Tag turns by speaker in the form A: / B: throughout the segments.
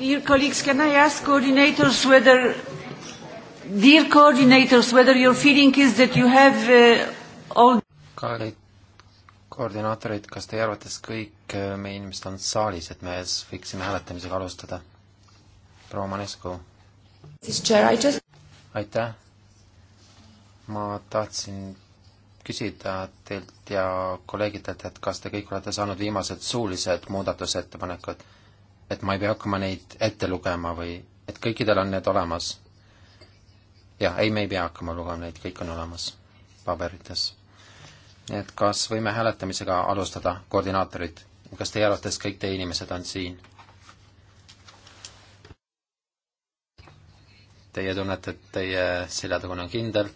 A: Dear colleagues, can
B: I ask coordinators whether, dear coordinators, whether your feeling is that you have uh, all
C: kallid koordinaatorid, kas teie arvates kõik äh, meie inimesed on saalis, et me võiksime hääletamisega alustada? proua Manescu. aitäh. ma tahtsin küsida teilt ja kolleegidelt, et kas te kõik olete saanud viimased suulised muudatusettepanekud et ma ei pea hakkama neid ette lugema või et kõikidel on need olemas. jah, ei, me ei pea hakkama lugema neid, kõik on olemas paberites. nii et kas võime hääletamisega alustada, koordinaatorid, kas teie arvates kõik teie inimesed on siin? Teie tunnete, et teie seljatagune on kindel.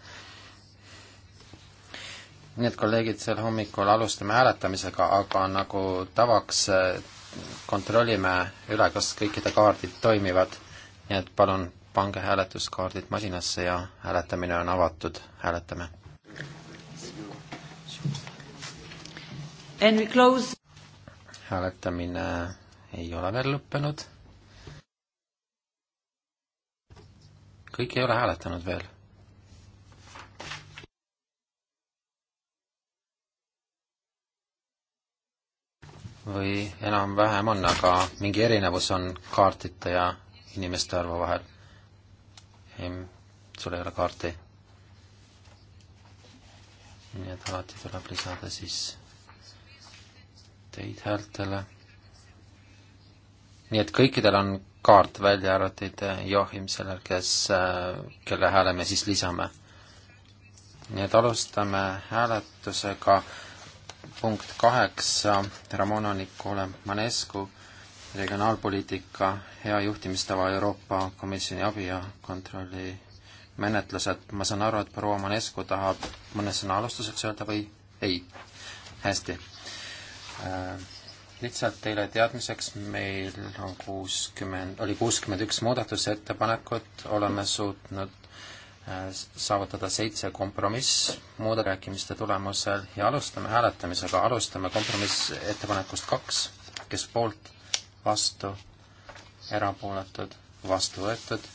C: nii et kolleegid, sel hommikul alustame hääletamisega, aga nagu tavaks kontrollime üle, kas kõikide kaardid toimivad, nii et palun pange hääletuskaardid masinasse ja hääletamine on avatud, hääletame. hääletamine ei ole veel lõppenud. kõik ei ole hääletanud veel või enam-vähem on, aga mingi erinevus on kaartita ja inimeste arvu vahel? ei, sul ei ole kaarti. nii et alati tuleb lisada siis teid häältele. nii et kõikidel on kaart, välja arvatud eh, Joachim Seller, kes, eh, kelle hääle me siis lisame. nii et alustame hääletusega äh, punkt kaheksa, Ramona Nicole Manescu, regionaalpoliitika hea juhtimistava Euroopa Komisjoni abi ja kontrolli menetlused, ma saan aru, et proua Manescu tahab mõne sõna alustuseks öelda või ei? hästi äh,. Lihtsalt teile teadmiseks, meil on kuuskümmend, oli kuuskümmend üks muudatusettepanekut, oleme suutnud Äh, saavutada seitse kompromiss muuderääkimiste tulemusel ja alustame hääletamisega, alustame kompromissettepanekust kaks, kes poolt, vastu, erapooletud, vastu võetud,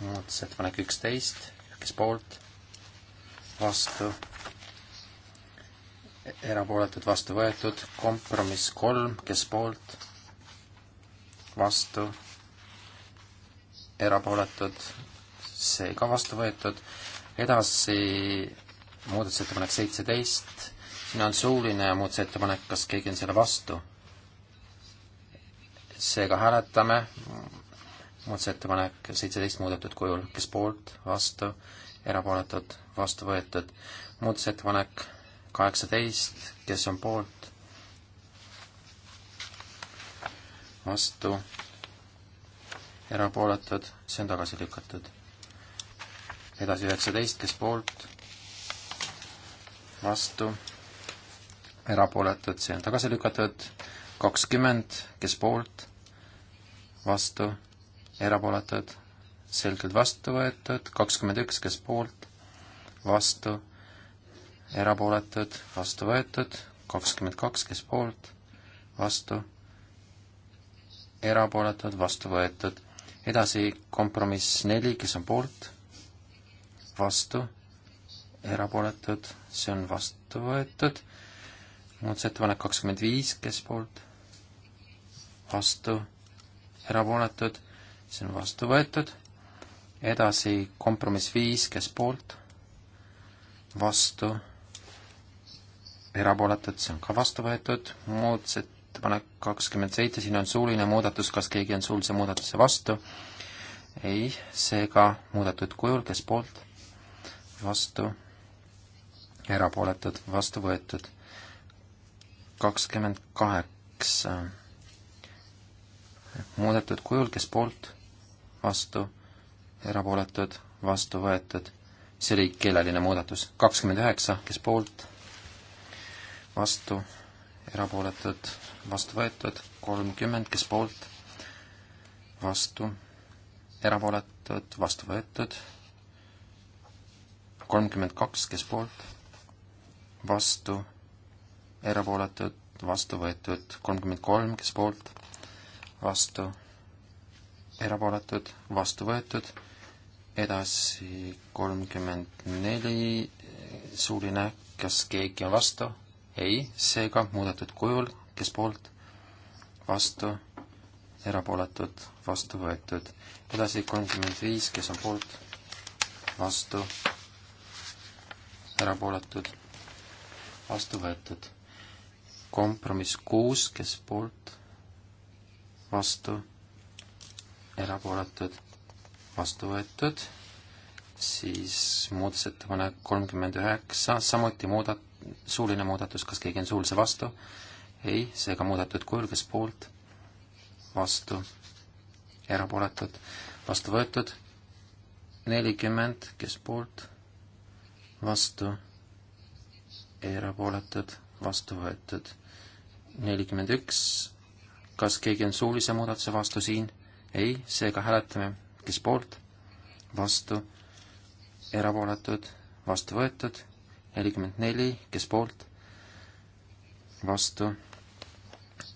C: muudatusettepanek üksteist, kes poolt, vastu, erapooletud, vastu võetud, kompromiss kolm, kes poolt, vastu, erapooletud, seega vastu võetud. edasi muudatusettepanek seitseteist, siin on suuline muudatusettepanek, kas keegi on selle vastu? seega hääletame muudatusettepanek seitseteist muudetud kujul, kes poolt, vastu, erapooletud, vastu võetud. muudatusettepanek kaheksateist, kes on poolt, vastu, erapooletud, see on tagasi lükatud edasi üheksateist, kes poolt, vastu, erapooletud, see on tagasi lükatud, kakskümmend, kes poolt, vastu, erapooletud, selgelt vastu võetud, kakskümmend üks, kes poolt, vastu, erapooletud, vastu võetud, kakskümmend kaks, kes poolt, vastu, erapooletud, vastu võetud. edasi kompromiss neli, kes on poolt vastu, erapooletud, see on vastu võetud. muudatusettepanek kakskümmend viis, kes poolt, vastu, erapooletud, see on vastu võetud. edasi kompromiss viis, kes poolt, vastu, erapooletud, see on ka vastu võetud. muudatusettepanek kakskümmend seitse, siin on suuline muudatus, kas keegi on suulise muudatuse vastu? ei, seega muudetud kujul, kes poolt vastu, erapooletud, vastu võetud. kakskümmend kaheksa muudetud kujul, kes poolt, vastu, erapooletud, vastu võetud. see oli keeleline muudatus. kakskümmend üheksa, kes poolt, vastu, erapooletud, vastu võetud. kolmkümmend, kes poolt, vastu, erapooletud, vastu võetud kolmkümmend kaks, kes poolt, vastu, erapooletud, vastu võetud, kolmkümmend kolm, kes poolt, vastu, erapooletud, vastu võetud, edasi kolmkümmend neli, suuline, kas keegi on vastu? ei, seega muudetud kujul, kes poolt, vastu, erapooletud, vastu võetud. edasi kolmkümmend viis, kes on poolt, vastu, erapooletud, vastu võetud. kompromiss kuus, kes poolt, vastu, erapooletud, vastu võetud, siis muudatusettepanek kolmkümmend üheksa, samuti muudat-, suuline muudatus, kas keegi on suulise vastu? ei, seega muudetud kujul, kes poolt, vastu, erapooletud, vastu võetud, nelikümmend, kes poolt vastu, erapooletud, vastu võetud. nelikümmend üks, kas keegi on suulise muudatuse vastu siin? ei, seega hääletame, kes poolt, vastu, erapooletud, vastu võetud, nelikümmend neli, kes poolt, vastu,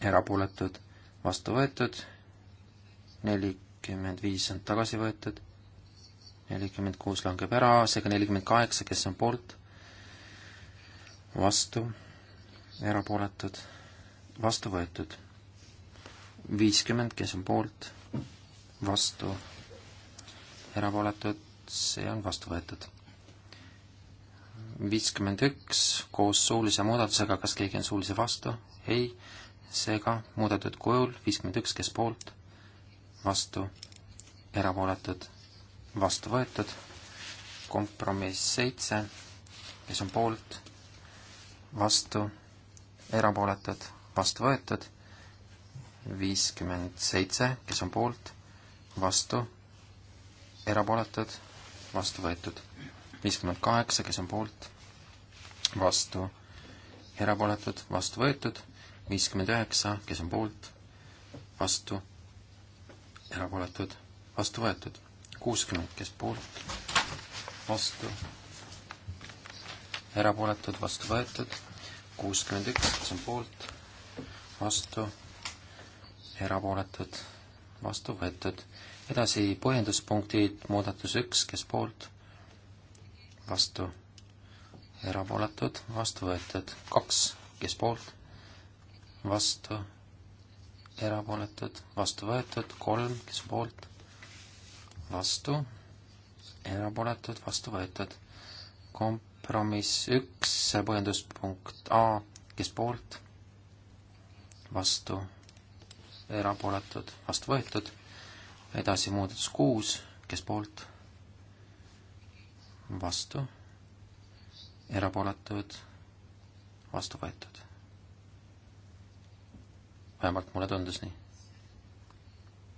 C: erapooletud, vastu võetud, nelikümmend viis on tagasi võetud nelikümmend kuus langeb ära, seega nelikümmend kaheksa, kes on poolt, vastu, erapooletud, vastu võetud. viiskümmend, kes on poolt, vastu, erapooletud, see on vastu võetud. viiskümmend üks koos suulise muudatusega, kas keegi on suulise vastu? ei, seega muudetud kujul viiskümmend üks, kes poolt, vastu, erapooletud vastu võetud, kompromiss seitse, kes on poolt, vastu, erapooletud, vastu võetud, viiskümmend seitse, kes on poolt, vastu, erapooletud, vastu võetud, viiskümmend kaheksa, kes on poolt, vastu, erapooletud, vastu võetud, viiskümmend üheksa, kes on poolt, vastu, erapooletud, vastu võetud kuuskümmend, kes poolt, vastu, erapooletud, vastu võetud, kuuskümmend üks, kes on poolt, vastu, erapooletud, vastu võetud. edasi põhjenduspunktid, muudatus üks, kes poolt, vastu, erapooletud, vastu võetud, kaks, kes poolt, vastu, erapooletud, vastu võetud, kolm, kes poolt vastu, erapooletud, vastu võetud. kompromiss üks, põhjenduspunkt A, kes poolt, vastu, erapooletud, vastu võetud. edasi muudatus kuus, kes poolt, vastu, erapooletud, vastu võetud. vähemalt mulle tundus nii.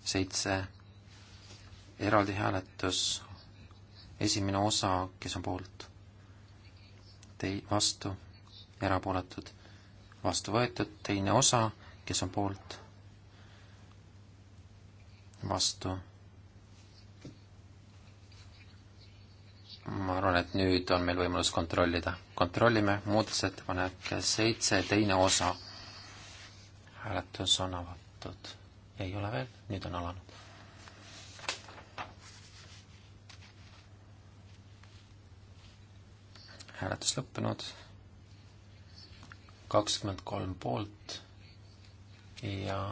C: seitse eraldi hääletus, esimene osa, kes on poolt, tei-, vastu, erapooletud, vastu võetud, teine osa, kes on poolt, vastu. ma arvan, et nüüd on meil võimalus kontrollida. kontrollime muudatusettepanek seitse, teine osa. hääletus on avatud. ei ole veel, nüüd on alanud hääletus lõppenud, kakskümmend kolm poolt ja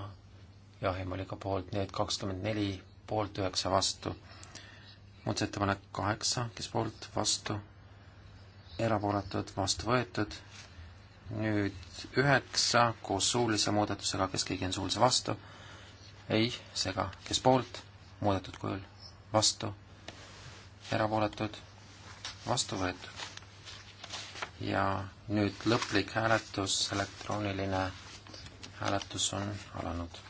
C: Jahim oli ka poolt, nii et kakskümmend neli poolt, üheksa vastu. muudatusettepanek kaheksa, kes poolt, vastu, erapooletud, vastu võetud, nüüd üheksa koos suulise muudatusega, kes keegi on suulise vastu, ei, sega, kes poolt, muudetud kujul, vastu, erapooletud, vastu võetud ja nüüd lõplik hääletus, elektrooniline hääletus on alanud.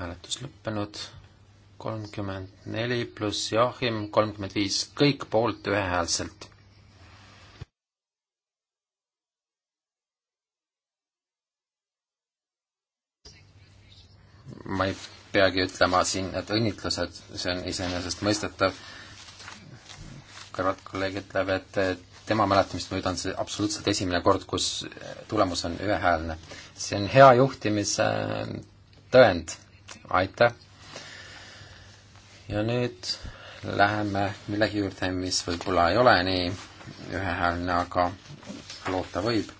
C: hääletus lõppenud, kolmkümmend neli pluss Joachim, kolmkümmend viis, kõik poolt ühehäälselt. peagi ütlema siin, et õnnitlused, see on iseenesestmõistetav, kõrvalt kolleeg ütleb, et tema mäletamist mööda on see absoluutselt esimene kord, kus tulemus on ühehäälne. see on hea juhtimise tõend, aitäh! ja nüüd läheme millegi juurde, mis võib-olla ei ole nii ühehäälne, aga loota võib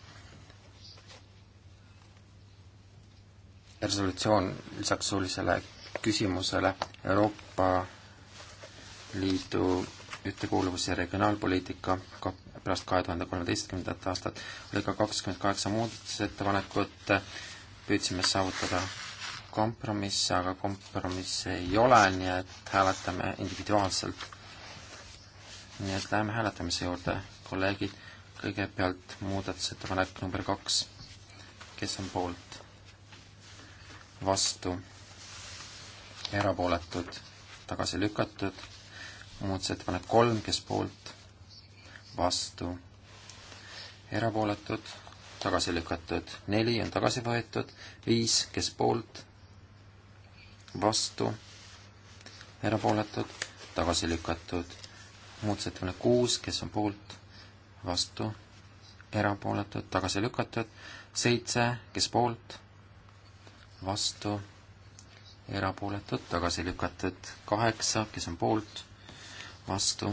C: resolutsioon lisaks suulisele küsimusele Euroopa Liidu ühtekuuluvus- ja regionaalpoliitika ka pärast kahe tuhande kolmeteistkümnendat aastat oli ka kakskümmend kaheksa muudatusettepanekut, püüdsime saavutada kompromisse, aga kompromisse ei ole, nii et hääletame individuaalselt. nii et läheme hääletamise juurde, kolleegid, kõigepealt muudatusettepanek number kaks, kes on poolt? vastu, erapooletud, tagasi lükatud, muudatusettepanek kolm, kes poolt, vastu, erapooletud, tagasi lükatud, neli on tagasi võetud, viis, kes poolt, vastu, erapooletud, tagasi lükatud. muudatusettepanek kuus, kes on poolt, vastu, erapooletud, tagasi lükatud, seitse, kes poolt, vastu, erapooletud, tagasi lükatud. kaheksa, kes on poolt, vastu,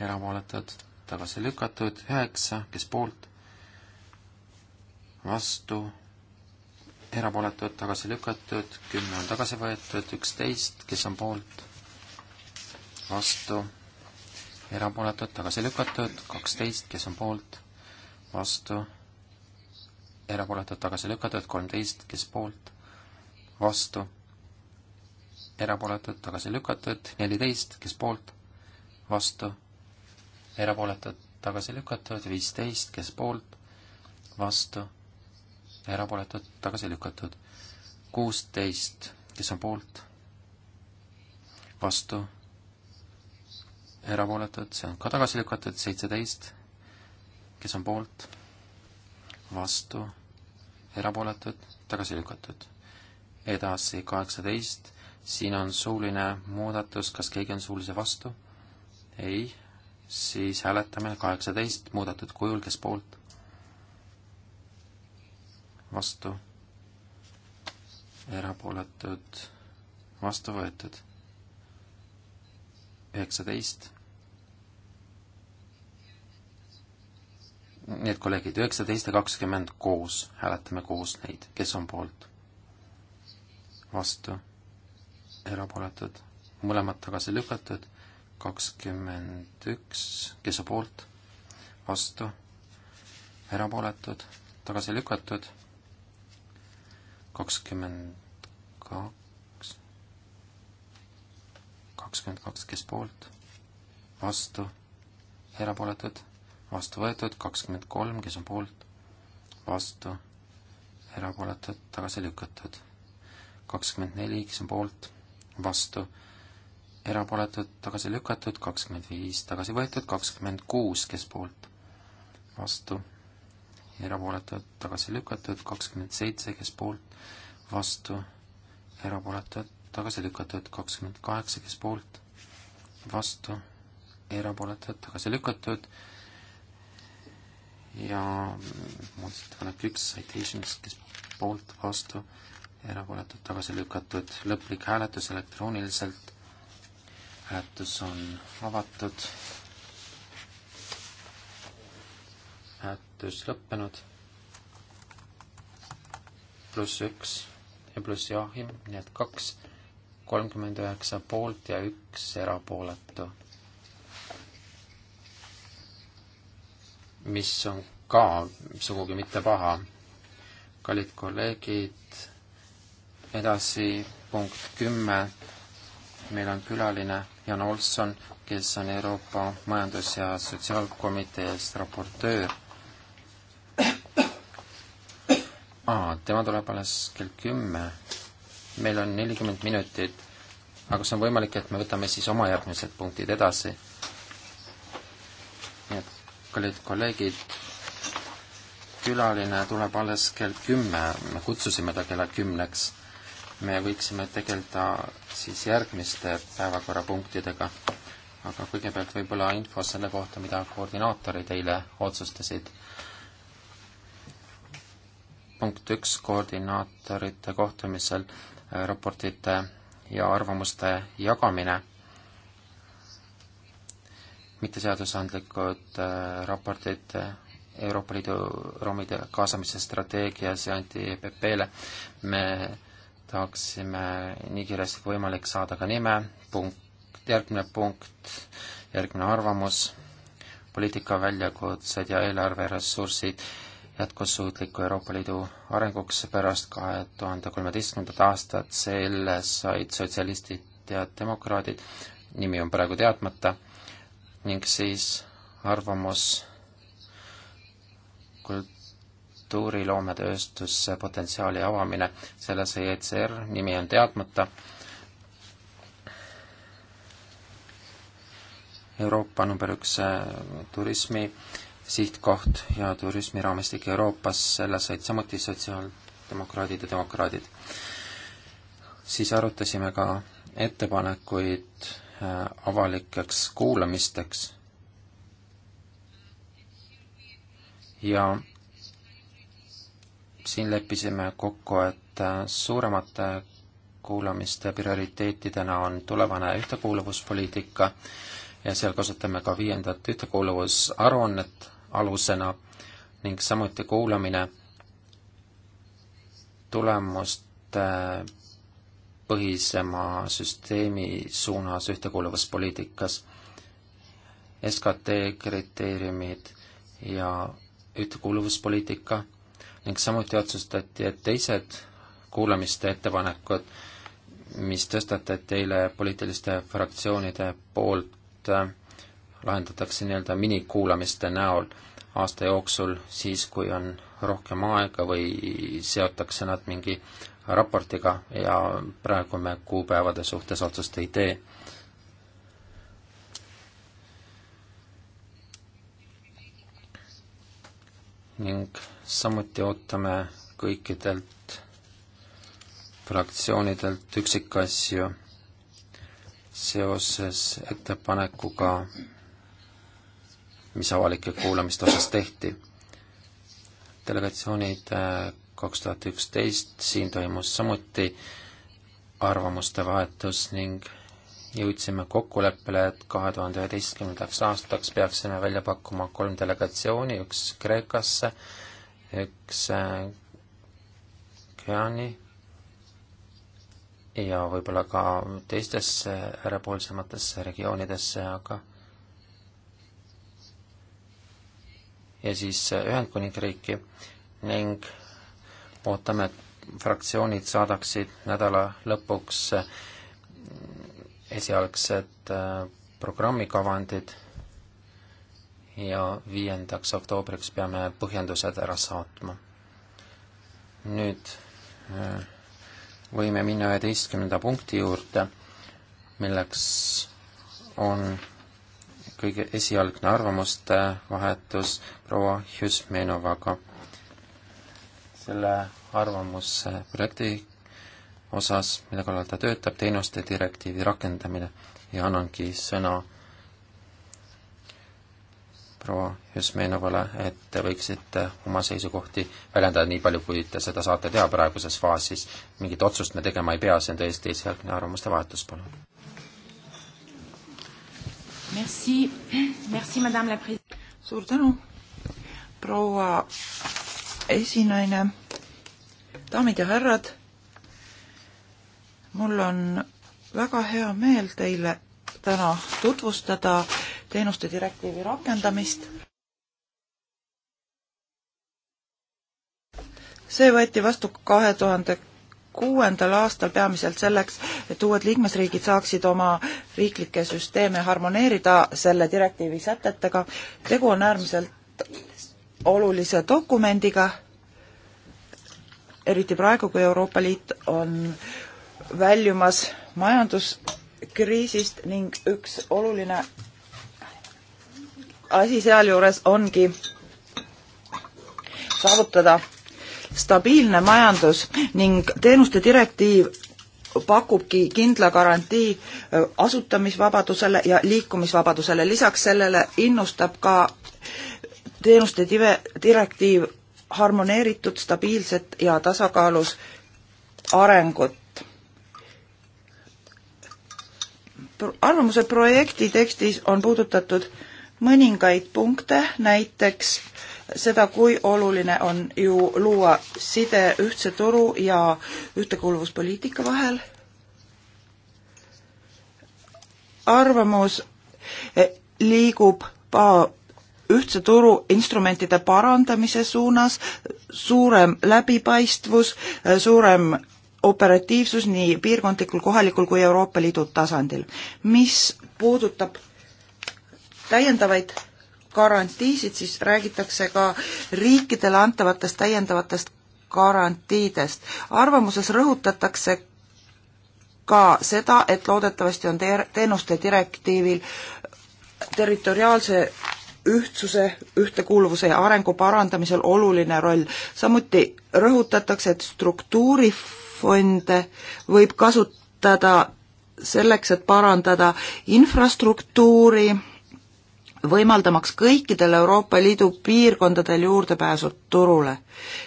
C: erapooletud, tagasi lükatud. üheksa, kes poolt, vastu, erapooletud, tagasi lükatud. kümme on tagasi võetud, üksteist, kes on poolt, vastu, erapooletud, tagasi lükatud. kaksteist, kes on poolt, vastu erapooletud tagasi lükatud, kolmteist, kes poolt, vastu, erapooletud tagasi lükatud, neliteist, kes poolt, vastu, erapooletud tagasi lükatud, viisteist, kes poolt, vastu, erapooletud tagasi lükatud, kuusteist, kes on poolt, vastu, erapooletud, see on ka tagasi lükatud, seitseteist, kes on poolt vastu, erapooletud, tagasi lükatud. edasi kaheksateist, siin on suuline muudatus, kas keegi on suulise vastu? ei, siis hääletame kaheksateist muudetud kujul, kes poolt? vastu, erapooletud, vastu võetud. üheksateist nii et kolleegid, üheksateist ja kakskümmend koos, hääletame koos neid, kes on poolt? vastu, erapooletud, mõlemad tagasi lükatud, kakskümmend üks, kes on poolt? vastu, erapooletud, tagasi lükatud, kakskümmend kaks, kakskümmend kaks, kes poolt? vastu, erapooletud vastu võetud, kakskümmend kolm, kes on poolt, vastu, erapooletud, tagasi lükatud. kakskümmend neli, kes on poolt, vastu, erapooletud, tagasi lükatud, kakskümmend viis, tagasi võetud, kakskümmend kuus, kes poolt, vastu, erapooletud, tagasi lükatud, kakskümmend seitse, kes poolt, vastu, erapooletud, tagasi lükatud, kakskümmend kaheksa, kes poolt, vastu, erapooletud, tagasi lükatud, ja muudatusettepanek üks, citations, kes poolt, vastu, erapooletud, tagasi lükatud, lõplik hääletus elektrooniliselt, hääletus on avatud, hääletus lõppenud, pluss üks ja pluss Joachim, nii et kaks, kolmkümmend üheksa poolt ja üks erapooletu mis on ka sugugi mitte paha. kallid kolleegid, edasi punkt kümme, meil on külaline Jan Olson, kes on Euroopa Majandus- ja Sotsiaalkomitee eest raportöör aa, tema tuleb alles kell kümme. meil on nelikümmend minutit, aga kas on võimalik, et me võtame siis oma järgmised punktid edasi? kallid kolleegid, külaline tuleb alles kell kümme, me kutsusime ta kella kümneks. me võiksime tegeleda siis järgmiste päevakorrapunktidega, aga kõigepealt võib-olla info selle kohta, mida koordinaatorid eile otsustasid. punkt üks, koordinaatorite kohtumisel raportite ja arvamuste jagamine mitteseadusandlikud äh, raportid äh, Euroopa Liidu romide kaasamise strateegias ja anti EPP-le, me tahaksime nii kiiresti kui võimalik saada ka nime, punkt, järgmine punkt, järgmine arvamus, poliitika väljakutsed ja eelarveressursid jätkusuutliku Euroopa Liidu arenguks pärast kahe tuhande kolmeteistkümnendat aastat, selle said sotsialistid ja demokraadid, nimi on praegu teadmata ning siis arvamus kultuuriloometööstuse potentsiaali avamine, selle sai ECR, nimi on teadmata. Euroopa number üks äh, turismi sihtkoht ja turismiraamistik Euroopas, selle said samuti sotsiaaldemokraadid ja demokraadid. siis arutasime ka ettepanekuid Äh, avalikeks kuulamisteks. ja siin leppisime kokku, et äh, suuremate kuulamiste prioriteetidena on tulevane ühtekuuluvuspoliitika ja seal kasutame ka viiendat ühtekuuluvusaruannet alusena ning samuti kuulamine tulemuste põhisema süsteemi suunas ühtekuuluvuspoliitikas. SKT kriteeriumid ja ühtekuuluvuspoliitika ning samuti otsustati, et teised kuulamiste ettepanekud, mis tõstatati eile poliitiliste fraktsioonide poolt, lahendatakse nii-öelda minikuulamiste näol aasta jooksul, siis kui on rohkem aega või seotakse nad mingi raportiga ja praegu me kuupäevade suhtes otsust ei tee. ning samuti ootame kõikidelt fraktsioonidelt üksikasju seoses ettepanekuga, mis avalike kuulamiste osas tehti. delegatsioonid kaks tuhat üksteist, siin toimus samuti arvamuste vahetus ning jõudsime kokkuleppele, et kahe tuhande üheteistkümnendaks aastaks peaksime välja pakkuma kolm delegatsiooni, üks Kreekasse, üks Kreani äh, ja võib-olla ka teistesse äärepoolsematesse regioonidesse, aga ja siis Ühendkuningriiki ning ootame, et fraktsioonid saadaksid nädala lõpuks esialgsed äh, programmikavandid ja viiendaks oktoobriks peame põhjendused ära saatma. nüüd äh, võime minna üheteistkümnenda punkti juurde, milleks on kõige esialgne arvamuste vahetus proua Hjusmenovaga. selle arvamusprojekti osas, mille kallal ta töötab, teenuste direktiivi rakendamine ja annangi sõna proua Jusmenovale, et te võiksite oma seisukohti väljendada nii palju, kui te seda saate teha praeguses faasis. mingit otsust me tegema ei pea, see on tõesti esialgne arvamuste vahetus, palun.
B: Merci, merci, madame la pres-. suur tänu, proua esinaine daamid ja härrad, mul on väga hea meel teile täna tutvustada teenuste direktiivi rakendamist. see võeti vastu kahe tuhande kuuendal aastal peamiselt selleks, et uued liikmesriigid saaksid oma riiklikke süsteeme harmoneerida selle direktiivi sätetega. tegu on äärmiselt olulise dokumendiga eriti praegu, kui Euroopa Liit on väljumas majanduskriisist ning üks oluline asi sealjuures ongi saavutada stabiilne majandus ning teenuste direktiiv pakubki kindla garantii äh, asutamisvabadusele ja liikumisvabadusele. lisaks sellele innustab ka teenuste direktiiv harmoneeritud, stabiilset ja tasakaalus arengut. arvamuse projekti tekstis on puudutatud mõningaid punkte, näiteks seda, kui oluline on ju luua side ühtse turu ja ühtekuuluvuspoliitika vahel. arvamus eh, liigub pa-, ühtse turu instrumentide parandamise suunas, suurem läbipaistvus, suurem operatiivsus nii piirkondlikul, kohalikul kui Euroopa Liidu tasandil. mis puudutab täiendavaid garantiisid, siis räägitakse ka riikidele antavatest täiendavatest garantiidest. arvamuses rõhutatakse ka seda, et loodetavasti on teenuste direktiivil territoriaalse ühtsuse, ühtekuuluvuse ja arengu parandamisel oluline roll. samuti rõhutatakse, et struktuurifonde võib kasutada selleks, et parandada infrastruktuuri, võimaldamaks kõikidel Euroopa Liidu piirkondadel juurdepääsu turule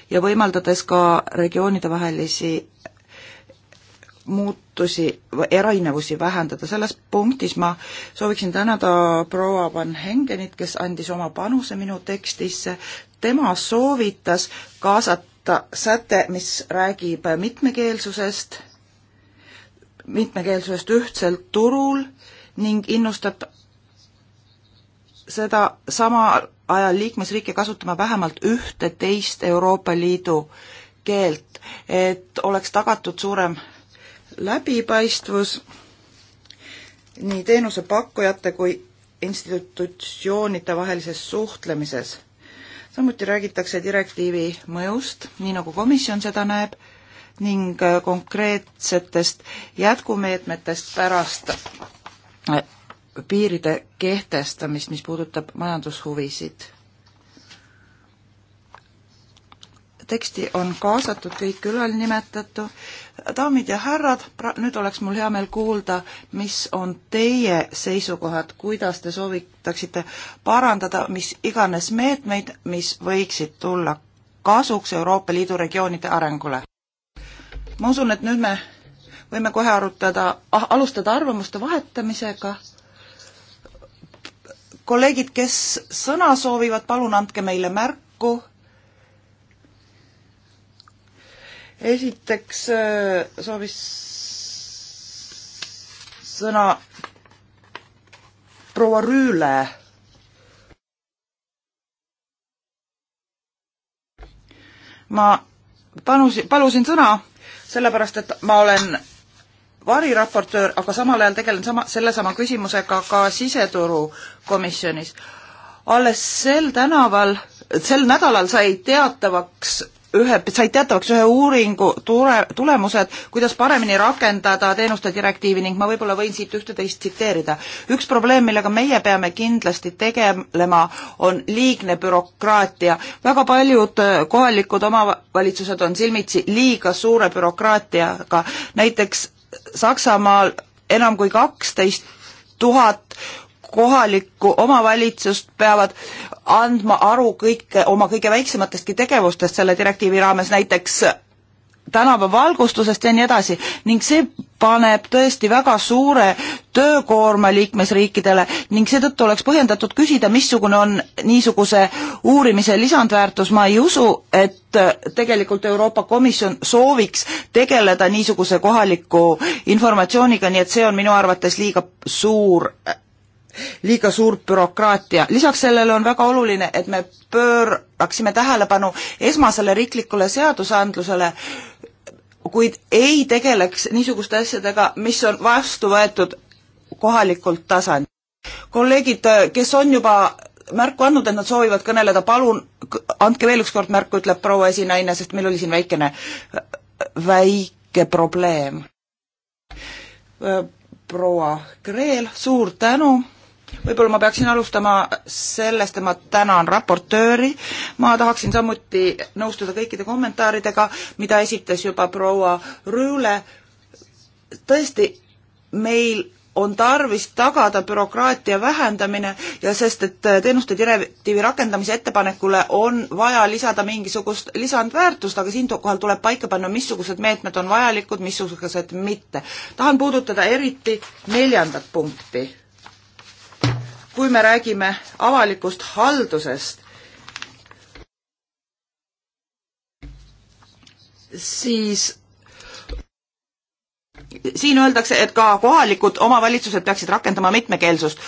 B: ja võimaldades ka regioonide vahelisi muutusi, erinevusi vähendada. selles punktis ma sooviksin tänada proua Van Hengenit, kes andis oma panuse minu tekstisse. tema soovitas kaasata säte, mis räägib mitmekeelsusest, mitmekeelsusest ühtsel turul ning innustab seda sama ajal liikmesriike kasutama vähemalt ühte teist Euroopa Liidu keelt, et oleks tagatud suurem läbipaistvus nii teenusepakkujate kui institutsioonide vahelises suhtlemises. samuti räägitakse direktiivi mõjust, nii nagu komisjon seda näeb, ning konkreetsetest jätkumeetmetest pärast äh, piiride kehtestamist, mis puudutab majandushuvisid teksti on kaasatud kõik ülalnimetatu. daamid ja härrad, nüüd oleks mul hea meel kuulda, mis on teie seisukohad, kuidas te soovitaksite parandada mis iganes meetmeid, mis võiksid tulla kasuks Euroopa Liidu regioonide arengule. ma usun, et nüüd me võime kohe arutada, ah, alustada arvamuste vahetamisega kolleegid, kes sõna soovivad, palun andke meile märku. esiteks äh, soovis sõna proua Rüüle. ma panusin, palusin sõna sellepärast, et ma olen variraportöör, aga samal ajal tegelen sama, sellesama küsimusega ka siseturukomisjonis. alles sel tänaval, sel nädalal sai teatavaks ühe, said teatavaks ühe uuringu tule, tulemused, kuidas paremini rakendada teenuste direktiivi ning ma võib-olla võin siit ühte-teist tsiteerida. üks probleem, millega meie peame kindlasti tegelema, on liigne bürokraatia. väga paljud äh, kohalikud omavalitsused on silmitsi liiga suure bürokraatiaga, näiteks Saksamaal enam kui kaksteist tuhat kohalikku omavalitsust peavad andma aru kõik oma kõige väiksematestki tegevustest selle direktiivi raames, näiteks tänavavalgustusest ja nii edasi ning see paneb tõesti väga suure töökoorma liikmesriikidele ning seetõttu oleks põhjendatud küsida, missugune on niisuguse uurimise lisandväärtus, ma ei usu, et tegelikult Euroopa Komisjon sooviks tegeleda niisuguse kohaliku informatsiooniga, nii et see on minu arvates liiga suur liiga suur bürokraatia. lisaks sellele on väga oluline, et me pööraksime tähelepanu esmasele riiklikule seadusandlusele, kuid ei tegeleks niisuguste asjadega, mis on vastu võetud kohalikult tasandil. kolleegid, kes on juba märku andnud, et nad soovivad kõneleda, palun andke veel ükskord märku, ütleb proua esinaine, sest meil oli siin väikene, väike probleem. proua Kreel, suur tänu võib-olla ma peaksin alustama sellest, et ma tänan raportööri, ma tahaksin samuti nõustuda kõikide kommentaaridega, mida esitas juba proua Rüüle, tõesti, meil on tarvis tagada bürokraatia vähendamine ja sest, et teenuste direktiivi rakendamise ettepanekule on vaja lisada mingisugust lisandväärtust, aga siinkohal tuleb paika panna, missugused meetmed on vajalikud, missugused mitte. tahan puudutada eriti neljandat punkti kui me räägime avalikust haldusest, siis siin öeldakse, et ka kohalikud omavalitsused peaksid rakendama mitmekeelsust.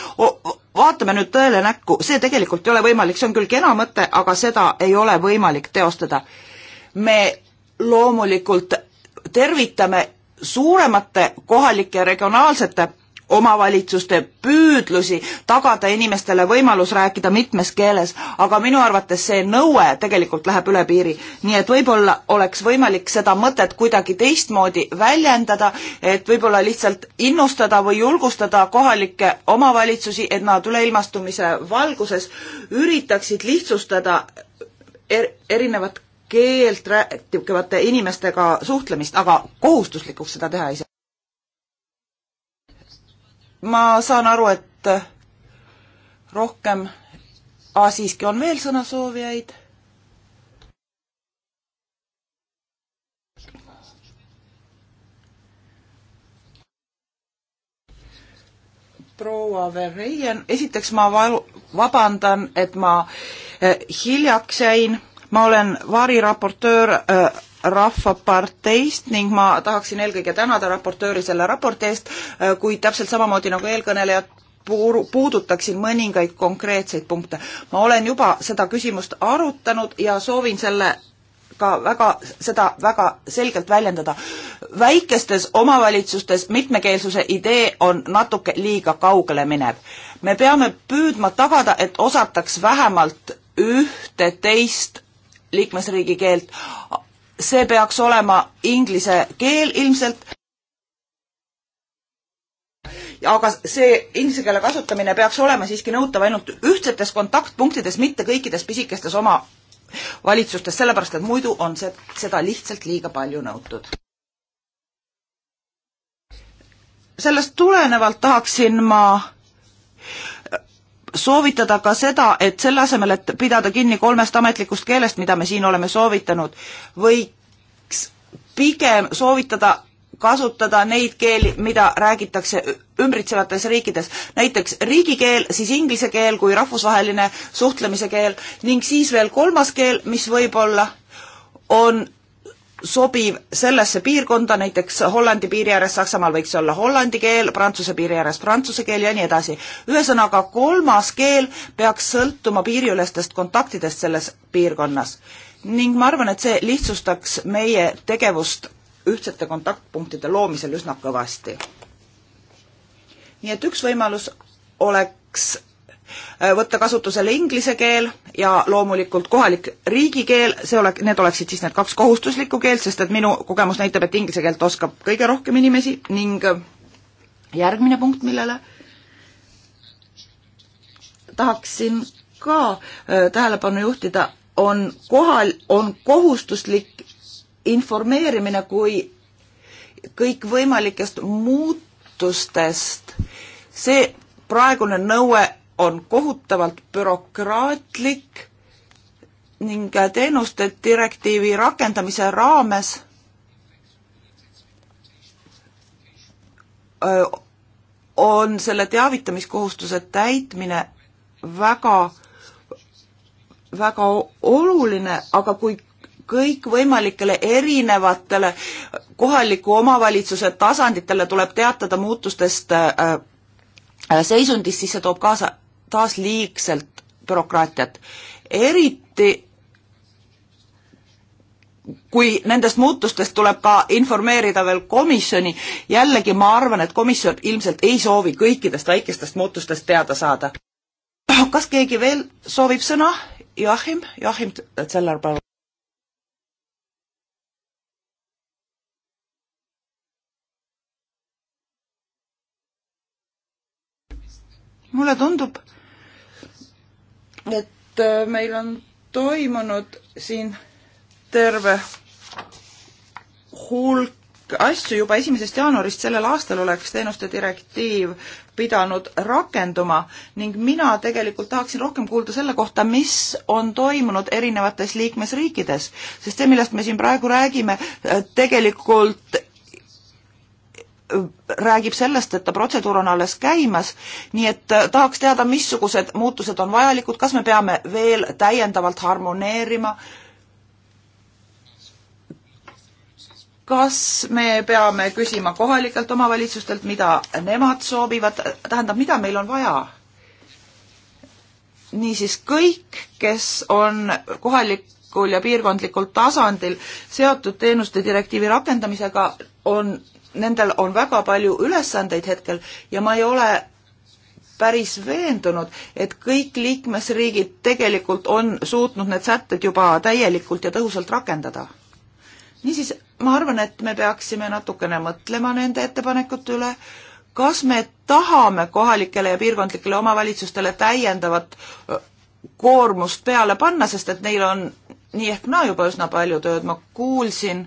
B: vaatame nüüd tõele näkku, see tegelikult ei ole võimalik, see on küll kena mõte, aga seda ei ole võimalik teostada. me loomulikult tervitame suuremate kohalike ja regionaalsete omavalitsuste püüdlusi tagada inimestele võimalus rääkida mitmes keeles, aga minu arvates see nõue tegelikult läheb üle piiri. nii et võib-olla oleks võimalik seda mõtet kuidagi teistmoodi väljendada, et võib-olla lihtsalt innustada või julgustada kohalikke omavalitsusi, et nad üleilmastumise valguses üritaksid lihtsustada er erinevat keelt rääkivate inimestega suhtlemist, aga kohustuslikuks seda teha ei saa ma saan aru, et rohkem, siiski on veel sõnasoovijaid. proua Verheyen, esiteks ma valu, vabandan, et ma eh, hiljaks jäin, ma olen variraportöör äh, Rahvaparteist ning ma tahaksin eelkõige tänada raportööri selle raporti eest, äh, kuid täpselt samamoodi nagu eelkõnelejad, puudutaksin mõningaid konkreetseid punkte. ma olen juba seda küsimust arutanud ja soovin selle ka väga, seda väga selgelt väljendada. väikestes omavalitsustes mitmekeelsuse idee on natuke liiga kaugele minev. me peame püüdma tagada, et osataks vähemalt ühte-teist liikmesriigi keelt, see peaks olema inglise keel ilmselt. aga see inglise keele kasutamine peaks olema siiski nõutav ainult ühtsetes kontaktpunktides, mitte kõikides pisikestes oma valitsustes, sellepärast et muidu on see, seda lihtsalt liiga palju nõutud. sellest tulenevalt tahaksin ma soovitada ka seda, et selle asemel, et pidada kinni kolmest ametlikust keelest, mida me siin oleme soovitanud, võiks pigem soovitada kasutada neid keeli, mida räägitakse ümbritsevates riikides, näiteks riigikeel, siis inglise keel kui rahvusvaheline suhtlemise keel ning siis veel kolmas keel, mis võib-olla on sobiv sellesse piirkonda, näiteks Hollandi piiri ääres Saksamaal võiks olla hollandi keel, Prantsuse piiri ääres prantsuse keel ja nii edasi. ühesõnaga, kolmas keel peaks sõltuma piiriülestest kontaktidest selles piirkonnas. ning ma arvan, et see lihtsustaks meie tegevust ühtsete kontaktpunktide loomisel üsna kõvasti. nii et üks võimalus oleks Äh, võtta kasutusele inglise keel ja loomulikult kohalik riigikeel, see ole, need oleksid siis need kaks kohustuslikku keelt, sest et minu kogemus näitab, et inglise keelt oskab kõige rohkem inimesi ning äh, järgmine punkt, millele tahaksin ka äh, tähelepanu juhtida, on kohal, on kohustuslik informeerimine kui kõikvõimalikest muutustest. see praegune nõue on kohutavalt bürokraatlik ning teenuste direktiivi rakendamise raames on selle teavitamiskohustuse täitmine väga, väga oluline, aga kui kõikvõimalikele erinevatele kohaliku omavalitsuse tasanditele tuleb teatada muutustest seisundis, siis see toob kaasa taas liigselt bürokraatiat. eriti kui nendest muutustest tuleb ka informeerida veel komisjoni, jällegi ma arvan, et komisjon ilmselt ei soovi kõikidest väikestest muutustest teada saada. kas keegi veel soovib sõna? Joachim, Joachim Zeller, palun. mulle tundub, et äh, meil on toimunud siin terve hulk asju juba esimesest jaanuarist sellel aastal oleks teenuste direktiiv pidanud rakenduma ning mina tegelikult tahaksin rohkem kuulda selle kohta, mis on toimunud erinevates liikmesriikides, sest see, millest me siin praegu räägime, äh, tegelikult räägib sellest, et protseduur on alles käimas, nii et äh, tahaks teada, missugused muutused on vajalikud, kas me peame veel täiendavalt harmoneerima, kas me peame küsima kohalikelt omavalitsustelt, mida nemad soovivad, tähendab, mida meil on vaja? niisiis kõik, kes on kohalikul ja piirkondlikul tasandil seotud teenuste direktiivi rakendamisega, on nendel on väga palju ülesandeid hetkel ja ma ei ole päris veendunud, et kõik liikmesriigid tegelikult on suutnud need sätted juba täielikult ja tõhusalt rakendada. niisiis, ma arvan, et me peaksime natukene mõtlema nende ettepanekute üle, kas me tahame kohalikele ja piirkondlikele omavalitsustele täiendavat koormust peale panna, sest et neil on nii ehk naa juba üsna palju tööd, ma kuulsin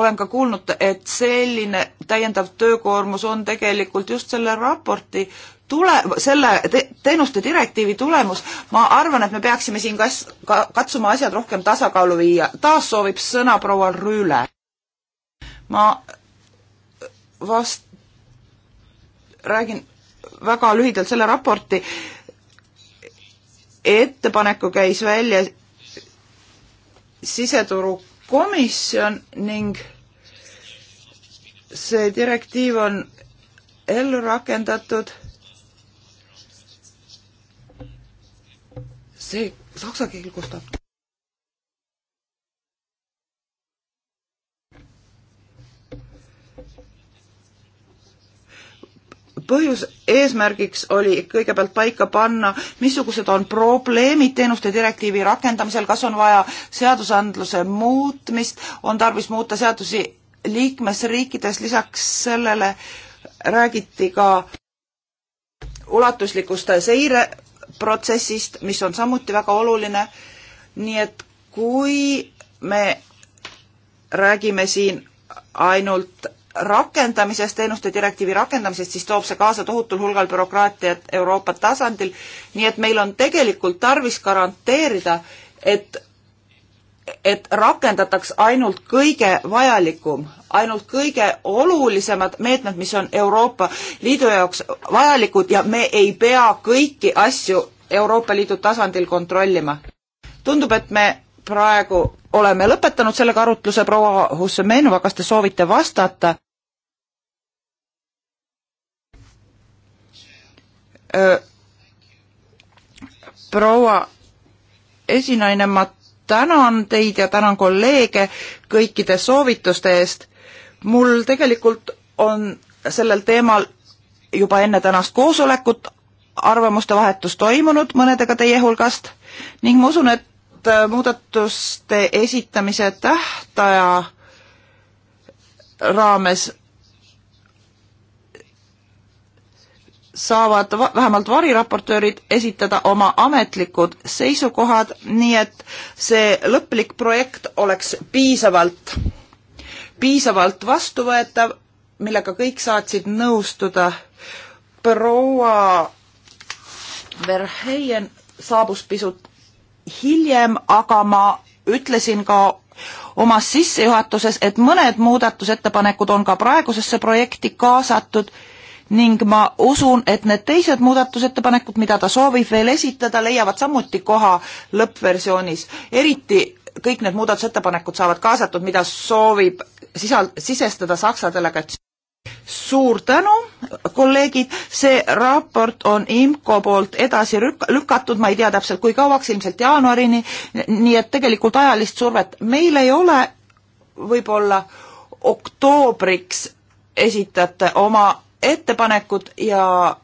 B: olen ka kuulnud, et selline täiendav töökoormus on tegelikult just selle raporti tule, selle te, teenuste direktiivi tulemus. ma arvan, et me peaksime siin kas, ka, katsuma asjad rohkem tasakaalu viia. taas soovib sõna proua Rüüle. ma vast räägin väga lühidalt selle raporti ettepaneku käis välja siseturu komisjon ning see direktiiv on ellu rakendatud. see saksa keel kostab. põhjus, eesmärgiks oli kõigepealt paika panna, missugused on probleemid teenuste direktiivi rakendamisel, kas on vaja seadusandluse muutmist, on tarvis muuta seadusi liikmesriikides, lisaks sellele räägiti ka ulatuslikust seireprotsessist, mis on samuti väga oluline, nii et kui me räägime siin ainult rakendamisest, teenuste direktiivi rakendamisest, siis toob see kaasa tohutul hulgal bürokraatiat Euroopa tasandil. nii et meil on tegelikult tarvis garanteerida, et, et rakendataks ainult kõige vajalikum, ainult kõige olulisemad meetmed, mis on Euroopa Liidu jaoks vajalikud ja me ei pea kõiki asju Euroopa Liidu tasandil kontrollima. tundub, et me praegu oleme lõpetanud sellega arutluse, proua Hussemenova, kas te soovite vastata? proua esinaine, ma tänan teid ja tänan kolleege kõikide soovituste eest. mul tegelikult on sellel teemal juba enne tänast koosolekut arvamuste vahetus toimunud mõnedega teie hulgast ning ma usun, et äh, muudatuste esitamise tähtaja raames saavad vähemalt variraportöörid esitada oma ametlikud seisukohad, nii et see lõplik projekt oleks piisavalt, piisavalt vastuvõetav, millega kõik saatsid nõustuda. proua Verheyen saabus pisut hiljem, aga ma ütlesin ka oma sissejuhatuses, et mõned muudatusettepanekud on ka praegusesse projekti kaasatud ning ma usun, et need teised muudatusettepanekud, mida ta soovib veel esitada, leiavad samuti koha lõppversioonis, eriti kõik need muudatusettepanekud saavad kaasatud, mida soovib sisal-, sisestada Saksa delegatsioon. suur tänu, kolleegid, see raport on IMCO poolt edasi rük-, lükatud, ma ei tea täpselt, kui kauaks, ilmselt jaanuarini, nii et tegelikult ajalist survet meil ei ole, võib-olla oktoobriks esitate oma ettepanekud ja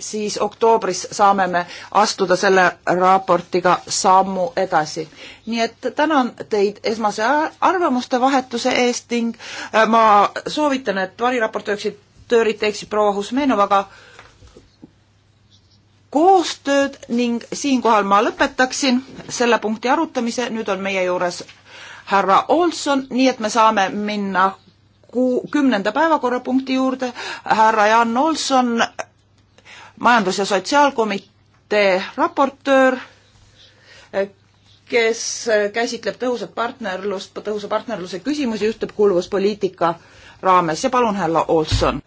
B: siis oktoobris saame me astuda selle raportiga sammu edasi. nii et tänan teid esmase arvamuste vahetuse eest ning äh, ma soovitan, et variraportöörid teeksid proua Husmenovaga koostööd ning siinkohal ma lõpetaksin selle punkti arutamise, nüüd on meie juures härra Olson, nii et me saame minna kuu, kümnenda päevakorrapunkti juurde, härra Jan Olson, majandus- ja sotsiaalkomitee raportöör, kes käsitleb tõhusat partnerlust, tõhusa partnerluse küsimusi ühtekuuluvuspoliitika raames ja palun, härra Olson.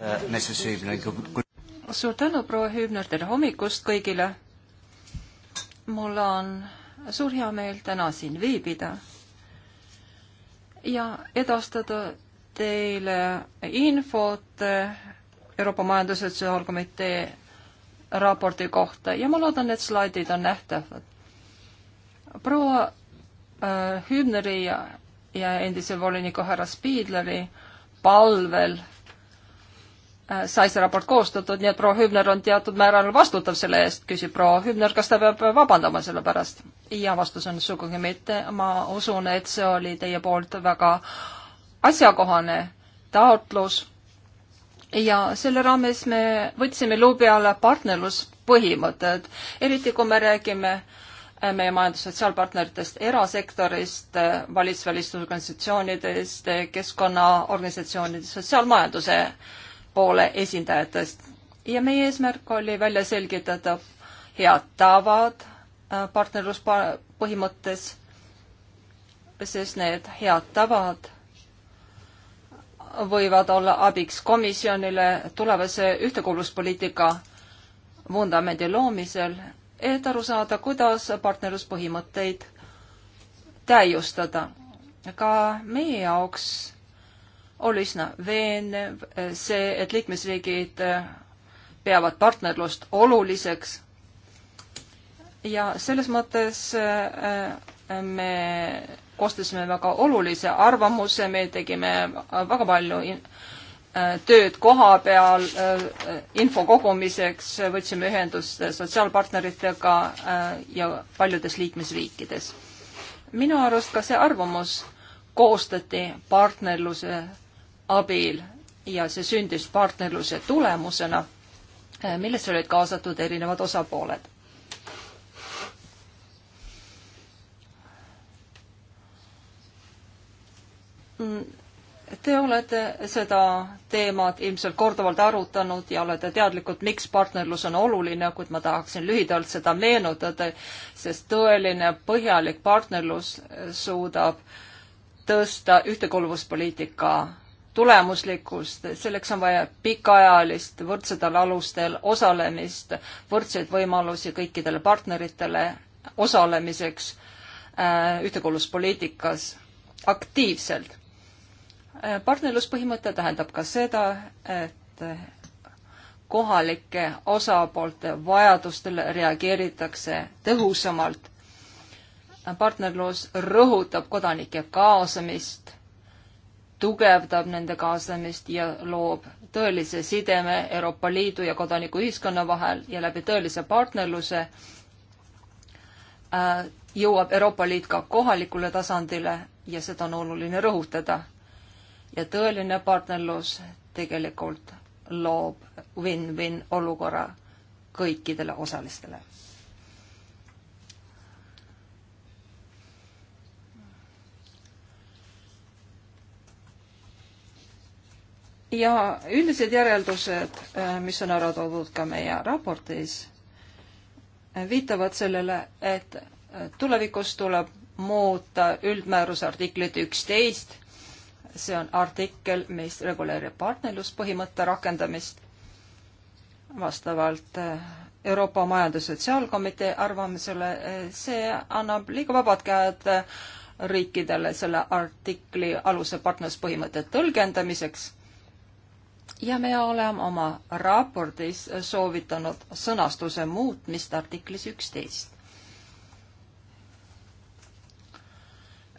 B: suur tänu, proua Hübner, tere hommikust kõigile.
A: mul on suur hea meel täna siin viibida ja edastada teile infot Euroopa Majandus- ja Sotsiaalkomitee raporti kohta ja ma loodan, et slaidid on nähtavad. proua äh, Hübneri ja, ja endise voliniku härra Spiidleri palvel äh, sai see raport koostatud, nii et proua Hübner on teatud määral vastutav selle eest, küsib proua Hübner, kas ta peab vabandama selle pärast. ja vastus on sugugi mitte, ma usun, et see oli teie poolt väga äh, asjakohane taotlus ja selle raames me võtsime luubi alla partnerluspõhimõtted, eriti kui me räägime äh, meie majandussotsiaalpartneritest, erasektorist, äh, valitsusvälisorganisatsioonidest, äh, keskkonnaorganisatsioonidest, sotsiaalmajanduse poole esindajatest. ja meie eesmärk oli välja selgitada head tavad partnerluspõhimõttes, sest need head tavad võivad olla abiks komisjonile tulevase ühtekuuluvuspoliitika vundamendi loomisel, et aru saada, kuidas partnerluspõhimõtteid täiustada. ka meie jaoks oli üsna veenev see, et liikmesriigid peavad partnerlust oluliseks ja selles mõttes äh, äh, me koostasime väga olulise arvamuse, me tegime äh, väga palju äh, tööd koha peal äh, info kogumiseks, võtsime ühendust sotsiaalpartneritega ja paljudes liikmesriikides. minu arust ka see arvamus koostati partnerluse abil ja see sündis partnerluse tulemusena, millesse olid kaasatud erinevad osapooled. Te olete seda teemat ilmselt korduvalt arutanud ja olete teadlikud, miks partnerlus on oluline, kuid ma tahaksin lühidalt seda meenutada, sest tõeline põhjalik partnerlus suudab tõsta ühtekuuluvuspoliitika tulemuslikkust, selleks on vaja pikaajalist võrdsetel alustel osalemist, võrdseid võimalusi kõikidele partneritele osalemiseks äh, ühtekuuluvuspoliitikas aktiivselt Äh, partnerluspõhimõte tähendab ka seda, et kohalike osapoolte vajadustele reageeritakse tõhusamalt. partnerlus rõhutab kodanike kaasamist, tugevdab nende kaasamist ja loob tõelise sideme Euroopa Liidu ja kodanikuühiskonna vahel ja läbi tõelise partnerluse äh, jõuab Euroopa Liit ka kohalikule tasandile ja seda on oluline rõhutada ja tõeline partnerlus tegelikult loob win-win olukorra kõikidele osalistele. ja üldised järeldused, äh, mis on ära toodud ka meie raportis, äh, viitavad sellele, et äh, tulevikus tuleb muuta üldmääruse artiklit üksteist see on artikkel, mis reguleerib partnerluspõhimõtte rakendamist vastavalt eh, Euroopa Majandus- ja Sotsiaalkomitee arvamusele, eh, see annab liiga vabad käed eh, riikidele selle artikli aluse partnerluspõhimõtte tõlgendamiseks ja me oleme oma raportis soovitanud sõnastuse muutmist artiklis üksteist.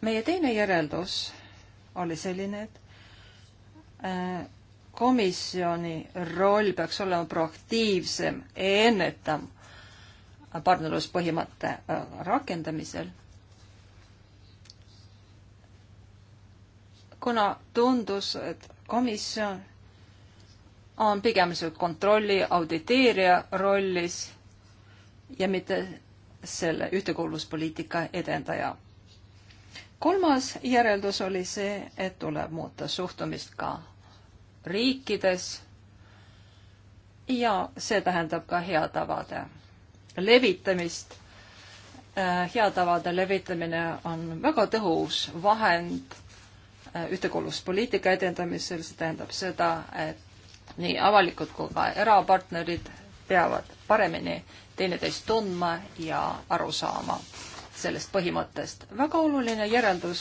A: meie teine järeldus oli selline, et äh, komisjoni roll peaks olema proaktiivsem, ennetav partnerluspõhimõtte äh, rakendamisel. kuna tundus, et komisjon on pigem niisugune kontrolli auditeerija rollis ja mitte selle ühtekuuluvuspoliitika edendaja kolmas järeldus oli see, et tuleb muuta suhtumist ka riikides ja see tähendab ka hea tavade levitamist. Äh, hea tavade levitamine on väga tõhus vahend äh, ühtekuuluvuspoliitika edendamisel, see tähendab seda, et nii avalikud kui ka erapartnerid peavad paremini teineteist tundma ja aru saama sellest põhimõttest. väga oluline järeldus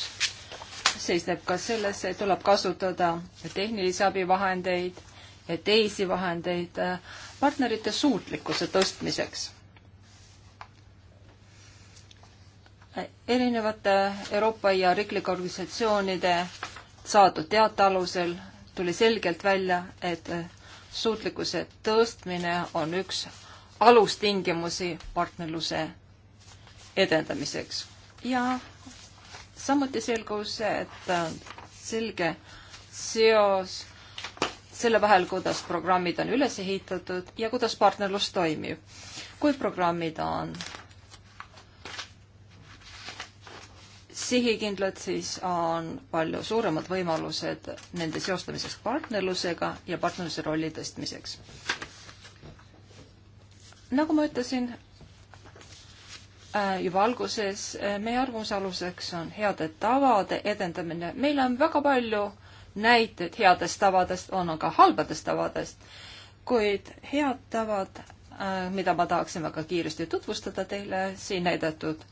A: seisneb ka selles, et tuleb kasutada tehnilisi abivahendeid ja teisi vahendeid äh, partnerite suutlikkuse tõstmiseks. erinevate Euroopa ja riiklike organisatsioonide saadud teate alusel tuli selgelt välja, et äh, suutlikkuse tõstmine on üks alustingimusi partnerluse edendamiseks. ja samuti selgus, et äh, selge seos selle vahel, kuidas programmid on üles ehitatud ja kuidas partnerlus toimib. kui programmid on sihikindlad, siis on palju suuremad võimalused nende seostamiseks partnerlusega ja partnerluse rolli tõstmiseks. nagu ma ütlesin, Äh, juba alguses, äh, meie arvamuse aluseks on heade tavade edendamine. meil on väga palju näiteid headest tavadest, on aga halbadest tavadest, kuid head tavad, äh, mida ma tahaksin väga kiiresti tutvustada teile, siin näidatud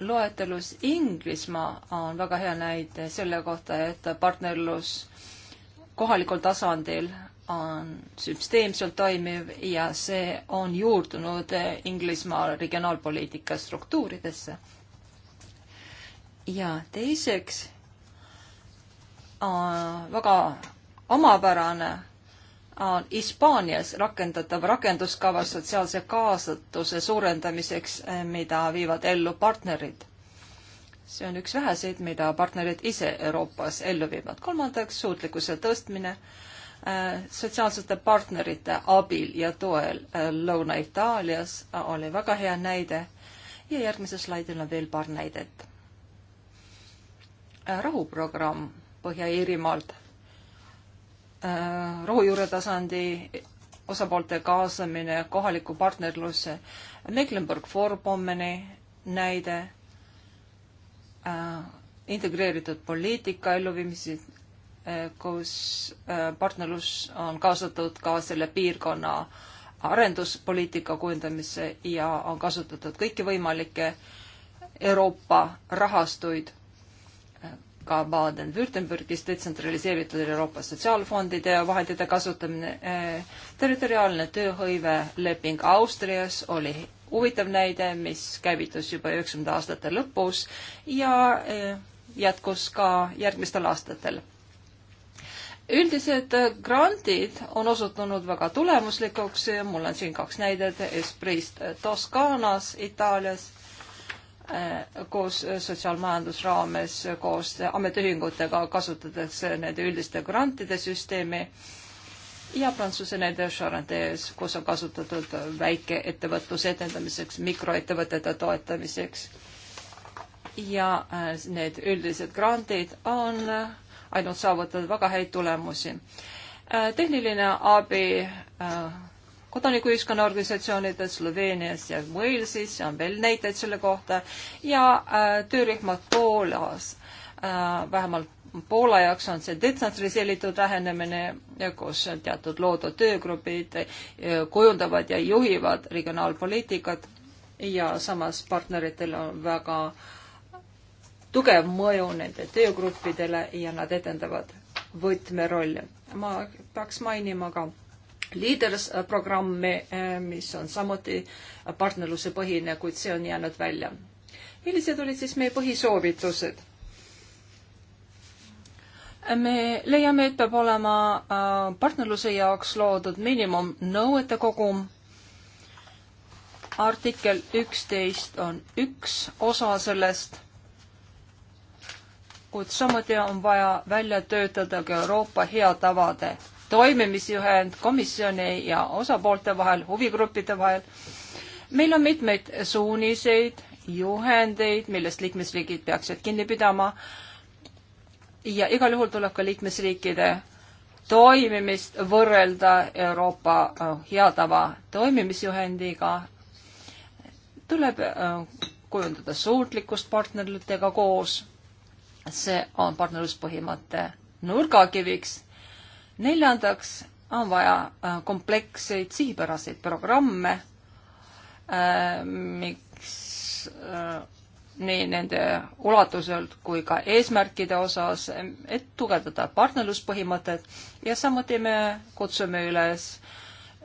A: loetelus Inglismaa on väga hea näide selle kohta, et partnerlus kohalikul tasandil on süsteemselt toimiv ja see on juurdunud Inglismaa regionaalpoliitika struktuuridesse. ja teiseks on äh, väga omapärane on Hispaanias rakendatav rakenduskava sotsiaalse kaasatuse suurendamiseks, äh, mida viivad ellu partnerid. see on üks väheseid, mida partnerid ise Euroopas ellu viivad. kolmandaks, suutlikkuse tõstmine Äh, sotsiaalsete partnerite abil ja toel äh, Lõuna-Itaalias äh, oli väga hea näide ja järgmisel slaidil on veel paar näidet. rahuprogramm Põhja-Iirimaalt, rohujuure tasandi osapoolte kaasamine kohalikku partnerlusse, Mecklenburg-Vorpommeni näide, integreeritud poliitika elluviimised Eh, kus eh, partnerlus on kaasatud ka selle piirkonna arenduspoliitika kujundamisse ja on kasutatud kõiki võimalikke Euroopa rahastuid, eh, ka Baden-Württembergis detsentraliseeritud Euroopa Sotsiaalfondide ja vahendite kasutamine. territoriaalne tööhõive leping Austrias oli huvitav näide, mis käivitus juba üheksakümnenda aastate lõpus ja jätkus ka järgmistel aastatel üldised äh, grandid on osutunud väga tulemuslikuks, mul on siin kaks näidet Esprist äh, Toskaanas Itaalias, kus sotsiaalmajandus raames koos äh, ametiühingutega kasutatakse nende üldiste grantide süsteemi ja Prantsuse näide Charentees, kus on kasutatud väikeettevõtluse edendamiseks, mikroettevõtete toetamiseks. ja need üldised grandid on ainult saavutada väga häid tulemusi. Äh, tehniline abi äh, kodanikuühiskonna organisatsioonides Sloveenias ja Walesis ja on veel näiteid selle kohta ja äh, töörühmad Poolas, vähemalt Poola jaoks on see detsentraliseeritud lähenemine, kus teatud loodud töögrupid kujundavad ja juhivad regionaalpoliitikat ja samas partneritel on väga äh, tugev mõju nende töögruppidele ja nad edendavad võtmerolli. ma peaks mainima ka Leaders programmi, eh, mis on samuti partnerluse põhine, kuid see on jäänud välja. millised olid siis meie põhisoovitused? me leiame, et peab olema äh, partnerluse jaoks loodud miinimumnõuete kogum. artikkel üksteist on üks osa sellest kuid samuti on vaja välja töötada ka Euroopa hea tavade toimimisjuhend komisjoni ja osapoolte vahel, huvigruppide vahel. meil on mitmeid suuniseid, juhendeid, millest liikmesriigid peaksid kinni pidama. ja igal juhul tuleb ka liikmesriikide toimimist võrrelda Euroopa äh, hea tava toimimisjuhendiga. tuleb äh, kujundada suutlikkust partneritega koos see on partnerluspõhimõtte nurgakiviks. neljandaks on vaja äh, kompleksseid sihipäraseid programme, äh, miks äh, nii nende ulatuselt kui ka eesmärkide osas, et tugevdada partnerluspõhimõtet ja samuti me kutsume üles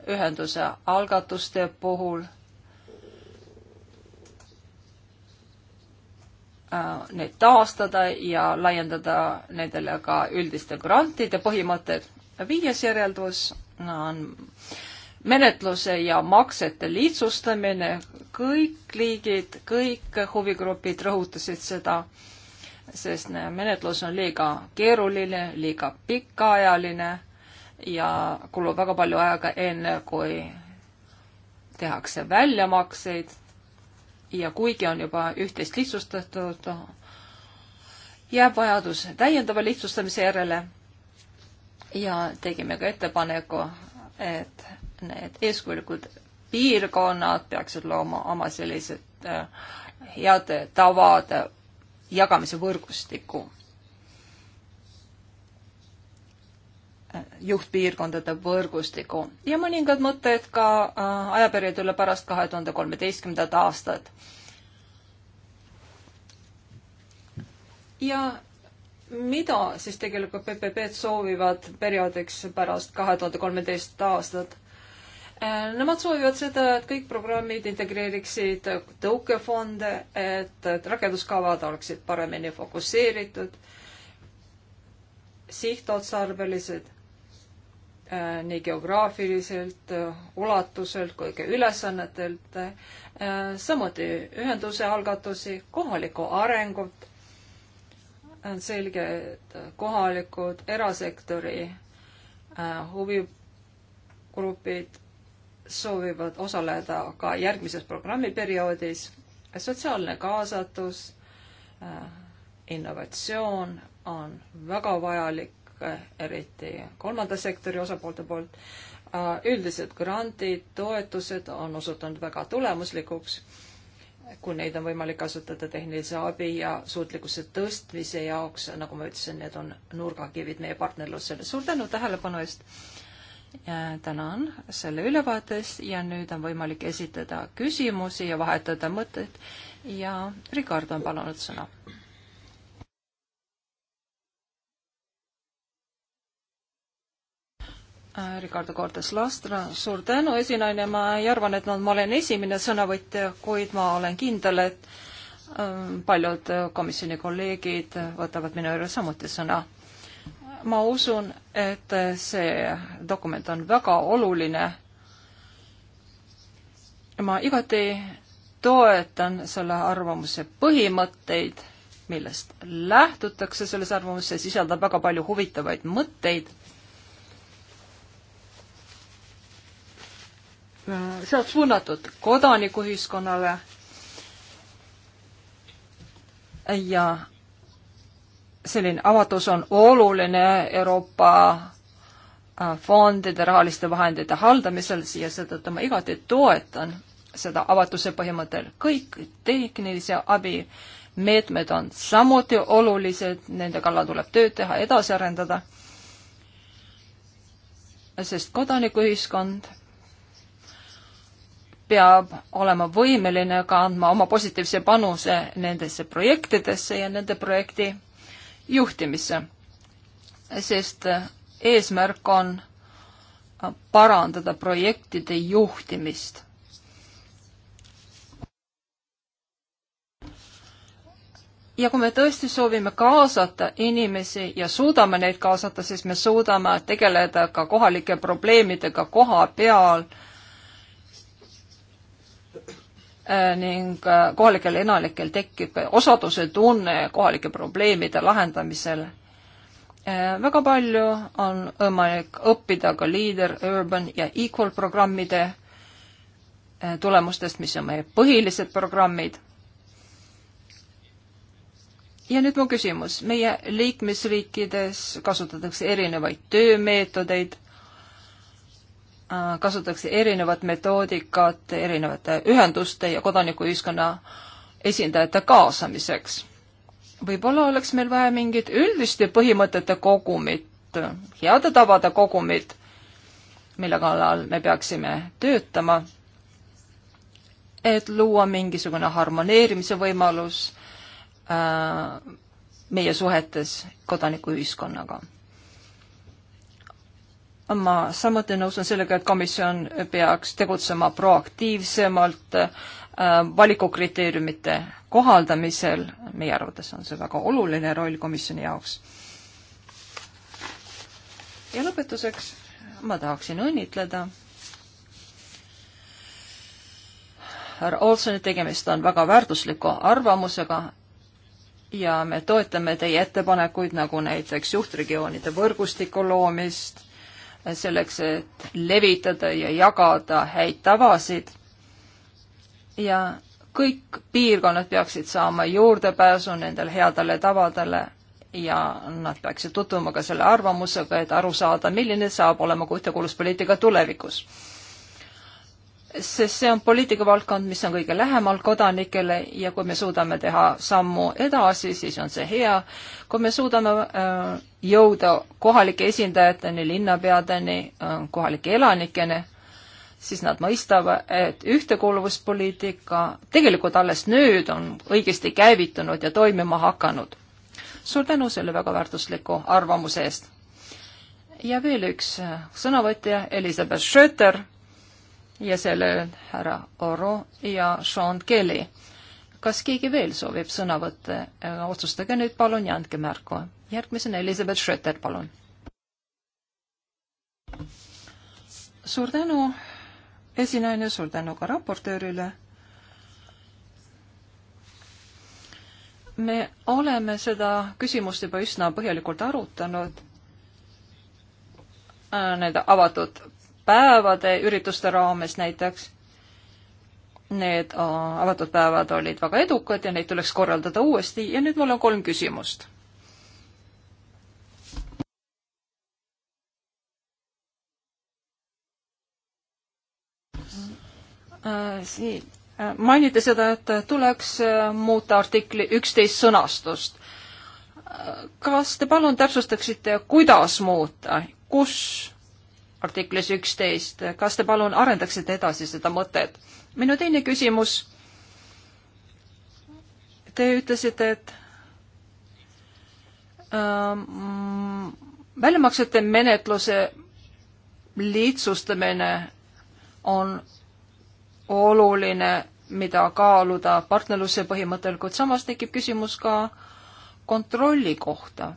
A: ühenduse algatuste puhul Äh, neid taastada ja laiendada nendele ka üldiste grantide põhimõtted. viies järeldus on menetluse ja maksete lihtsustamine. kõik liigid, kõik huvigrupid rõhutasid seda, sest menetlus on liiga keeruline, liiga pikaajaline ja kulub väga palju aega, enne kui tehakse väljamakseid ja kuigi on juba üht-teist lihtsustatud, jääb vajadus täiendava lihtsustamise järele ja tegime ka ettepaneku, et need eeskujulikud piirkonnad peaksid looma oma sellised äh, head tavad jagamise võrgustiku juhtpiirkondade võrgustiku ja mõningad mõtted ka äh, ajaperioodile pärast kahe tuhande kolmeteistkümnendat aastat. ja mida siis tegelikult PPP-d soovivad perioodiks pärast kahe tuhande kolmeteist aastat? Äh, nemad soovivad seda, et kõik programmid integreeriksid tõukefonde, et rakenduskavad oleksid paremini fokusseeritud, sihtotsarbelised Äh, nii geograafiliselt, äh, ulatuselt kui ka ülesannetelt, äh, samuti ühenduse algatusi, kohalikku arengut. on selge, et kohalikud erasektori huvigrupid soovivad osaleda ka järgmises programmiperioodis. sotsiaalne kaasatus, innovatsioon on väga vajalik eriti kolmanda sektori osapoolte poolt. Äh, üldised grandid, toetused on osutunud väga tulemuslikuks, kui neid on võimalik kasutada tehnilise abi ja suutlikkuse tõstmise jaoks, nagu ma ütlesin, need on nurgakivid meie partnerlusele. suur tänu tähelepanu eest! tänan selle ülevaates ja nüüd on võimalik esitada küsimusi ja vahetada mõtteid ja Ricardo on palunud sõna Äh, Ricardo Cortes Lastra, suur tänu, esinaine, ma ei arvan, et no, ma olen esimene sõnavõtja, kuid ma olen kindel, et ähm, paljud äh, komisjoni kolleegid võtavad minu juures samuti sõna. ma usun, et äh, see dokument on väga oluline. ma igati toetan selle arvamuse põhimõtteid, millest lähtutakse selles arvamuses, sisaldab väga palju huvitavaid mõtteid see on suunatud kodanikuühiskonnale ja selline avatus on oluline Euroopa äh, fondide rahaliste vahendite haldamisel ja seetõttu ma igati toetan seda avatuse põhimõttel. kõik tehnilise abi meetmed on samuti olulised, nende kallal tuleb tööd teha, edasi arendada, sest kodanikuühiskond peab olema võimeline ka andma oma positiivse panuse nendesse projektidesse ja nende projekti juhtimisse. sest eesmärk on parandada projektide juhtimist. ja kui me tõesti soovime kaasata inimesi ja suudame neid kaasata, siis me suudame tegeleda ka kohalike probleemidega koha peal äh, Äh, ning äh, kohalikel elanikel tekib osaduse tunne kohalike probleemide lahendamisel. Äh, väga palju on võimalik õppida ka Leader, Urban ja Equal programmide tulemustest, mis on meie põhilised programmid. ja nüüd mu küsimus. meie liikmesriikides kasutatakse erinevaid töömeetodeid kasutatakse erinevat metoodikat erinevate ühenduste ja kodanikuühiskonna esindajate kaasamiseks. võib-olla oleks meil vaja mingit üldiste põhimõtete kogumit, heade tavade kogumit, mille kallal me peaksime töötama, et luua mingisugune harmoneerimise võimalus äh, meie suhetes kodanikuühiskonnaga ma samuti nõustun sellega, et komisjon peaks tegutsema proaktiivsemalt äh, valikukriteeriumite kohaldamisel, meie arvates on see väga oluline roll komisjoni jaoks. ja lõpetuseks ma tahaksin õnnitleda härra Olsoni, tegemist on väga väärtusliku arvamusega ja me toetame teie ettepanekuid, nagu näiteks juhtregioonide võrgustiku loomist selleks, et levitada ja jagada häid tavasid. ja kõik piirkonnad peaksid saama juurdepääsu nendele headele tavadele ja nad peaksid tutvuma ka selle arvamusega, et aru saada, milline saab olema ühtekuuluvuspoliitika tulevikus sest see on poliitikavaldkond, mis on kõige lähemal kodanikele ja kui me suudame teha sammu edasi, siis on see hea. kui me suudame äh, jõuda kohalike esindajateni, linnapeadeni, äh, kohalike elanikeni, siis nad mõistavad, et ühtekuuluvuspoliitika tegelikult alles nüüd on õigesti käivitunud ja toimima hakanud. suur tänu selle väga väärtusliku arvamuse eest. ja veel üks äh, sõnavõtja, Elizabeth Schröter ja sellel härra Oro ja Sean Kelly. kas keegi veel soovib sõna võtta? Äh, otsustage nüüd palun ja andke märku. järgmisena Elizabeth Schröter, palun. suur tänu, esinaine, suur tänu ka raportöörile me oleme seda küsimust juba üsna põhjalikult arutanud äh, nende avatud päevade ürituste raames näiteks. Need äh, avatud päevad olid väga edukad ja neid tuleks korraldada uuesti ja nüüd mul on kolm küsimust äh, siin äh, mainiti seda, et tuleks muuta artikli üksteist sõnastust. kas te palun täpsustaksite, kuidas muuta, kus artiklis üksteist. kas te palun arendaksite edasi seda mõtet? minu teine küsimus. Te ütlesite, et ähm, väljamaksete menetluse lihtsustamine on oluline, mida kaaluda partnerluse põhimõttel, kuid samas tekib küsimus ka kontrolli kohta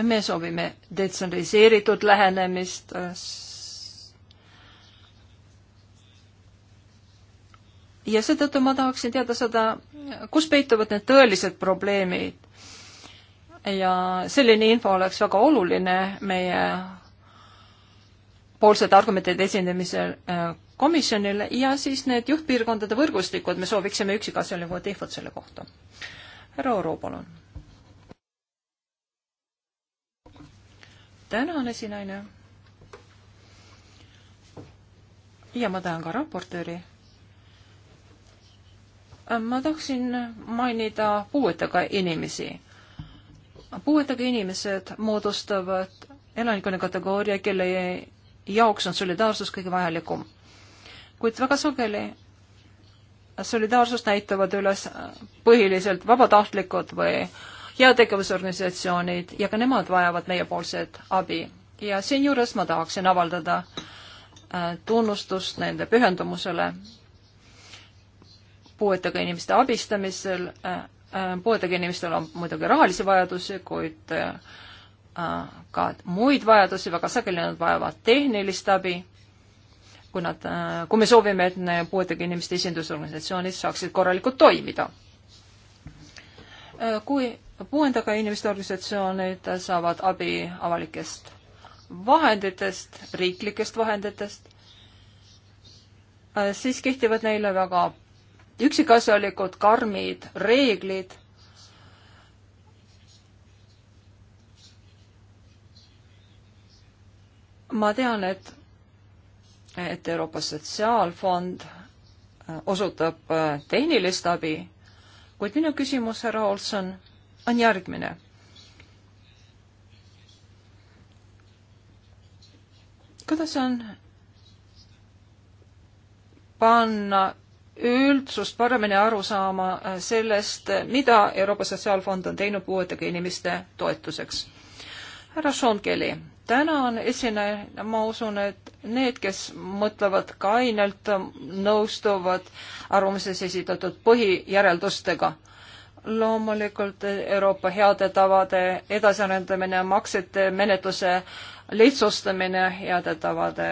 A: me soovime detsentraliseeritud lähenemist. ja seetõttu ma tahaksin teada seda, kus peituvad need tõelised probleemid. ja selline info oleks väga oluline meie poolsete argumentide esindamisel äh, komisjonile ja siis need juhtpiirkondade võrgustikud, me sooviksime üksikasjalikku infot selle kohta. härra Oru, palun tänan, esinaine. ja ma tänan ka raportööri. ma tahaksin mainida puuetega inimesi. puuetega inimesed moodustavad elanikkonna kategooria, kelle jaoks on solidaarsus kõige vajalikum. kuid väga sageli solidaarsust näitavad üles põhiliselt vabatahtlikud või äh, heategevusorganisatsioonid ja ka nemad vajavad meiepoolset abi. ja siinjuures ma tahaksin avaldada äh, tunnustust nende pühendumusele puuetega inimeste abistamisel. Äh, äh, puuetega inimestel on muidugi rahalisi vajadusi, kuid ka muid vajadusi, väga sageli nad vajavad tehnilist abi kui nad, kui me soovime, et puuetega inimeste esindusorganisatsioonid saaksid korralikult toimida. kui puuendega inimeste organisatsioonid saavad abi avalikest vahenditest, riiklikest vahenditest, siis kehtivad neile väga üksikasjalikud karmid reeglid. ma tean, et, et Euroopa Sotsiaalfond äh, osutab äh, tehnilist abi, kuid minu küsimus, härra Olson on järgmine. kuidas on panna üldsust paremini aru saama äh, sellest, mida Euroopa Sotsiaalfond on teinud puuetega inimeste toetuseks? härra Sean Kelly, täna on esineja, ma usun, et need, kes mõtlevad kainelt, nõustuvad arvamuses esitatud põhijäreldustega loomulikult Euroopa heade tavade edasiarendamine, maksete menetluse lihtsustamine, heade tavade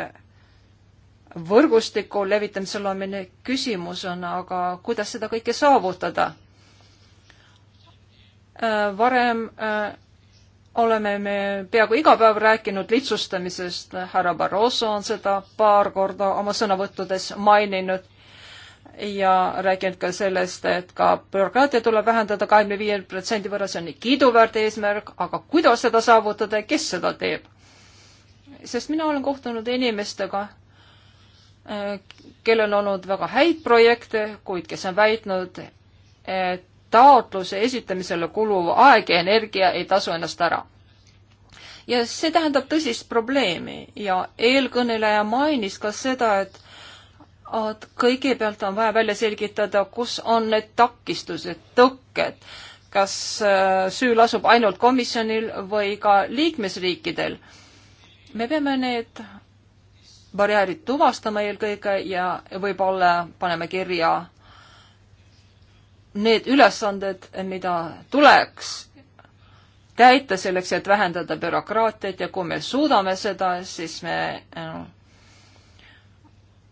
A: võrgustiku levitamise loomine, küsimus on aga, kuidas seda kõike saavutada. Äh, varem äh, oleme me peaaegu iga päev rääkinud lihtsustamisest, härra Barroso on seda paar korda oma sõnavõttudes maininud ja rääkinud ka sellest, et ka bürokraatia tuleb vähendada kahekümne viie protsendi võrra, see on kiiduväärt eesmärk, aga kuidas seda saavutada ja kes seda teeb? sest mina olen kohtunud inimestega, äh, kellel on olnud väga häid projekte, kuid kes on väitnud, et taotluse esitamisele kuluv aeg ja energia ei tasu ennast ära. ja see tähendab tõsist probleemi ja eelkõneleja mainis ka seda, et et kõigepealt on vaja välja selgitada, kus on need takistused, tõkked, kas äh, süü lasub ainult komisjonil või ka liikmesriikidel. me peame need barjäärid tuvastama eelkõige ja võib-olla paneme kirja need ülesanded, mida tuleks täita selleks, et vähendada bürokraatiat ja kui me suudame seda, siis me no, äh,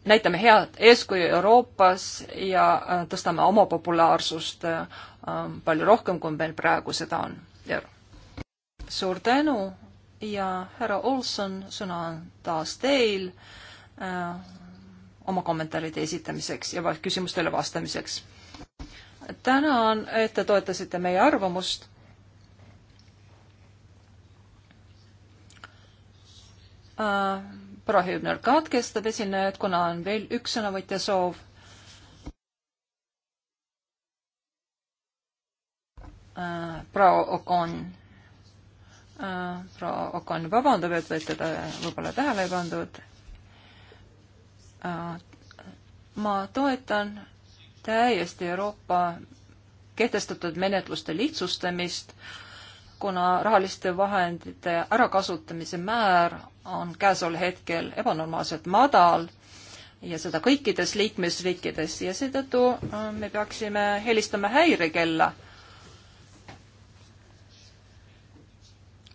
A: näitame head eeskuju Euroopas ja äh, tõstame oma populaarsust äh, äh, palju rohkem, kui meil praegu seda on. suur tänu ja härra Olson, sõna on taas teil oma kommentaaride esitamiseks ja küsimustele vastamiseks. tänan, et te toetasite meie arvamust äh, proua Hübner katkestab esinejad, kuna on veel üks sõnavõtja soov. Äh, proua Okon, äh, proua Okon vabandab, et võite ta võib-olla tähele ei pandud. Äh, ma toetan täiesti Euroopa kehtestatud menetluste lihtsustamist, kuna rahaliste vahendite ärakasutamise määr on käesol hetkel ebanormaalselt madal ja seda kõikides liikmesriikides ja seetõttu äh, me peaksime helistama häirekella.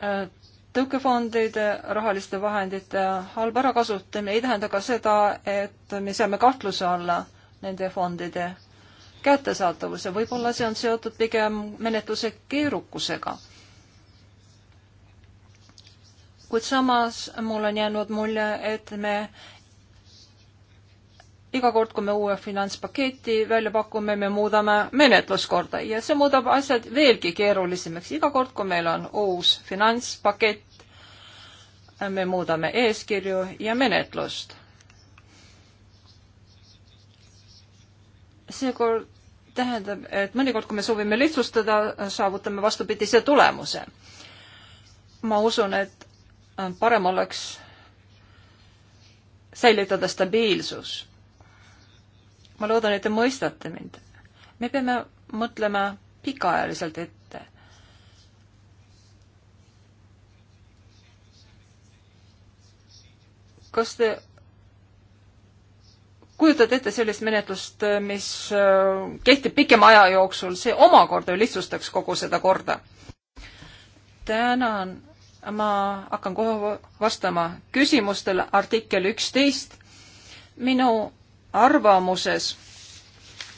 A: Äh, tõukefondide rahaliste vahendite halb ärakasutamine ei tähenda ka seda, et me seame kahtluse alla nende fondide kättesaatavuse, võib-olla see on seotud pigem menetluse keerukusega kuid samas mul on jäänud mulje, et me iga kord, kui me uue finantspaketi välja pakume, me muudame menetluskorda ja see muudab asjad veelgi keerulisemaks. iga kord, kui meil on uus finantspakett, me muudame eeskirju ja menetlust. seekord tähendab, et mõnikord, kui me soovime lihtsustada, saavutame vastupidise tulemuse. ma usun, et parem oleks säilitada stabiilsus. ma loodan, et te mõistate mind. me peame mõtlema pikaajaliselt ette. kas te kujutad ette sellist menetlust, mis äh, kehtib pikema aja jooksul, see omakorda ju lihtsustaks kogu seda korda. tänan ma hakkan kohe vastama küsimustele artikkel üksteist. minu arvamuses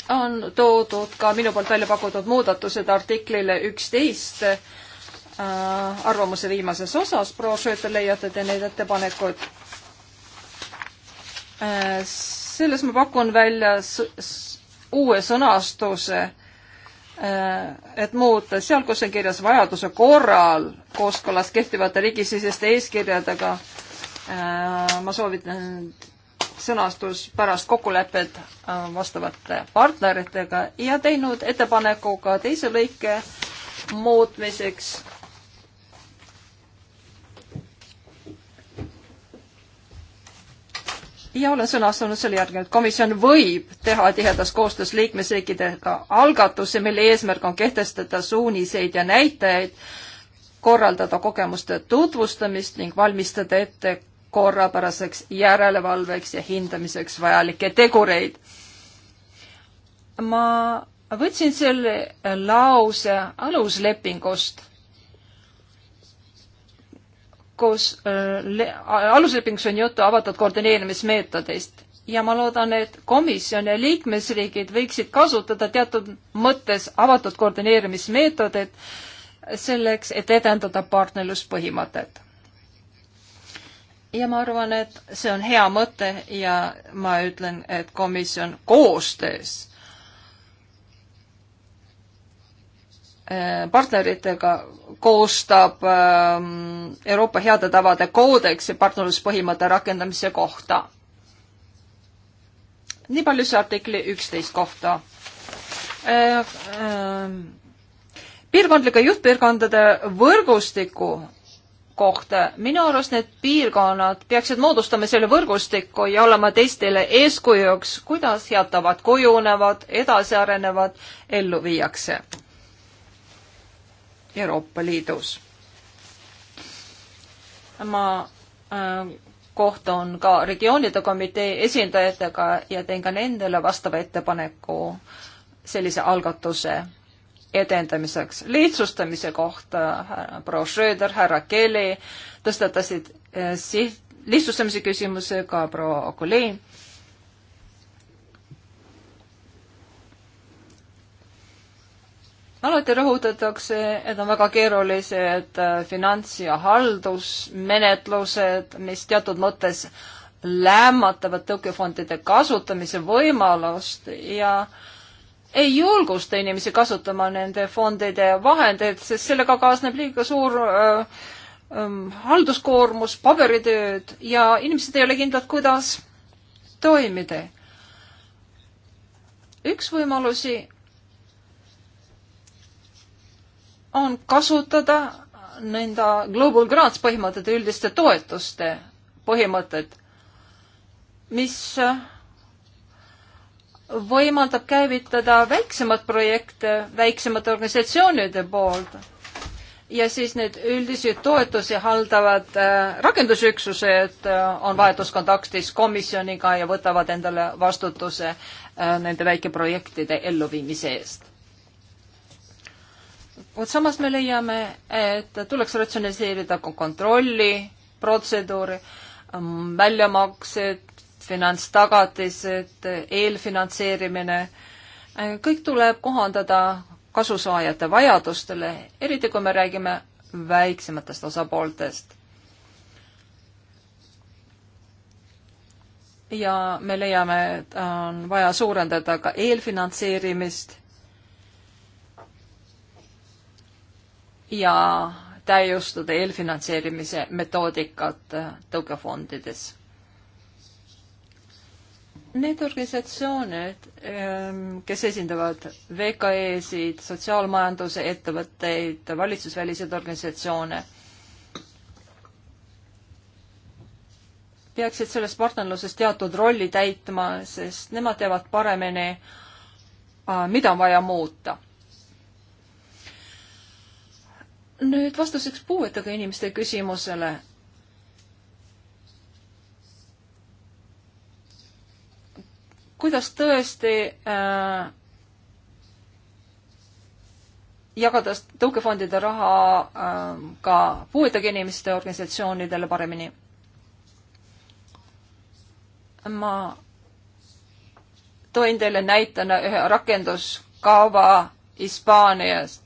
A: on toodud ka minu poolt välja pakutud muudatused artiklile üksteist äh, arvamuse viimases osas. proua Schröter, leiate te need ettepanekud äh,? selles ma pakun välja uue sõnastuse äh, Äh, et muuta seal, kus on kirjas vajaduse korral kooskõlas kehtivate riigisiseste eeskirjadega. Äh, ma soovitan sõnastus pärast kokkulepet äh, vastavate partneritega ja teinud ettepaneku ka teise lõike muutmiseks ja olen sõnastanud selle järgnevalt. komisjon võib teha tihedas koostöös liikmesriikidega algatusi, mille eesmärk on kehtestada suuniseid ja näitajaid, korraldada kogemuste tutvustamist ning valmistada ette korrapäraseks järelevalveks ja hindamiseks vajalikke tegureid. ma võtsin selle lause aluslepingust kus äh, aluslepingus on juttu avatud koordineerimismeetodist ja ma loodan, et komisjon ja liikmesriigid võiksid kasutada teatud mõttes avatud koordineerimismeetodit selleks, et edendada partnerluspõhimõtet. ja ma arvan, et see on hea mõte ja ma ütlen, et komisjon koostöös Äh, partneritega koostab ähm, Euroopa heade tavade koodeksi partnerluspõhimõtte rakendamise kohta. nii palju siis artikli üksteist kohta. Äh, ähm, piirkondlike juhtpiirkondade võrgustiku kohta, minu arust need piirkonnad peaksid moodustama selle võrgustiku ja olema teistele eeskujuks, kuidas head tavad kujunevad, edasi arenevad, ellu viiakse Euroopa Liidus. ma ähm, kohtun ka regioonide komitee esindajatega ja teen ka nendele vastava ettepaneku sellise algatuse edendamiseks. lihtsustamise kohta proua Schröder, härra Kelly tõstatasid äh, siht, lihtsustamise küsimuse ka proua Okulin alati rõhutatakse, et on väga keerulised äh, finants- ja haldusmenetlused, mis teatud mõttes lämmatavad tõukefondide kasutamise võimalust ja ei julgusta inimesi kasutama nende fondide vahendeid, sest sellega kaasneb liiga suur äh, äh, halduskoormus, paberitööd ja inimesed ei ole kindlad, kuidas toimida. üks võimalusi on kasutada nõnda Global Grants põhimõtete üldiste toetuste põhimõtet, mis äh, võimaldab käivitada väiksemaid projekte väiksemate organisatsioonide poolt ja siis need üldisi toetusi haldavad äh, rakendusüksused äh, on vahetuskontaktis komisjoniga ja võtavad endale vastutuse äh, nende väikeprojektide elluviimise eest vot samas me leiame, et tuleks ratsionaliseerida kontrolli, protseduuri, mm, väljamaksed, finantstagatised, eelfinantseerimine, kõik tuleb kohandada kasusaajate vajadustele, eriti kui me räägime väiksematest osapooltest. ja me leiame, et on vaja suurendada ka eelfinantseerimist ja täiustada eelfinantseerimise metoodikat tõukefondides need organisatsioonid, ähm, kes esindavad VKE-sid, sotsiaalmajanduse ettevõtteid, valitsusväliseid organisatsioone, peaksid selles partnerluses teatud rolli täitma, sest nemad teavad paremini, äh, mida on vaja muuta. nüüd vastuseks puuetega inimeste küsimusele. kuidas tõesti äh, jagada tõukefondide raha äh, ka puuetega inimeste organisatsioonidele paremini? ma toin teile näitena ühe rakenduskava Hispaaniast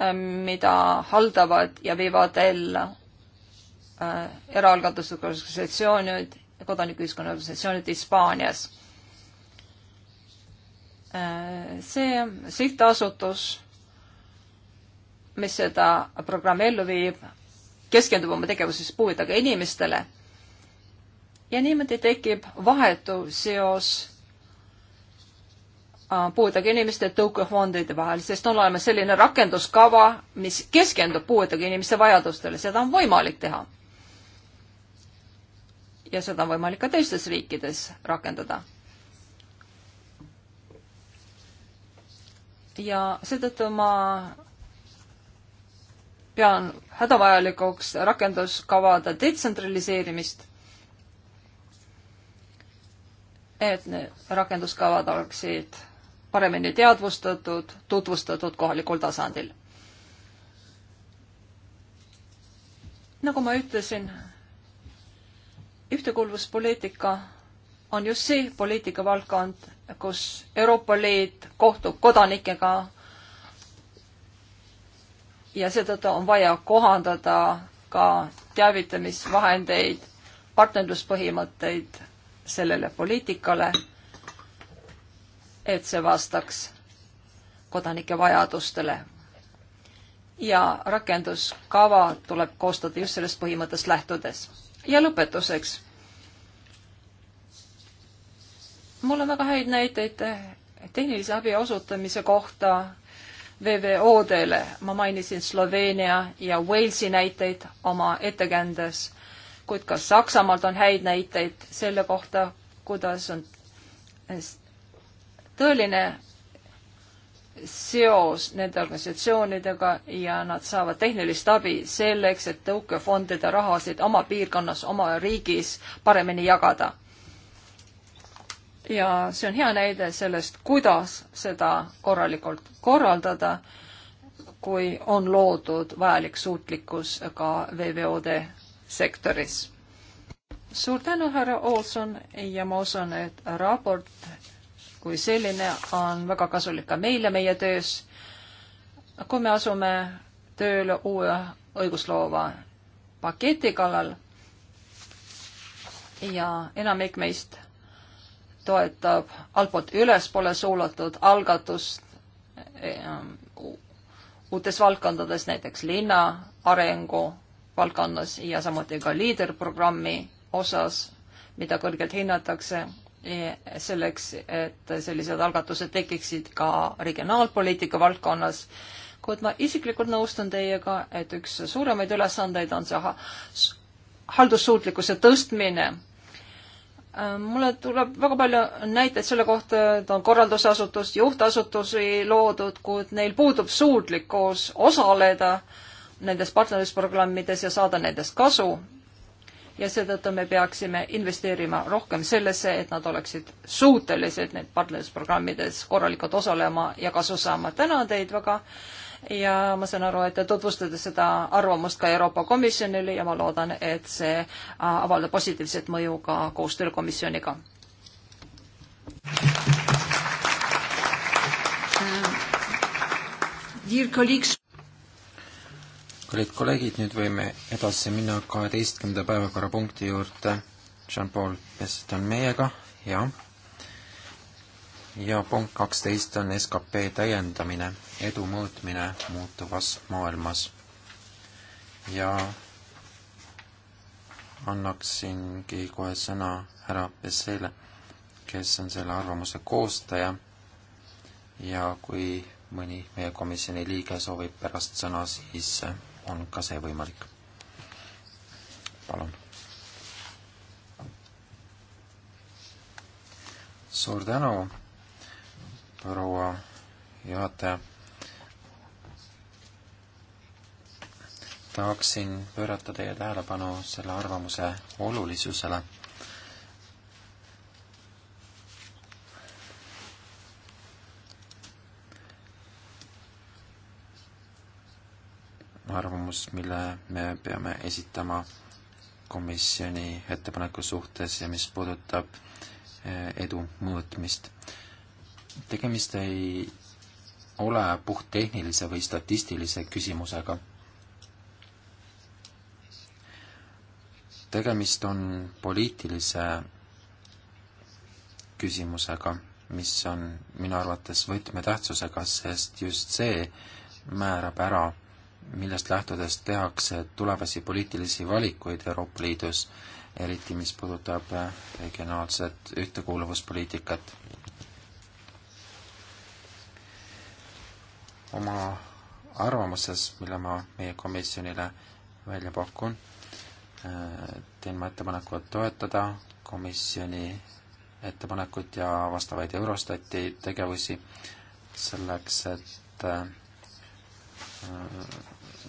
A: Ähm, mida haldavad ja viivad ellu äh, eraalgatuslikud organisatsioonid ja kodanikuühiskonna organisatsioonid Hispaanias. Äh, see sihtasutus, mis seda programmi ellu viib, keskendub oma tegevuses puudega inimestele ja niimoodi tekib vahetu seos Äh, puuetega inimeste tõukefondide vahel, sest on olemas selline rakenduskava, mis keskendub puuetega inimeste vajadustele, seda on võimalik teha. ja seda on võimalik ka teistes riikides rakendada. ja seetõttu ma pean hädavajalikuks rakenduskavade detsentraliseerimist et need rakenduskavad oleksid paremini teadvustatud, tutvustatud kohalikul tasandil. nagu ma ütlesin, ühtekuuluvuspoliitika on just see poliitikavaldkond, kus Euroopa Liit kohtub kodanikega ja seetõttu on vaja kohandada ka teavitamisvahendeid, partnerluspõhimõtteid sellele poliitikale et see vastaks kodanike vajadustele. ja rakenduskava tuleb koostada just sellest põhimõttest lähtudes. ja lõpetuseks. mul on väga häid näiteid tehnilise abi osutamise kohta VVO-dele. ma mainisin Sloveenia ja Walesi näiteid oma ettekäändes, kuid ka Saksamaalt on häid näiteid selle kohta, kuidas on tõeline seos nende organisatsioonidega ja nad saavad tehnilist abi selleks, et tõukefondide rahasid oma piirkonnas, oma riigis paremini jagada. ja see on hea näide sellest, kuidas seda korralikult korraldada, kui on loodud vajalik suutlikkus ka VVOD sektoris. suur tänu, härra Olson ja ma usun, et raport kui selline on väga kasulik ka meile meie töös, kui me asume tööle uue õigusloova paketi kallal ja enamik meist toetab altpoolt ülespoole suunatud algatust ehm, uutes valdkondades, näiteks linna arengu valdkonnas ja samuti ka liiderprogrammi osas, mida kõrgelt hinnatakse Eh, selleks, et sellised algatused tekiksid ka regionaalpoliitika valdkonnas. kuid ma isiklikult nõustun teiega, et üks suuremaid ülesandeid on see haldussuutlikkuse tõstmine. Eh, mulle tuleb väga palju näiteid selle kohta, et on korraldusasutus, juhtasutusi loodud, kuid neil puudub suutlikkus osaleda nendes partnerlusprogrammides ja saada nendest kasu ja seetõttu me peaksime investeerima rohkem sellesse, et nad oleksid suutelised need partnerlusprogrammides korralikult osalema ja kasu saama. tänan teid väga ja ma saan aru, et te tutvustate seda arvamust ka Euroopa Komisjonile ja ma loodan, et see äh, avaldab positiivset mõju ka koostööl komisjoniga. Dear colleagues,
C: kallid kolleegid, nüüd võime edasi minna kaheteistkümnenda päevakorrapunkti juurde. Jean-Paul Pest on meiega, jah. ja punkt kaksteist on skp täiendamine, edu mõõtmine muutuvas maailmas. ja annaksingi kohe sõna härra Pessele, kes on selle arvamuse koostaja ja kui mõni meie komisjoni liige soovib pärast sõna, siis on ka see võimalik. palun. suur tänu, proua juhataja. tahaksin pöörata teie tähelepanu selle arvamuse olulisusele arvamus, mille me peame esitama komisjoni ettepaneku suhtes ja mis puudutab eh, edu mõõtmist. tegemist ei ole puhttehnilise või statistilise küsimusega. tegemist on poliitilise küsimusega, mis on minu arvates võtmetähtsusega, sest just see määrab ära millest lähtudes tehakse tulevasi poliitilisi valikuid Euroopa Liidus, eriti mis puudutab äh, regionaalset ühtekuuluvuspoliitikat. oma arvamuses, mille ma meie komisjonile välja pakun, äh, teen ma ettepaneku toetada komisjoni ettepanekut ja vastavaid Eurostati tegevusi selleks, et äh,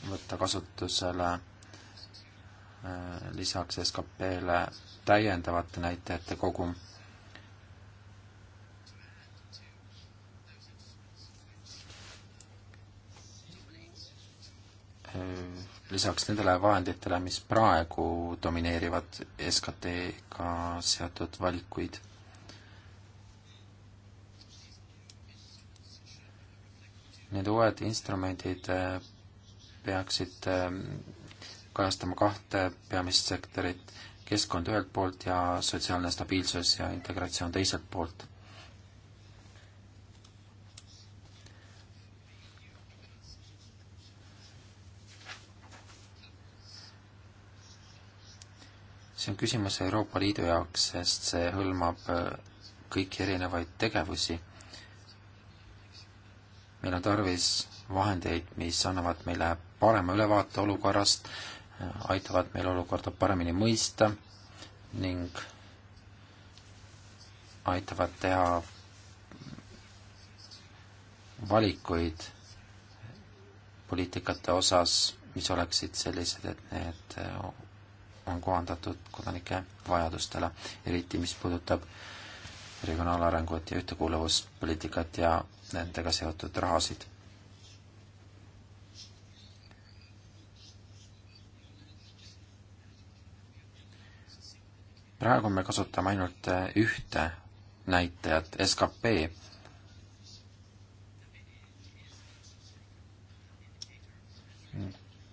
C: võtta kasutusele äh, lisaks SKP-le täiendavate näitajate kogum. Äh, lisaks nendele vahenditele, mis praegu domineerivad SKT-ga seotud valikuid need uued instrumendid äh, peaksid ähm, kajastama kahte peamist sektorit, keskkond ühelt poolt ja sotsiaalne stabiilsus ja integratsioon teiselt poolt. see on küsimus Euroopa Liidu jaoks, sest see hõlmab äh, kõiki erinevaid tegevusi. meil on tarvis vahendeid, mis annavad meile parema ülevaate olukorrast, aitavad meil olukorda paremini mõista ning aitavad teha valikuid poliitikate osas, mis oleksid sellised, et need on kohandatud kodanike vajadustele, eriti mis puudutab regionaalarengut ja ühtekuuluvuspoliitikat ja nendega seotud rahasid praegu me kasutame ainult eh, ühte näitajat, skp.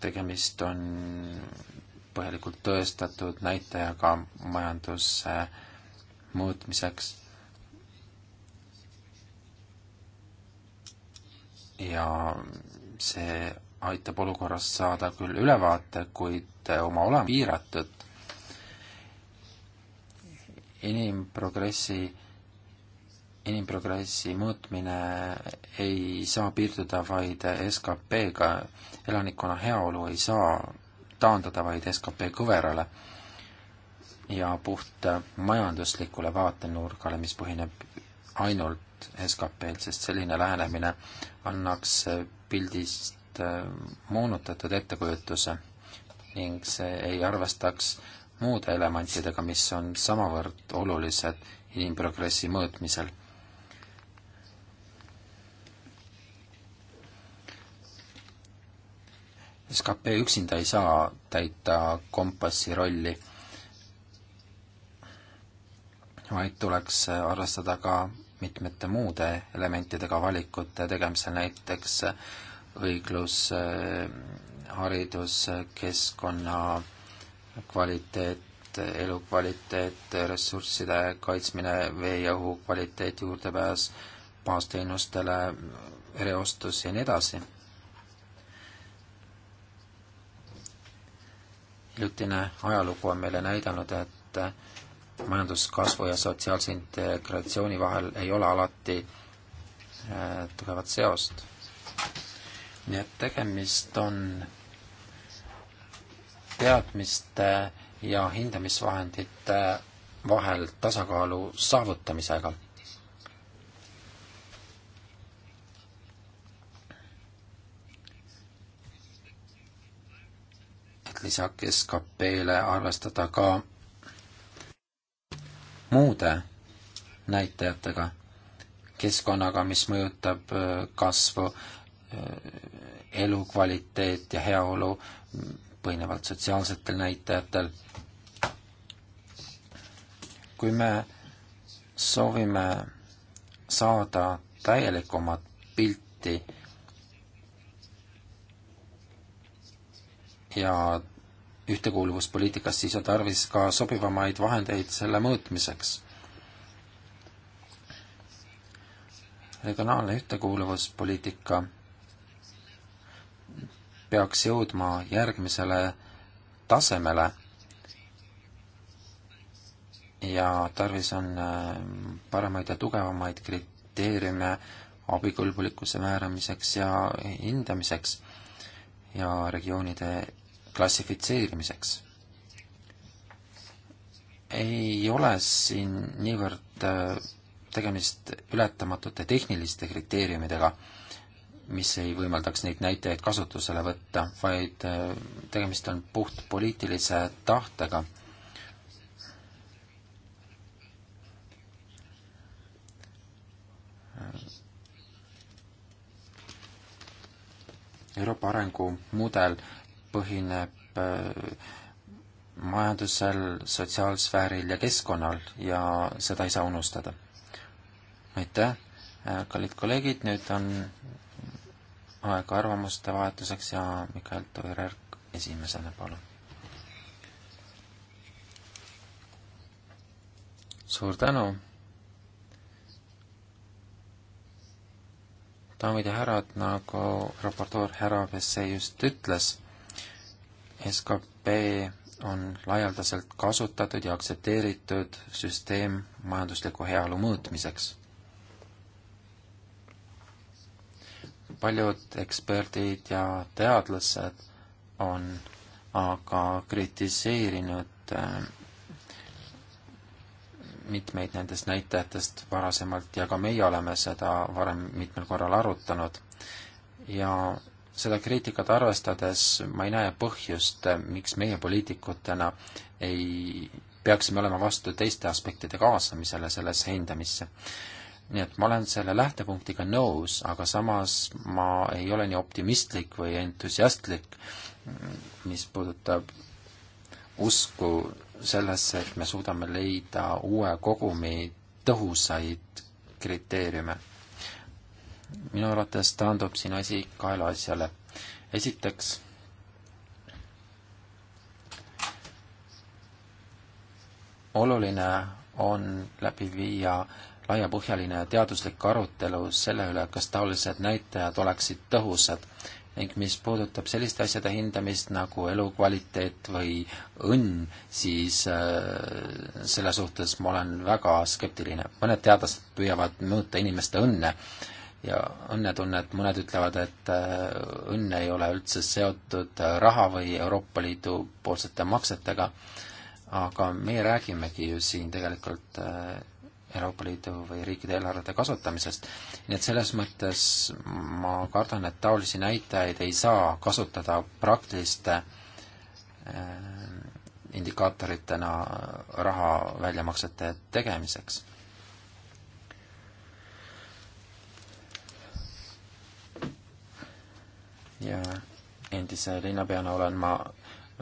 C: tegemist on põhjalikult tõestatud näitajaga majanduse mõõtmiseks ja see aitab olukorrast saada küll ülevaate, kuid oma olema piiratud inimprogressi, inimprogressi mõõtmine ei saa piirduda vaid SKP-ga, elanikkonna heaolu ei saa taandada vaid SKP kõverale ja puht majanduslikule vaatenurgale, mis põhineb ainult SKP-l, sest selline lähenemine annaks pildist moonutatud ettekujutuse ning see ei arvestaks muude elementidega, mis on samavõrd olulised inimprogressi mõõtmisel. SKP üksinda ei saa täita kompassi rolli, vaid tuleks arvestada ka mitmete muude elementidega valikute tegemisel, näiteks õiglus, haridus, keskkonna kvaliteet, elukvaliteet, ressursside kaitsmine, vee ja õhu kvaliteet, juurdepääs baasteenustele, reostus ja nii edasi. hiljutine ajalugu on meile näidanud, et majanduskasvu ja sotsiaalse integratsiooni vahel ei ole alati äh, tugevat seost. nii et tegemist on teadmiste ja hindamisvahendite vahel tasakaalu saavutamisega. et lisaks SKP-le arvestada ka muude näitajatega, keskkonnaga, mis mõjutab äh, kasvu, äh, elukvaliteet ja heaolu, põhinevad sotsiaalsetel näitajatel. kui me soovime saada täielikumat pilti ja ühtekuuluvuspoliitikas, siis on tarvis ka sobivamaid vahendeid selle mõõtmiseks. regionaalne ühtekuuluvuspoliitika peaks jõudma järgmisele tasemele ja tarvis on äh, paremaid ja tugevamaid kriteeriume abikõlbulikkuse määramiseks ja hindamiseks ja regioonide klassifitseerimiseks. ei ole siin niivõrd äh, tegemist ületamatute tehniliste kriteeriumidega mis ei võimaldaks neid näitajaid kasutusele võtta, vaid äh, tegemist on puht poliitilise tahtega. Äh, Euroopa arengumudel põhineb äh, majandusel, sotsiaalsfääril ja keskkonnal ja seda ei saa unustada. aitäh, kallid kolleegid, nüüd on aega arvamuste vahetuseks ja Mikael Toirer esimesena, palun. suur tänu. daamid ja härrad, nagu raportöör härra Vesse just ütles, skp on laialdaselt kasutatud ja aktsepteeritud süsteem majandusliku heaolu mõõtmiseks paljud eksperdid ja teadlased on aga kritiseerinud äh, mitmeid nendest näitajatest varasemalt ja ka meie oleme seda varem mitmel korral arutanud. ja seda kriitikat arvestades ma ei näe põhjust, äh, miks meie poliitikutena ei, peaksime olema vastu teiste aspektide kaasamisele sellesse hindamisse nii et ma olen selle lähtepunktiga nõus, aga samas ma ei ole nii optimistlik või entusiastlik, mis puudutab usku sellesse, et me suudame leida uue kogumi tõhusaid kriteeriume. minu arvates taandub siin asi kahele asjale. esiteks, oluline on läbi viia äh, laiapõhjaline teaduslik arutelu selle üle, kas taolised näitajad oleksid tõhusad ning mis puudutab selliste asjade hindamist nagu elukvaliteet või õnn, siis äh, selle suhtes ma olen väga skeptiline. mõned teadlased püüavad mõõta inimeste õnne ja õnnetunnet, mõned ütlevad, et äh, õnn ei ole üldse seotud äh, raha või Euroopa Liidu poolsete maksetega, aga meie räägimegi ju siin tegelikult äh, Euroopa Liidu või riikide eelarvete kasutamisest. nii et selles mõttes ma kardan, et taolisi näitajaid ei saa kasutada praktiliste äh, indikaatoritena raha väljamaksete tegemiseks. ja endise linnapeana olen ma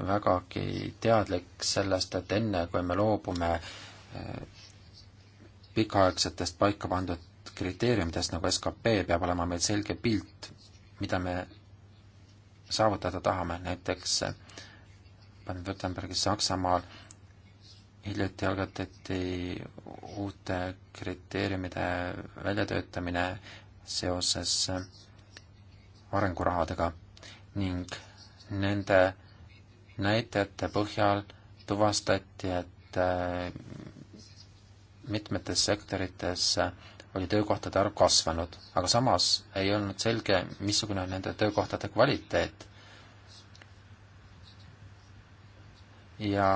C: vägagi teadlik sellest, et enne, kui me loobume äh, pikaaegsetest paika pandud kriteeriumidest nagu skp peab olema meil selge pilt, mida me saavutada tahame, näiteks Baden-Württembergis Saksamaal hiljuti algatati uute kriteeriumide väljatöötamine seoses arengurahadega ning nende näitajate põhjal tuvastati, et mitmetes sektorites oli töökohtade arv kasvanud, aga samas ei olnud selge, missugune on nende töökohtade kvaliteet. ja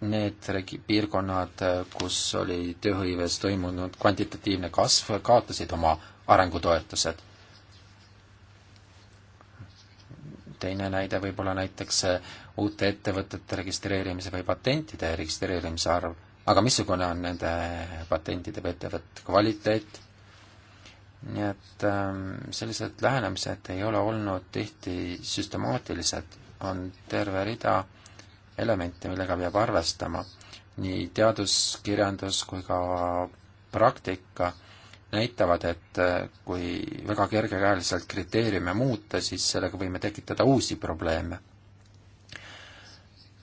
C: need regi-, piirkonnad, kus oli tööhõives toimunud kvantitatiivne kasv, kaotasid oma arengutoetused. teine näide võib olla näiteks uute ettevõtete registreerimise või patentide registreerimise arv aga missugune on nende patentide või ettevõtte kvaliteet, nii et ähm, sellised lähenemised ei ole olnud tihti süstemaatilised, on terve rida elemente, millega peab arvestama, nii teaduskirjandus kui ka praktika näitavad, et äh, kui väga kergekäeliselt kriteeriume muuta, siis sellega võime tekitada uusi probleeme.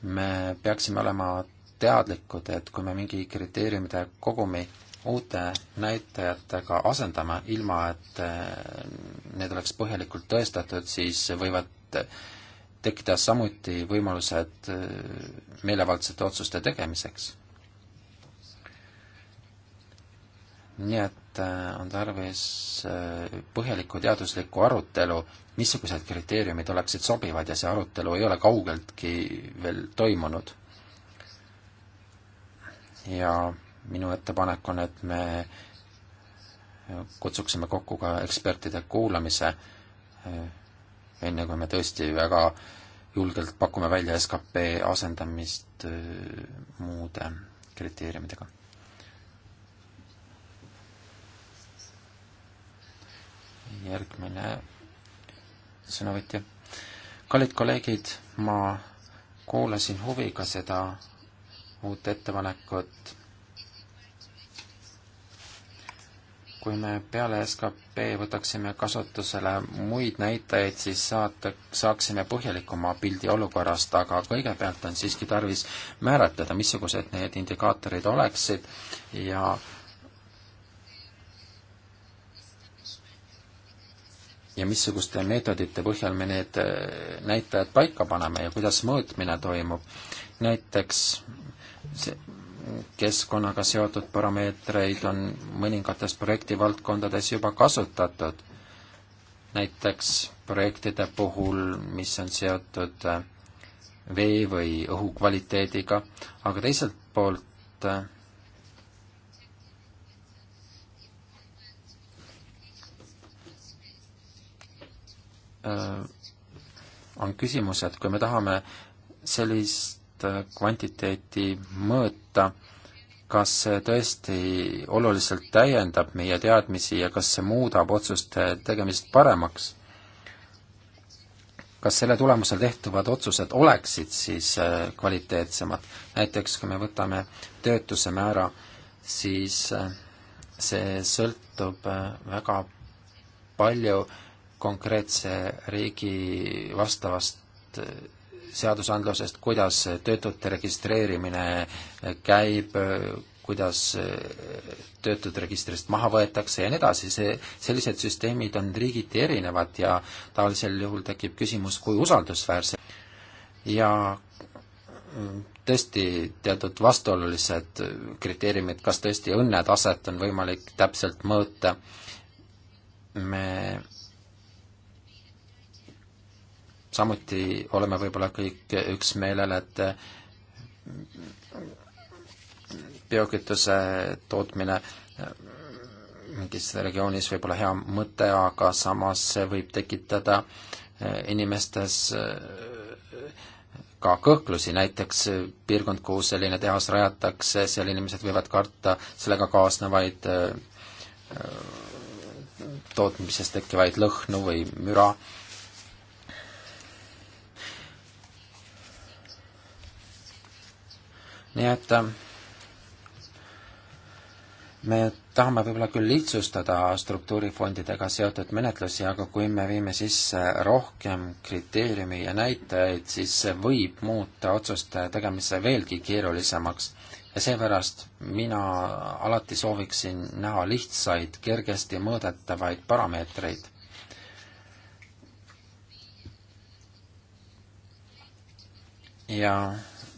C: me peaksime olema teadlikud, et kui me mingi kriteeriumide kogumi uute näitajatega asendame, ilma et äh, need oleks põhjalikult tõestatud, siis võivad tekkida samuti võimalused äh, meelevaldsete otsuste tegemiseks. nii et äh, on tarvis põhjalikku teaduslikku arutelu, missugused kriteeriumid oleksid sobivad ja see arutelu ei ole kaugeltki veel toimunud ja minu ettepanek on, et me kutsuksime kokku ka ekspertide kuulamise, eh, enne kui me tõesti väga julgelt pakume välja skp asendamist eh, muude kriteeriumidega. järgmine sõnavõtja. kallid kolleegid, ma kuulasin huviga seda uut ettepanekut. kui me peale skp võtaksime kasutusele muid näitajaid, siis saata, saaksime põhjalikuma pildi olukorrast, aga kõigepealt on siiski tarvis määratleda, missugused need indikaatorid oleksid ja ja missuguste meetodite põhjal me need äh, näitajad paika paneme ja kuidas mõõtmine toimub. näiteks keskkonnaga seotud parameetreid on mõningates projektivaldkondades juba kasutatud, näiteks projektide puhul, mis on seotud äh, vee või õhu kvaliteediga, aga teiselt poolt äh, äh, on küsimus, et kui me tahame sellist Äh, kvantiteeti mõõta, kas see tõesti oluliselt täiendab meie teadmisi ja kas see muudab otsuste tegemist paremaks? kas selle tulemusel tehtuvad otsused oleksid siis äh, kvaliteetsemad? näiteks kui me võtame töötuse määra, siis äh, see sõltub väga palju konkreetse riigi vastavast seadusandlusest, kuidas töötute registreerimine käib, kuidas töötud registrist maha võetakse ja nii edasi, see, sellised süsteemid on riigiti erinevad ja taolisel juhul tekib küsimus, kui usaldusväärse ja tõesti teatud vastuolulised kriteeriumid, kas tõesti õnnetaset on võimalik täpselt mõõta, me samuti oleme võib-olla kõik üksmeelel, et biokütuse tootmine mingis regioonis võib olla hea mõte, aga samas see võib tekitada inimestes ka kõhklusi, näiteks piirkond, kuhu selline tehas rajatakse, seal inimesed võivad karta sellega kaasnevaid äh, tootmises tekkivaid lõhnu või müra nii et ähm, me tahame võib-olla küll lihtsustada struktuurifondidega seotud menetlusi, aga kui me viime sisse rohkem kriteeriumi ja näitajaid, siis see võib muuta otsuste tegemise veelgi keerulisemaks. ja seepärast mina alati sooviksin näha lihtsaid, kergesti mõõdetavaid parameetreid. ja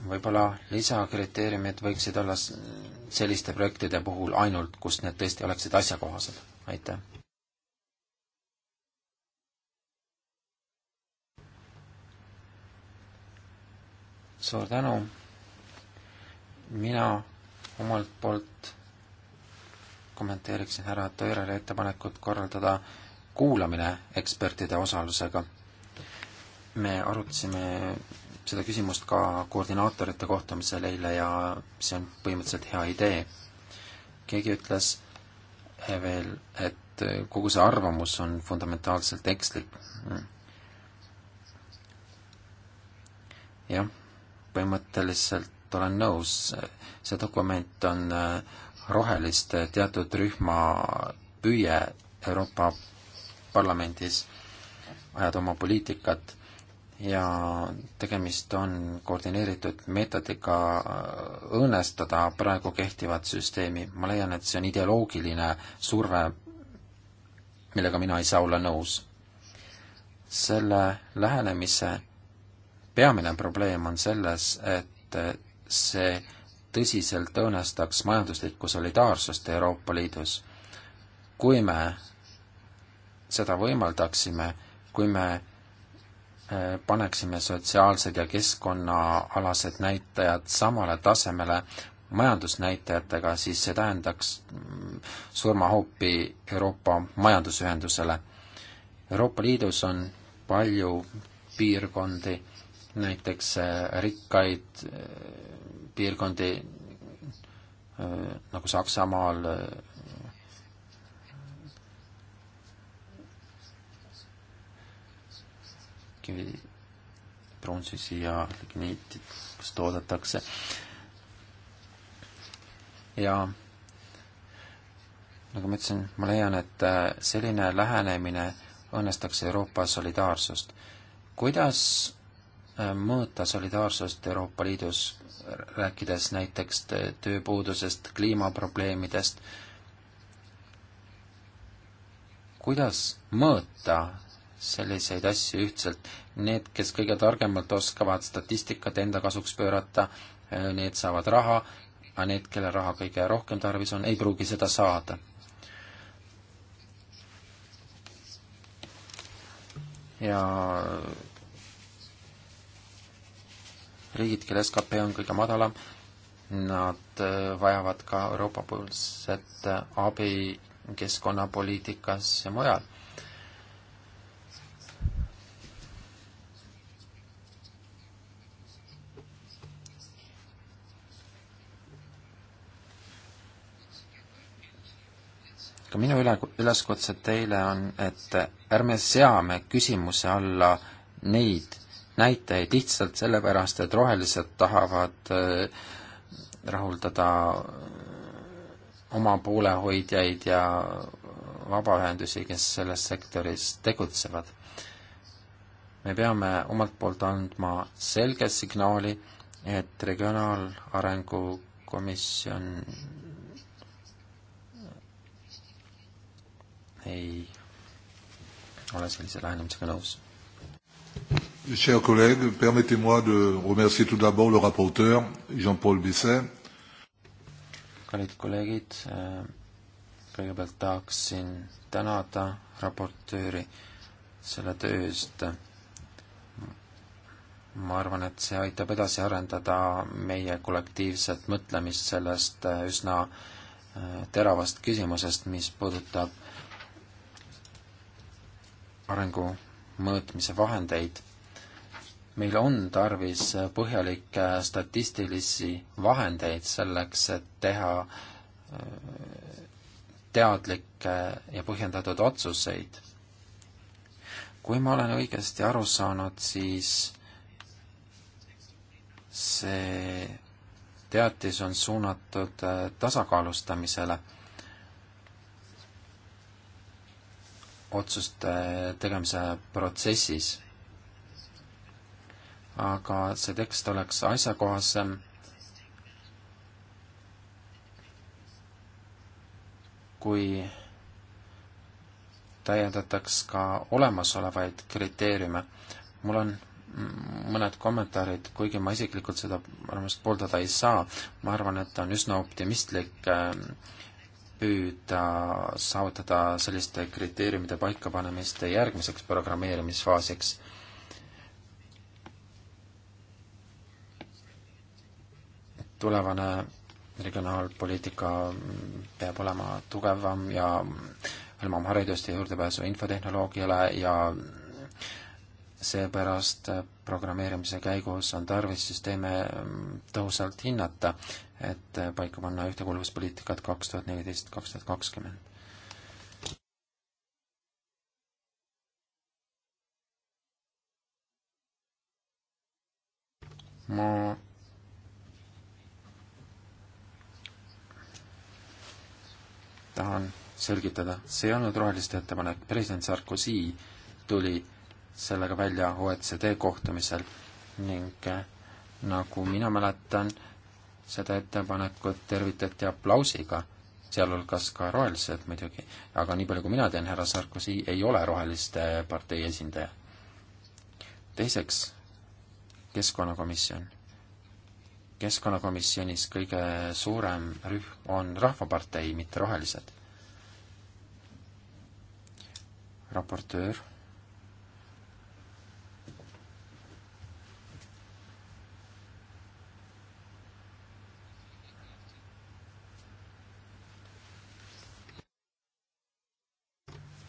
C: võib-olla lisakriteeriumid võiksid olla selliste projektide puhul ainult, kus need tõesti oleksid asjakohased, aitäh. suur tänu, mina omalt poolt kommenteeriksin härra Tõirele ettepanekut korraldada kuulamine ekspertide osalusega. me arutasime seda küsimust ka koordinaatorite kohtumisel eile ja see on põhimõtteliselt hea idee. keegi ütles eh, veel, et eh, kogu see arvamus on fundamentaalselt ekslik. Mm. jah, põhimõtteliselt olen nõus, see dokument on eh, roheliste teatud rühma püüe Euroopa Parlamendis ajada oma poliitikat ja tegemist on koordineeritud meetodiga äh, õõnestada praegu kehtivat süsteemi. ma leian, et see on ideoloogiline surve, millega mina ei saa olla nõus. selle lähenemise peamine probleem on selles, et see tõsiselt õõnestaks majanduslikku solidaarsust Euroopa Liidus. kui me seda võimaldaksime, kui me paneksime sotsiaalsed ja keskkonnaalased näitajad samale tasemele majandusnäitajatega, siis see tähendaks surmahoopi Euroopa Majandusühendusele. Euroopa Liidus on palju piirkondi, näiteks äh, rikkaid äh, piirkondi äh, nagu Saksamaal, põlevkivi, pronssisi ja ligniitidest toodetakse. ja nagu ma ütlesin, ma leian, et äh, selline lähenemine õnnestaks Euroopa solidaarsust. kuidas äh, mõõta solidaarsust Euroopa Liidus, rääkides näiteks äh, tööpuudusest, kliimaprobleemidest, kuidas mõõta selliseid asju ühtselt. Need, kes kõige targemalt oskavad statistikat enda kasuks pöörata, äh, need saavad raha, aga need, kelle raha kõige rohkem tarvis on, ei pruugi seda saada. ja riigid, kelle skp on kõige madalam, nad äh, vajavad ka Euroopa-poolset äh, abi keskkonnapoliitikas ja mujal ka minu üle, üleskutse teile on, et ärme seame küsimuse alla neid näitajaid lihtsalt sellepärast, et rohelised tahavad äh, rahuldada äh, oma poolehoidjaid ja vabaühendusi, kes selles sektoris tegutsevad. me peame omalt poolt andma selge signaali, et Regionaalarengu Komisjon ei ole sellise lähenemisega nõus.
B: Chers collègues, permettez-moi de remercier tout d'abord le rapporteur Jean-Paul Bisset.
C: kallid kolleegid, kõigepealt tahaksin tänada raportööri selle töö eest. ma arvan, et see aitab edasi arendada meie kollektiivset mõtlemist sellest üsna äh, teravast küsimusest, mis puudutab äh, arengu mõõtmise vahendeid. meil on tarvis põhjalikke statistilisi vahendeid selleks, et teha äh, teadlikke ja põhjendatud otsuseid. kui ma olen õigesti aru saanud, siis see teatis on suunatud äh, tasakaalustamisele otsuste tegemise protsessis. aga see tekst oleks asjakohasem kui täiendataks ka olemasolevaid kriteeriume. mul on mõned kommentaarid, kuigi ma isiklikult seda arvamust pooldada ei saa, ma arvan, et on üsna optimistlik äh, püüda saavutada selliste kriteeriumide paikapanemist järgmiseks programmeerimisfaasiks. tulevane regionaalpoliitika peab olema tugevam ja hõlmama haridust ja juurdepääsu infotehnoloogiale ja seepärast äh, programmeerimise käigus on tarvis süsteeme mm, tõhusalt hinnata, et äh, paika panna ühtekuuluvuspoliitikat kaks tuhat neliteist, kaks tuhat kakskümmend. ma tahan selgitada, see ei olnud roheliste ettepanek, president Sarkozy tuli sellega välja OECD kohtumisel ning eh, nagu mina mäletan, seda ettepanekut tervitati aplausiga, sealhulgas ka rohelised muidugi, aga nii palju, kui mina tean, härra Sarkozy ei ole Roheliste partei esindaja. teiseks, keskkonnakomisjon. keskkonnakomisjonis kõige suurem rühm on Rahvapartei, mitte Rohelised. raportöör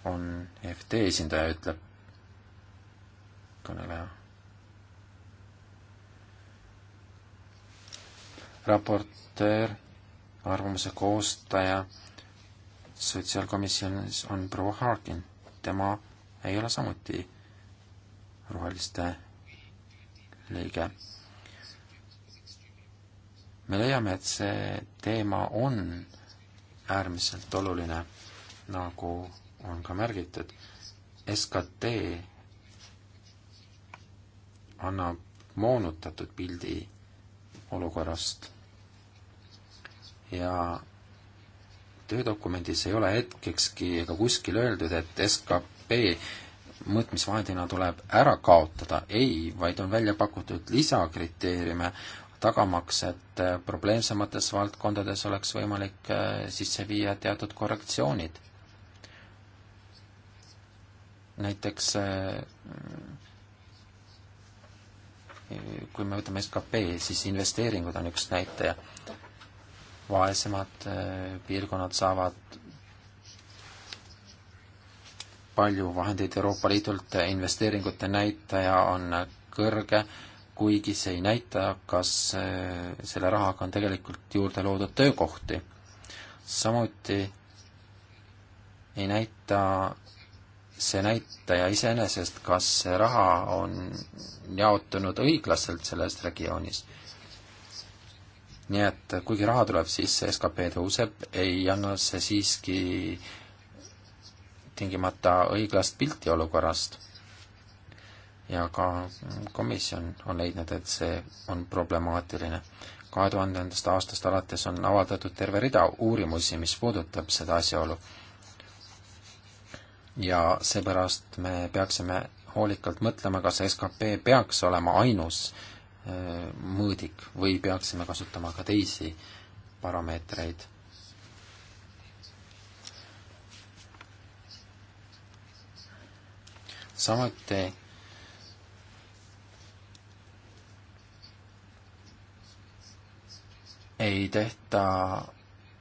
C: on FD esindaja, ütleb kõneleja. raportöör, arvamuse koostaja sotsiaalkomisjonis on proua Harkin, tema ei ole samuti roheliste liige. me leiame, et see teema on äärmiselt oluline, nagu on ka märgitud, SKT annab moonutatud pildi olukorrast ja töödokumendis ei ole hetkekski ega kuskil öeldud, et SKP mõõtmisvahendina tuleb ära kaotada, ei, vaid on välja pakutud lisakriteeriume, tagamaks, et probleemsemates valdkondades oleks võimalik äh, sisse viia teatud korrektsioonid näiteks eh, mm, kui me võtame SKP, siis investeeringud on üks näitaja. vaesemad eh, piirkonnad saavad palju vahendeid Euroopa Liidult, investeeringute näitaja on kõrge, kuigi see ei näita, kas eh, selle rahaga on tegelikult juurde loodud töökohti. samuti ei näita see näitaja iseenesest, kas see raha on jaotunud õiglaselt selles regioonis. nii et kuigi raha tuleb sisse, skp tõuseb, ei anna see siiski tingimata õiglast pilti olukorrast. ja ka komisjon on leidnud, et see on problemaatiline. kahe tuhandendast aastast alates on avaldatud terve rida uurimusi, mis puudutab seda asjaolu ja seepärast me peaksime hoolikalt mõtlema, kas skp peaks olema ainus äh, mõõdik või peaksime kasutama ka teisi parameetreid. samuti ei tehta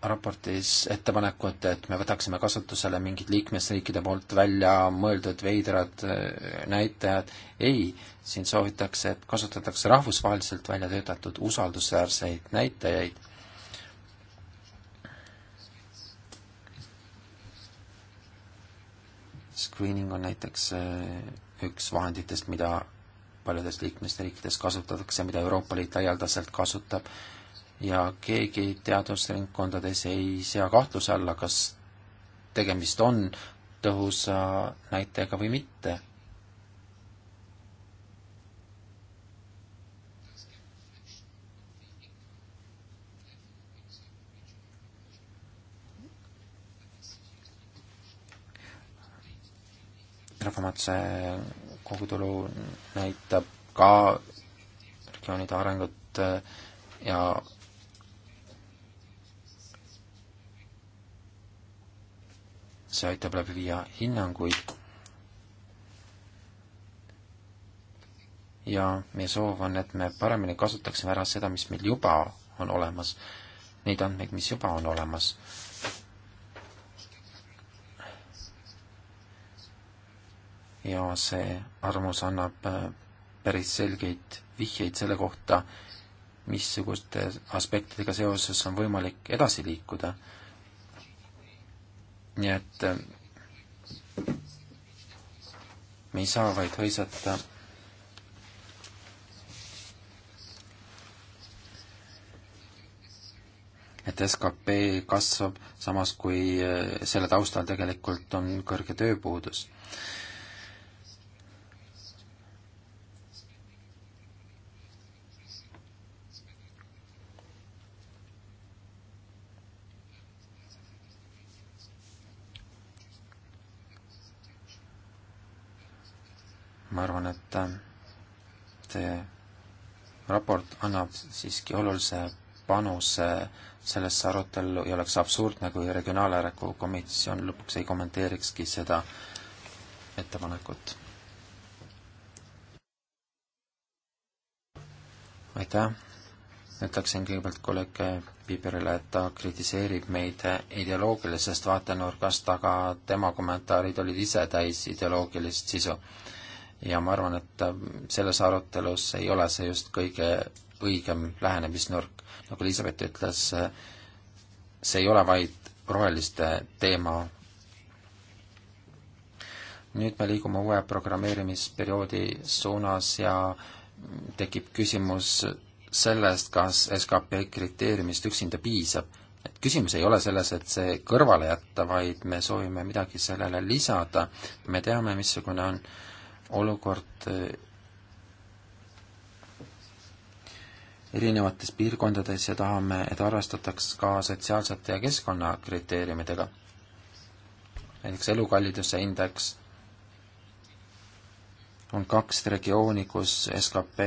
C: raportis ettepanekut, et me võtaksime kasutusele mingid liikmesriikide poolt välja mõeldud veidrad äh, näitajad. ei, siin soovitakse, et kasutatakse rahvusvaheliselt välja töötatud usaldusväärseid näitajaid. Screening on näiteks äh, üks vahenditest, mida paljudes liikmesriikides kasutatakse, mida Euroopa Liit laialdaselt kasutab ja keegi teadusringkondades ei sea kahtluse alla, kas tegemist on tõhusa näitega või mitte. rahvamajanduse kogutulu näitab ka regioonide arengut äh, ja see aitab läbi viia hinnanguid ja meie soov on, et me paremini kasutaksime ära seda, mis meil juba on olemas, neid andmeid, mis juba on olemas. ja see arvamus annab äh, päris selgeid vihjeid selle kohta, missuguste aspektidega seoses on võimalik edasi liikuda nii et äh, me ei saa vaid hõisata et skp kasvab, samas kui äh, selle taustal tegelikult on kõrge tööpuudus. ma arvan, et äh, see raport annab siiski olulise panuse sellesse arutellu ja oleks absurdne, kui Regionaalarengu Komisjon lõpuks ei kommenteerikski seda ettepanekut. aitäh, ütleksin kõigepealt kolleeg Piiberile, et ta kritiseerib meid ideoloogilisest vaatenurgast, aga tema kommentaarid olid ise täis ideoloogilist sisu ja ma arvan, et äh, selles arutelus ei ole see just kõige õigem lähenemisnurk. nagu Elizabeth ütles, äh, see ei ole vaid roheliste teema. nüüd me liigume uue programmeerimisperioodi suunas ja tekib küsimus sellest, kas skp kriteeriumist üksinda piisab. et küsimus ei ole selles, et see kõrvale jätta, vaid me soovime midagi sellele lisada, me teame, missugune on äh, olukord eh, erinevates piirkondades ja tahame, et arvestataks ka sotsiaalsete ja keskkonnakriteeriumidega. näiteks elukalliduse indeks on kaks regiooni, kus skp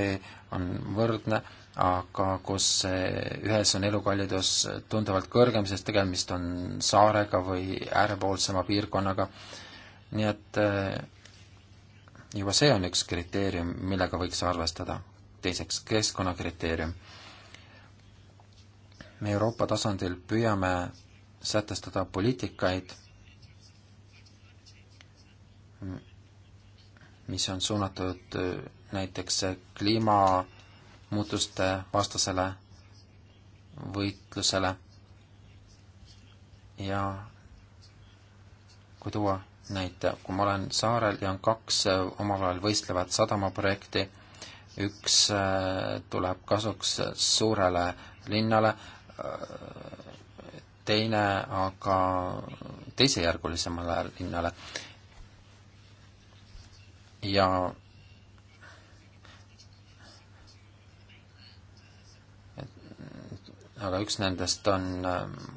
C: on võrdne, aga kus eh, ühes on elukallidus tunduvalt kõrgem, sest tegemist on saarega või äärepoolsema piirkonnaga, nii et äh, juba see on üks kriteerium, millega võiks arvestada. teiseks, keskkonnakriteerium. me Euroopa tasandil püüame sätestada poliitikaid, mis on suunatud äh, näiteks äh, kliimamuutuste vastasele võitlusele ja kui tuua näite, kui ma olen saarel ja on kaks äh, omavahel võistlevat sadamaprojekti, üks äh, tuleb kasuks äh, suurele linnale, teine aga teisejärgulisemale linnale. ja aga üks nendest on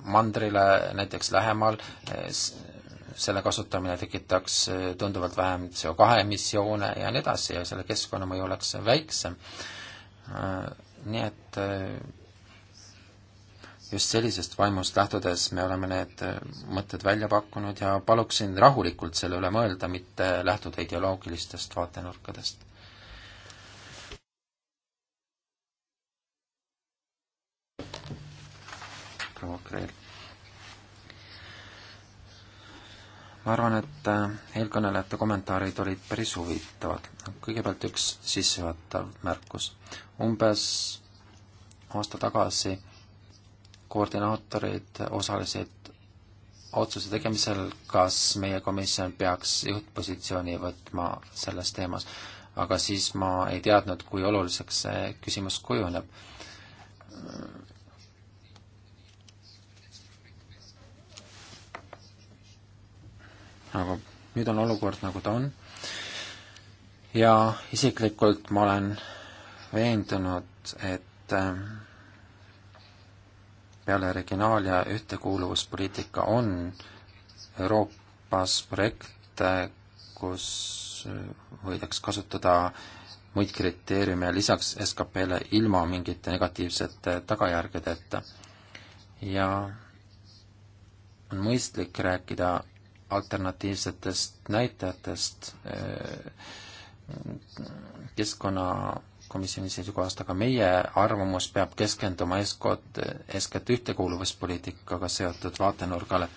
C: mandrile näiteks lähemal, selle kasutamine tekitaks eh, tunduvalt vähem CO2 emissioone ja nii edasi ja selle keskkonnamõju oleks väiksem. Äh, nii et äh, just sellisest vaimust lähtudes me oleme need äh, mõtted välja pakkunud ja paluksin rahulikult selle üle mõelda, mitte lähtuda ideoloogilistest vaatenurkadest. proua Kreel ma arvan, et äh, eelkõnelejate kommentaarid olid päris huvitavad. kõigepealt üks sissejuhatav märkus. umbes aasta tagasi koordinaatorid osalesid otsuse tegemisel, kas meie komisjon peaks juhtpositsiooni võtma selles teemas. aga siis ma ei teadnud, kui oluliseks see küsimus kujuneb aga nüüd on olukord, nagu ta on. ja isiklikult ma olen veendunud, et ähm, peale regionaal- ja ühtekuuluvuspoliitika on Euroopas projekte, kus äh, võidaks kasutada muid kriteeriume lisaks SKP-le ilma mingite negatiivsete tagajärgedeta. ja on mõistlik rääkida alternatiivsetest näitajatest eh, keskkonnakomisjoni seisukohast, aga meie arvamus peab keskenduma eeskot, eeskätt ühtekuuluvuspoliitikaga seotud vaatenurgale.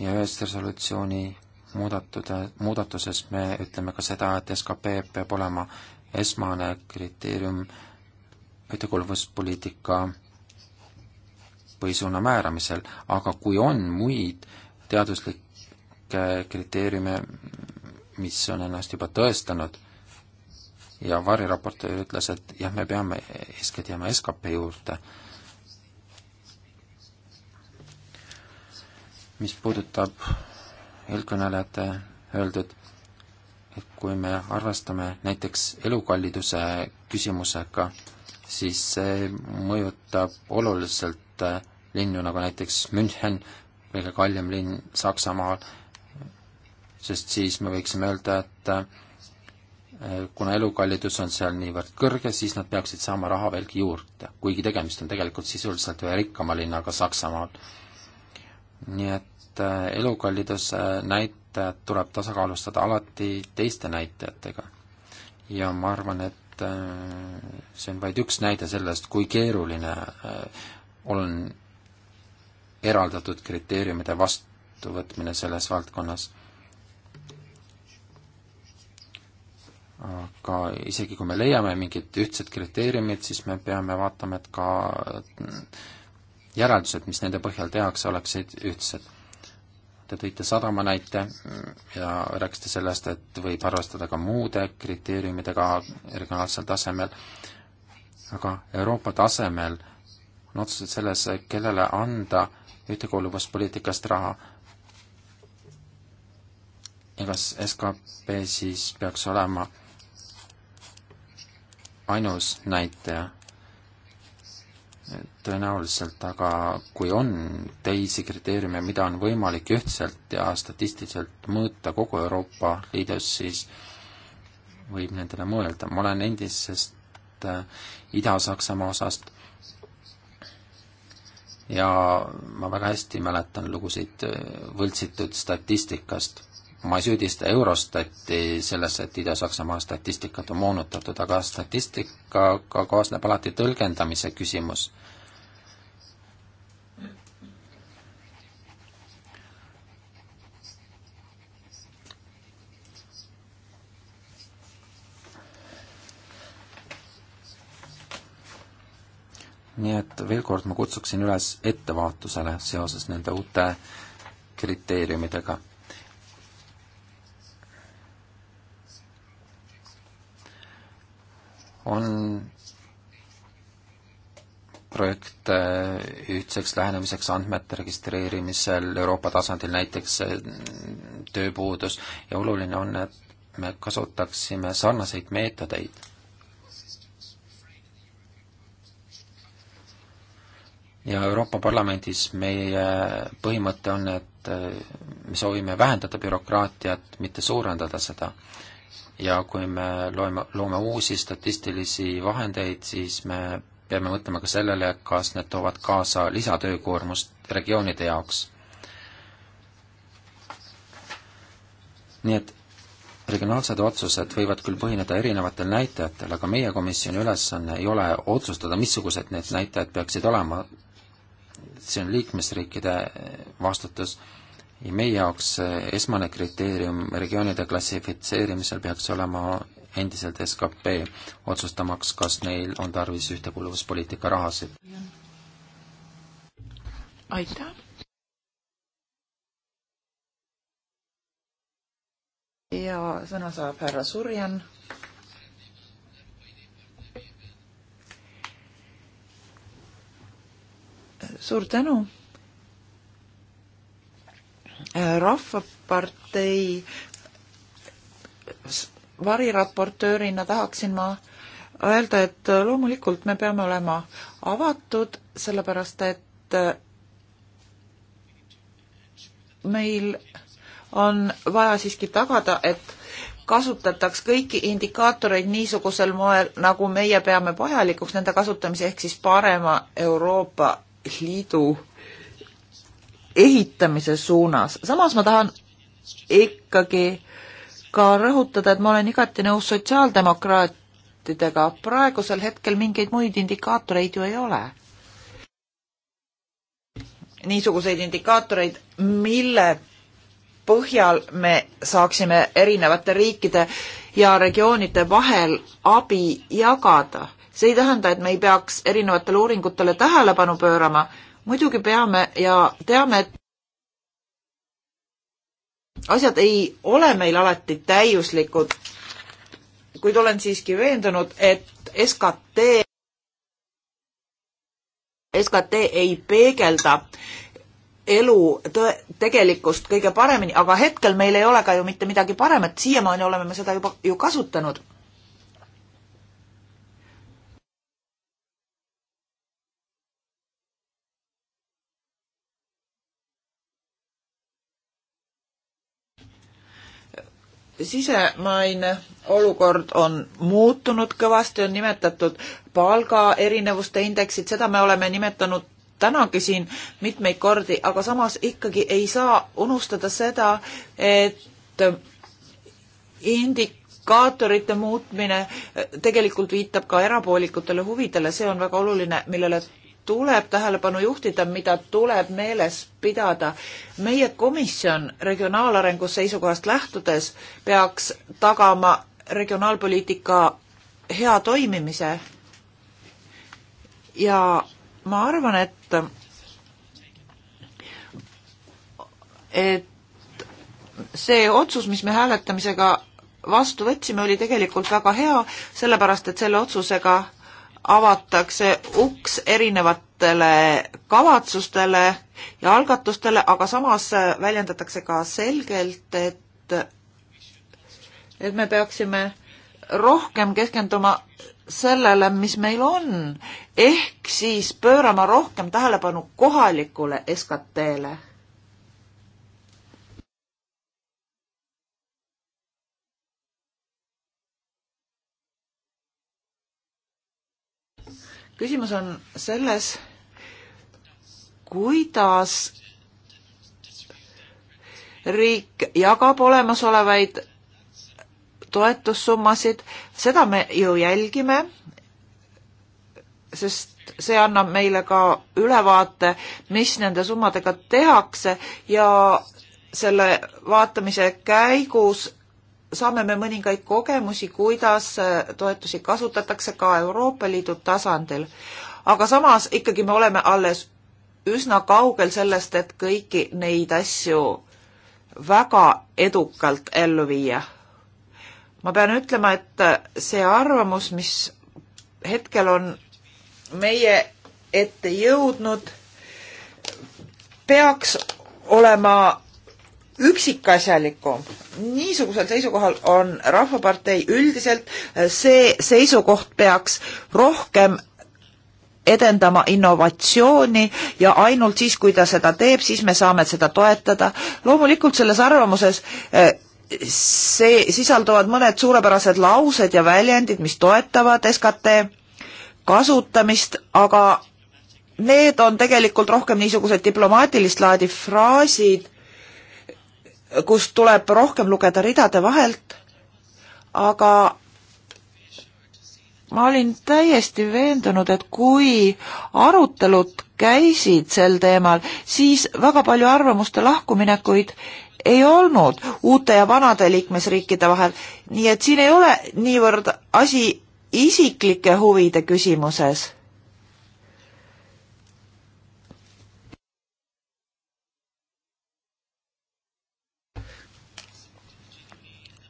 C: ja ühes resolutsiooni muudatud, muudatuses me ütleme ka seda, et skp peab olema esmane kriteerium äh, ühtekuuluvuspoliitika põhisuuna määramisel, aga kui on muid teaduslikke kriteeriume, mis on ennast juba tõestanud, ja variraportöör ütles, et jah, me peame eeskätt jääma SKP juurde. mis puudutab eelkõnelejate öeldud, et kui me arvestame näiteks elukalliduse küsimusega, siis see mõjutab oluliselt äh, linnu, nagu näiteks München, kõige kallim linn Saksamaal, sest siis me võiksime öelda, et äh, äh, kuna elukallidus on seal niivõrd kõrge, siis nad peaksid saama raha veelgi juurde, kuigi tegemist on tegelikult sisuliselt ühe rikkama linnaga Saksamaal. nii et elukalliduse näitajad tuleb tasakaalustada alati teiste näitajatega. ja ma arvan, et et äh, see on vaid üks näide sellest, kui keeruline äh, on eraldatud kriteeriumide vastuvõtmine selles valdkonnas. aga isegi kui me leiame mingid ühtsed kriteeriumid, siis me peame vaatama, et ka äh, järeldused, mis nende põhjal tehakse, oleksid ühtsed Te tõite sadama näite ja rääkisite sellest, et võib arvestada ka muude kriteeriumidega regionaalsel tasemel, aga Euroopa tasemel on otsused selles, kellele anda ühtekuuluvuspoliitikast raha. ja kas SKP siis peaks olema ainus näitaja tõenäoliselt, aga kui on teisi kriteeriume, mida on võimalik ühtselt ja statistiliselt mõõta kogu Euroopa Liidus, siis võib nendele mõelda. ma olen endisest äh, Ida-Saksamaa osast ja ma väga hästi mäletan lugusid äh, võltsitud statistikast ma ei süüdista Eurostati selles, et Ida-Saksamaa statistikat on moonutatud, aga statistikaga kaasneb alati tõlgendamise küsimus. nii et veel kord ma kutsuksin üles ettevaatusele seoses nende uute kriteeriumidega on projekte ühtseks lähenemiseks andmete registreerimisel Euroopa tasandil, näiteks eh, tööpuudus, ja oluline on, et me kasutaksime sarnaseid meetodeid. ja Euroopa Parlamendis meie põhimõte on, et eh, me soovime vähendada bürokraatiat, mitte suurendada seda ja kui me loeme, loome uusi statistilisi vahendeid, siis me peame mõtlema ka sellele, kas need toovad kaasa lisatöökoormust regioonide jaoks. nii et regionaalsed otsused võivad küll põhineda erinevatel näitajatel, aga meie komisjoni ülesanne ei ole otsustada, missugused need näitajad peaksid olema, see on liikmesriikide vastutus ja meie jaoks eh, esmane kriteerium regioonide klassifitseerimisel peaks olema endiselt skp, otsustamaks, kas neil on tarvis ühtekuuluvuspoliitika rahasid.
A: aitäh!
B: ja sõna saab härra Surjan. suur tänu Äh, Rahvapartei variraportöörina tahaksin ma öelda, et äh, loomulikult me peame olema avatud, sellepärast et äh, meil on vaja siiski tagada, et kasutataks kõiki indikaatoreid niisugusel moel, nagu meie peame vajalikuks nende kasutamise, ehk siis parema Euroopa Liidu ehitamise suunas. samas ma tahan ikkagi ka rõhutada, et ma olen igati nõus sotsiaaldemokraatidega, praegusel hetkel mingeid muid indikaatoreid ju ei ole. niisuguseid indikaatoreid, mille põhjal me saaksime erinevate riikide ja regioonide vahel abi jagada. see ei tähenda, et me ei peaks erinevatele uuringutele tähelepanu pöörama muidugi peame ja teame, et asjad ei ole meil alati täiuslikud, kuid olen siiski veendunud, et SKT, SKT ei peegelda elu tõ-, tegelikkust kõige paremini, aga hetkel meil ei ole ka ju mitte midagi paremat, siiamaani oleme me seda juba ju kasutanud. sisemaine olukord on muutunud kõvasti, on nimetatud palgaerinevuste indeksit, seda me oleme nimetanud tänagi siin mitmeid kordi, aga samas ikkagi ei saa unustada seda, et indikaatorite muutmine tegelikult viitab ka erapoolikutele huvidele, see on väga oluline, millele tuleb tähelepanu juhtida, mida tuleb meeles pidada. meie komisjon regionaalarengu seisukohast lähtudes peaks tagama regionaalpoliitika hea toimimise. ja ma arvan, et, et see otsus, mis me hääletamisega vastu võtsime, oli tegelikult väga hea, sellepärast et selle otsusega avatakse uks erinevatele kavatsustele ja algatustele, aga samas väljendatakse ka selgelt, et, et me peaksime rohkem keskenduma sellele, mis meil on, ehk siis pöörama rohkem tähelepanu kohalikule SKT-le küsimus on selles, kuidas riik jagab olemasolevaid toetussummasid, seda me ju jälgime, sest see annab meile ka ülevaate, mis nende summadega tehakse ja selle vaatamise käigus saame me mõningaid kogemusi, kuidas toetusi kasutatakse ka Euroopa Liidu tasandil. aga samas ikkagi me oleme alles üsna kaugel sellest, et kõiki neid asju väga edukalt ellu viia. ma pean ütlema, et see arvamus, mis hetkel on meie ette jõudnud, peaks olema üksikasjalikum. niisugusel seisukohal on Rahvapartei üldiselt, eh, see seisukoht peaks rohkem edendama innovatsiooni ja ainult siis, kui ta seda teeb, siis me saame seda toetada. loomulikult selles arvamuses eh, see, sisalduvad mõned suurepärased laused ja väljendid, mis toetavad SKT kasutamist, aga need on tegelikult rohkem niisugused diplomaatilist laadi fraasid kust tuleb rohkem lugeda ridade vahelt, aga ma olin täiesti veendunud, et kui arutelud käisid sel teemal, siis väga palju arvamuste lahkuminekuid ei olnud uute ja vanade liikmesriikide vahel, nii et siin ei ole niivõrd asi isiklike huvide küsimuses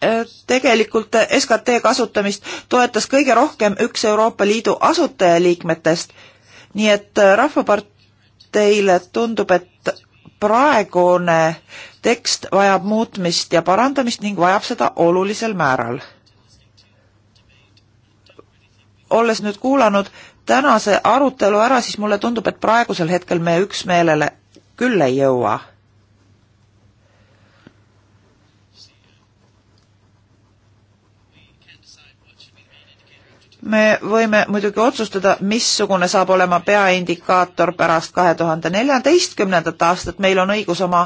B: Äh, tegelikult äh, SKT kasutamist toetas kõige rohkem üks Euroopa Liidu asutajaliikmetest, nii et äh, Rahvaparteile tundub, et praegune tekst vajab muutmist ja parandamist ning vajab seda olulisel määral. olles nüüd kuulanud tänase arutelu ära, siis mulle tundub, et praegusel hetkel me üksmeelele küll ei jõua me võime muidugi otsustada, missugune saab olema peaindikaator pärast kahe tuhande neljateistkümnendat aastat, meil on õigus oma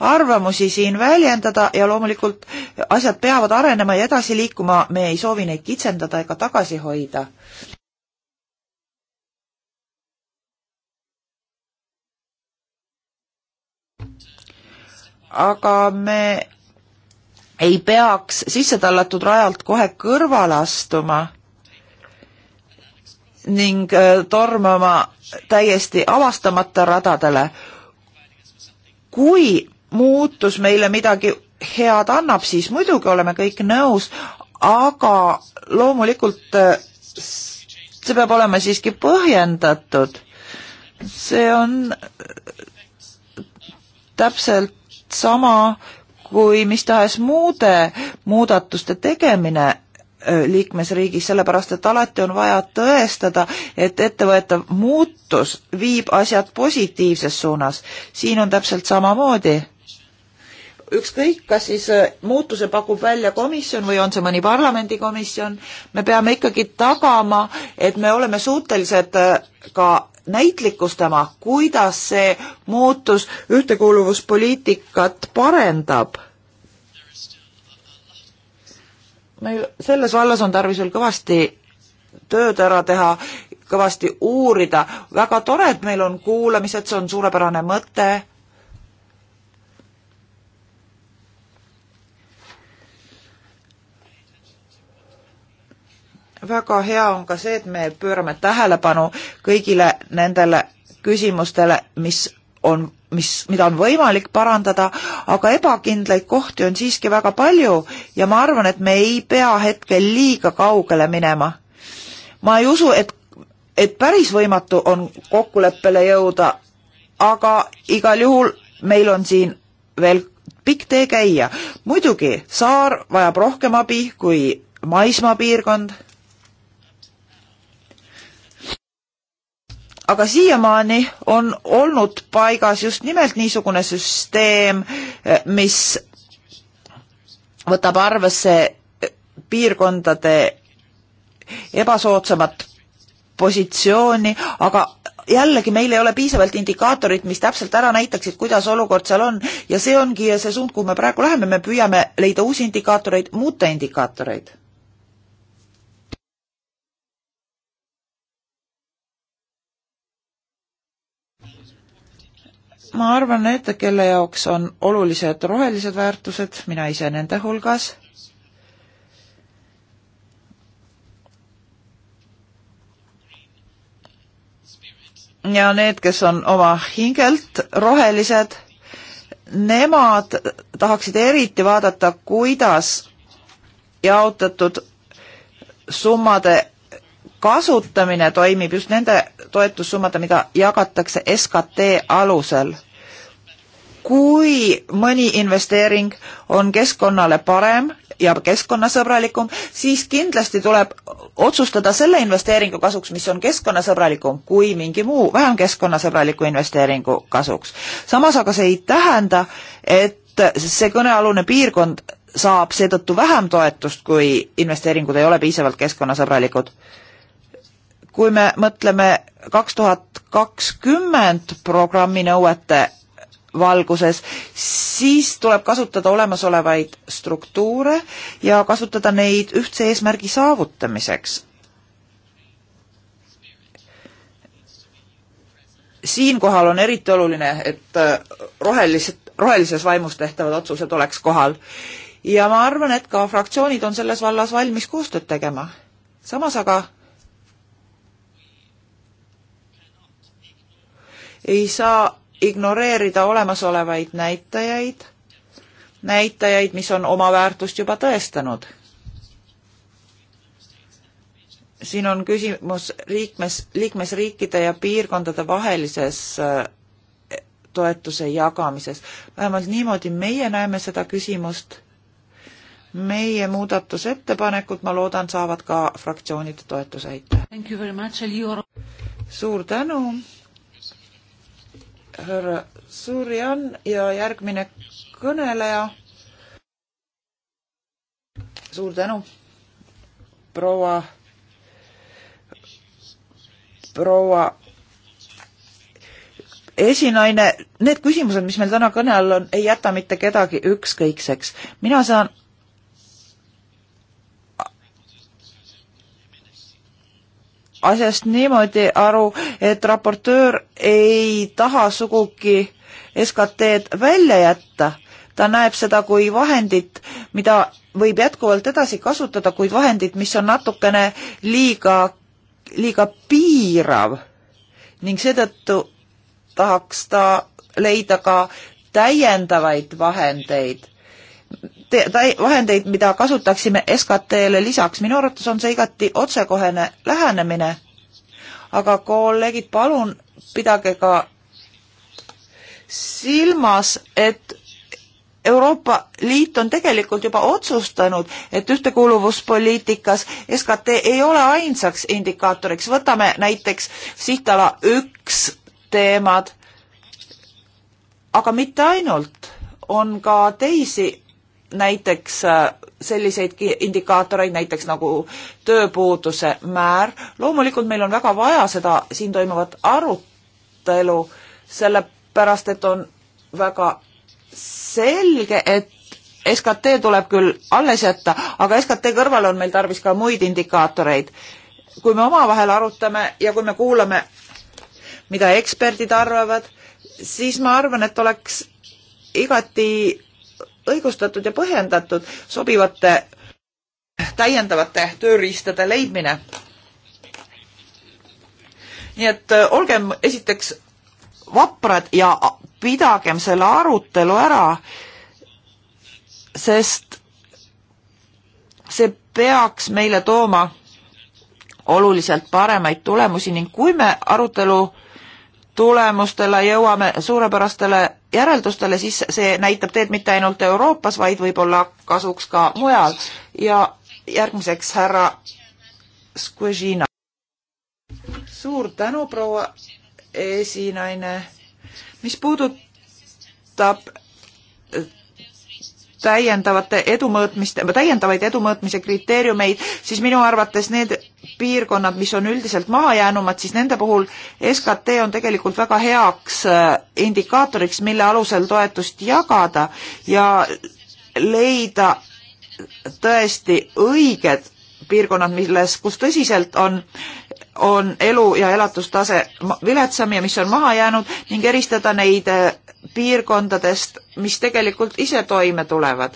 B: arvamusi siin väljendada ja loomulikult asjad peavad arenema ja edasi liikuma, me ei soovi neid kitsendada ega tagasi hoida. aga me ei peaks sissetallatud rajalt kohe kõrvale astuma ning äh, tormama täiesti avastamata radadele. kui muutus meile midagi head annab, siis muidugi oleme kõik nõus, aga loomulikult äh, see peab olema siiski põhjendatud. see on äh, täpselt sama kui mis tahes muude muudatuste tegemine Äh, liikmesriigis, sellepärast et alati on vaja tõestada, et ettevõetav muutus viib asjad positiivses suunas. siin on täpselt samamoodi ükskõik, kas siis äh, muutuse pakub välja komisjon või on see mõni parlamendikomisjon, me peame ikkagi tagama, et me oleme suutelised äh, ka näitlikustama, kuidas see muutus ühtekuuluvuspoliitikat parendab. meil selles vallas on tarvis veel kõvasti tööd ära teha, kõvasti uurida, väga tore, et meil on kuulamised, see on suurepärane mõte. väga hea on ka see, et me pöörame tähelepanu kõigile nendele küsimustele, mis on, mis, mida on võimalik parandada, aga ebakindlaid kohti on siiski väga palju ja ma arvan, et me ei pea hetkel liiga kaugele minema. ma ei usu, et, et päris võimatu on kokkuleppele jõuda, aga igal juhul meil on siin veel pikk tee käia. muidugi, saar vajab rohkem abi kui maismaapiirkond aga siiamaani on olnud paigas just nimelt niisugune süsteem, mis võtab arvesse piirkondade ebasoodsamat positsiooni, aga jällegi meil ei ole piisavalt indikaatorit, mis täpselt ära näitaksid, kuidas olukord seal on ja see ongi see suund, kuhu me praegu läheme, me püüame leida uusi indikaatoreid, muuta indikaatoreid ma arvan, need, kelle jaoks on olulised rohelised väärtused, mina ise nende hulgas, ja need, kes on oma hingelt rohelised, nemad tahaksid eriti vaadata, kuidas jaotatud summade kasutamine toimib just nende toetussummade, mida jagatakse SKT alusel kui mõni investeering on keskkonnale parem ja keskkonnasõbralikum, siis kindlasti tuleb otsustada selle investeeringu kasuks, mis on keskkonnasõbralikum, kui mingi muu vähem keskkonnasõbraliku investeeringu kasuks. samas aga see ei tähenda, et see kõnealune piirkond saab seetõttu vähem toetust, kui investeeringud ei ole piisavalt keskkonnasõbralikud. kui me mõtleme kaks tuhat kakskümmend programmi nõuete valguses, siis tuleb kasutada olemasolevaid struktuure ja kasutada neid ühtse eesmärgi saavutamiseks. siinkohal on eriti oluline, et äh, rohelised, rohelises vaimus tehtavad otsused oleks kohal. ja ma arvan, et ka fraktsioonid on selles vallas valmis koostööd tegema. samas aga ei saa ignoreerida olemasolevaid näitajaid, näitajaid, mis on oma väärtust juba tõestanud. siin on küsimus liikmes, liikmesriikide ja piirkondade vahelises eh, toetuse jagamises. vähemalt niimoodi meie näeme seda küsimust. meie muudatusettepanekud, ma loodan, saavad ka fraktsioonide toetuse, aitäh! suur tänu! härra Surjan ja järgmine kõneleja. suur tänu, proua, proua esinaine, need küsimused, mis meil täna kõne all on, ei jäta mitte kedagi ükskõikseks. mina saan asjast niimoodi aru, et raportöör ei taha sugugi SKT-d välja jätta. ta näeb seda kui vahendit, mida võib jätkuvalt edasi kasutada, kuid vahendit, mis on natukene liiga, liiga piirav ning seetõttu tahaks ta leida ka täiendavaid vahendeid vahendeid, mida kasutaksime SKT-le lisaks. minu arvates on see igati otsekohene lähenemine, aga kolleegid, palun pidage ka silmas, et Euroopa Liit on tegelikult juba otsustanud, et ühtekuuluvuspoliitikas SKT ei ole ainsaks indikaatoriks. võtame näiteks sihtala üks teemad, aga mitte ainult, on ka teisi näiteks äh, selliseid indikaatoreid, näiteks nagu tööpuuduse määr. loomulikult meil on väga vaja seda siin toimuvat arutelu, sellepärast et on väga selge, et SKT tuleb küll alles jätta, aga SKT kõrval on meil tarvis ka muid indikaatoreid. kui me omavahel arutame ja kui me kuulame, mida eksperdid arvavad, siis ma arvan, et oleks igati õigustatud ja põhjendatud sobivate täiendavate tööriistade leidmine. nii et äh, olgem esiteks vaprad ja pidagem selle arutelu ära, sest see peaks meile tooma oluliselt paremaid tulemusi ning kui me arutelu tulemustele jõuame suurepärastele järeldustele, siis see näitab teed mitte ainult Euroopas, vaid võib-olla kasuks ka mujal. ja järgmiseks härra Skužina. suur tänu, proua esinaine. mis puudutab täiendavate edumõõtmiste, täiendavaid edumõõtmise kriteeriumeid, siis minu arvates need piirkonnad, mis on üldiselt mahajäänumad, siis nende puhul SKT on tegelikult väga heaks äh, indikaatoriks, mille alusel toetust jagada ja leida tõesti õiged piirkonnad, milles, kus tõsiselt on on elu ja elatustase viletsam ja mis on maha jäänud ning eristada neid äh, piirkondadest, mis tegelikult ise toime tulevad.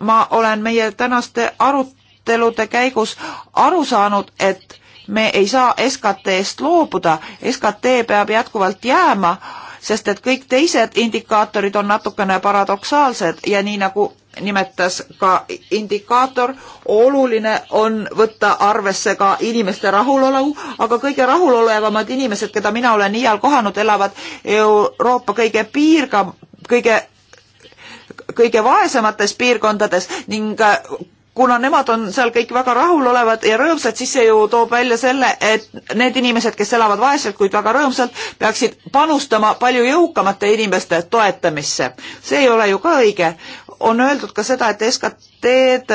B: ma olen meie tänaste arutelude käigus aru saanud, et me ei saa SKT-st loobuda, SKT peab jätkuvalt jääma sest et kõik teised indikaatorid on natukene paradoksaalsed ja nii nagu nimetas ka indikaator, oluline on võtta arvesse ka inimeste rahulolu, aga kõige rahulolevamad inimesed, keda mina olen iial kohanud, elavad Euroopa kõige piirga, kõige kõige vaesemates piirkondades ning kuna nemad on seal kõik väga rahulolevad ja rõõmsad, siis see ju toob välja selle, et need inimesed, kes elavad vaeselt, kuid väga rõõmsalt, peaksid panustama palju jõukamate inimeste toetamisse. see ei ole ju ka õige. on öeldud ka seda, et SKT-d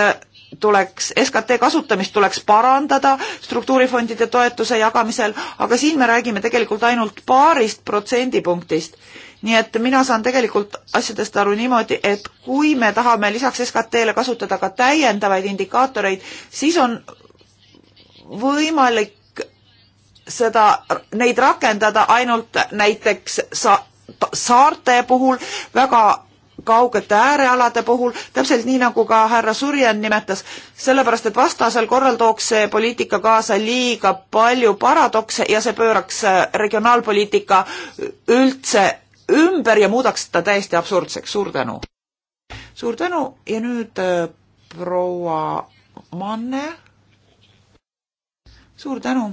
B: tuleks, SKT kasutamist tuleks parandada struktuurifondide toetuse jagamisel, aga siin me räägime tegelikult ainult paarist protsendipunktist. nii et mina saan tegelikult asjadest aru niimoodi, et kui me tahame lisaks SKT-le kasutada ka täiendavaid indikaatoreid, siis on võimalik seda, neid rakendada ainult näiteks sa-, saarte puhul väga kaugete äärealade puhul, täpselt nii, nagu ka härra Surjan nimetas, sellepärast et vastasel korral tooks see poliitika kaasa liiga palju paradokse ja see pööraks äh, regionaalpoliitika üldse ümber ja muudaks ta täiesti absurdseks, suur tänu! suur tänu ja nüüd äh, proua Manne, suur tänu!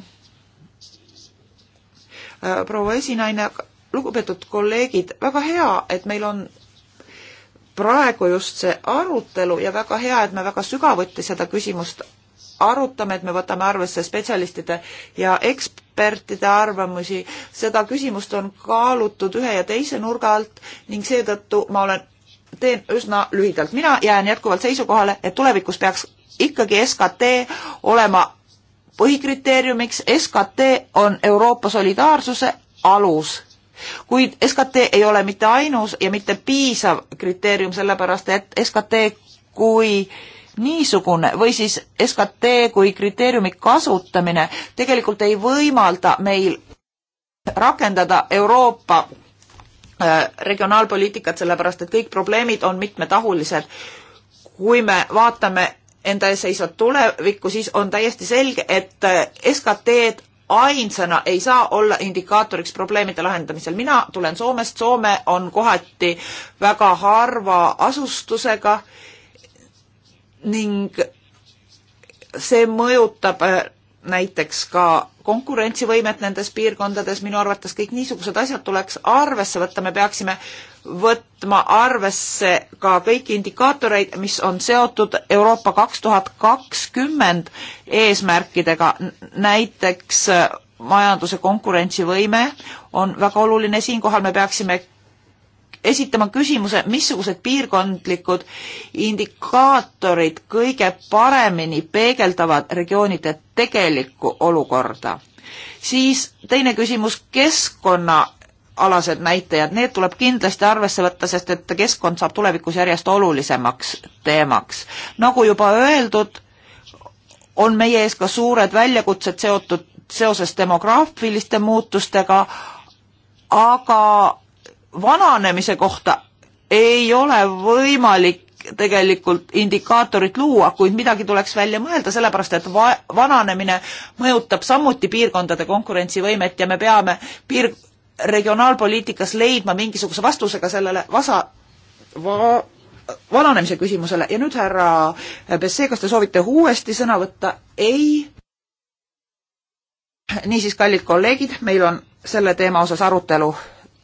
B: Äh, proua esinaine, lugupeetud kolleegid, väga hea, et meil on praegu just see arutelu ja väga hea, et me väga sügavuti seda küsimust arutame, et me võtame arvesse spetsialistide ja ekspertide arvamusi. seda küsimust on kaalutud ühe ja teise nurga alt ning seetõttu ma olen, teen üsna lühidalt. mina jään jätkuvalt seisukohale, et tulevikus peaks ikkagi SKT olema põhikriteeriumiks. SKT on Euroopa solidaarsuse alus kuid SKT ei ole mitte ainus ja mitte piisav kriteerium, sellepärast et SKT kui niisugune või siis SKT kui kriteeriumi kasutamine tegelikult ei võimalda meil rakendada Euroopa äh, regionaalpoliitikat, sellepärast et kõik probleemid on mitmetahulised. kui me vaatame enda ees seisvat tulevikku, siis on täiesti selge, et äh, SKT-d ainsana ei saa olla indikaatoriks probleemide lahendamisel. mina tulen Soomest, Soome on kohati väga harva asustusega ning see mõjutab äh, näiteks ka konkurentsivõimet nendes piirkondades, minu arvates kõik niisugused asjad tuleks arvesse võtta, me peaksime võtma arvesse ka kõiki indikaatoreid, mis on seotud Euroopa kaks tuhat kakskümmend eesmärkidega, näiteks äh, majanduse konkurentsivõime on väga oluline, siinkohal me peaksime esitama küsimuse, missugused piirkondlikud indikaatorid kõige paremini peegeldavad regioonide tegelikku olukorda. siis teine küsimus, keskkonna alased näitajad, need tuleb kindlasti arvesse võtta, sest et keskkond saab tulevikus järjest olulisemaks teemaks. nagu juba öeldud, on meie ees ka suured väljakutsed seotud seoses demograafiliste muutustega, aga vananemise kohta ei ole võimalik tegelikult indikaatorit luua, kuid midagi tuleks välja mõelda, sellepärast et va-, vananemine mõjutab samuti piirkondade konkurentsivõimet ja me peame piir-, regionaalpoliitikas leidma mingisuguse vastusega sellele vasa, va, vananemise küsimusele ja nüüd härra Bessee, kas te soovite uuesti sõna võtta? ei. niisiis, kallid kolleegid, meil on selle teema osas arutelu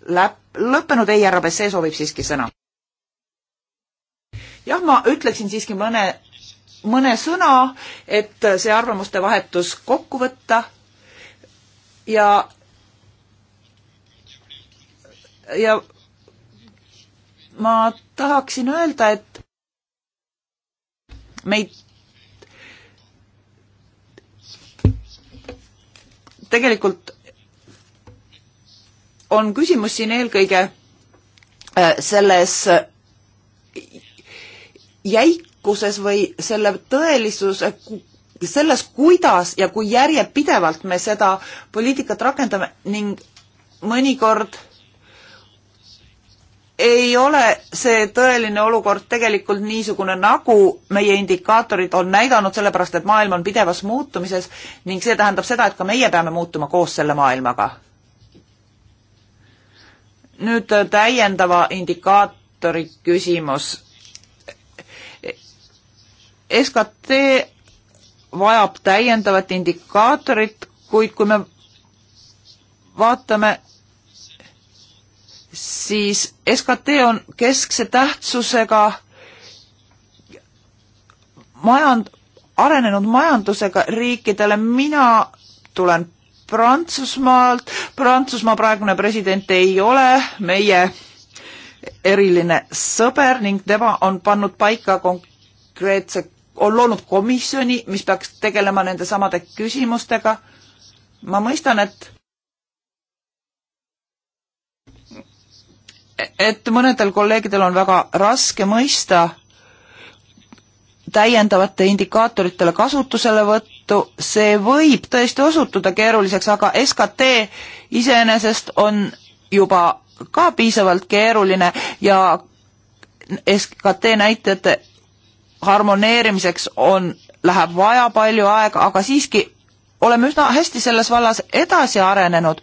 B: läb-, lõppenud, ei, härra Bessee soovib siiski sõna. jah, ma ütleksin siiski mõne, mõne sõna, et see arvamuste vahetus kokku võtta ja ja ma tahaksin öelda, et meid tegelikult on küsimus siin eelkõige äh, selles äh, jäikuses või selle tõelisuse, selles, kuidas ja kui järjepidevalt me seda poliitikat rakendame ning mõnikord ei ole see tõeline olukord tegelikult niisugune, nagu meie indikaatorid on näidanud, sellepärast et maailm on pidevas muutumises ning see tähendab seda, et ka meie peame muutuma koos selle maailmaga. nüüd äh, täiendava indikaatori küsimus. SKT vajab täiendavat indikaatorit, kuid kui me vaatame siis SKT on keskse tähtsusega majand, arenenud majandusega riikidele. mina tulen Prantsusmaalt, Prantsusmaa praegune president ei ole meie eriline sõber ning tema on pannud paika konkreetse, on loonud komisjoni, mis peaks tegelema nende samade küsimustega. ma mõistan, et et mõnedel kolleegidel on väga raske mõista täiendavate indikaatoritele kasutuselevõttu, see võib tõesti osutuda keeruliseks, aga SKT iseenesest on juba ka piisavalt keeruline ja SKT näitajate harmoneerimiseks on, läheb vaja palju aega, aga siiski oleme üsna hästi selles vallas edasi arenenud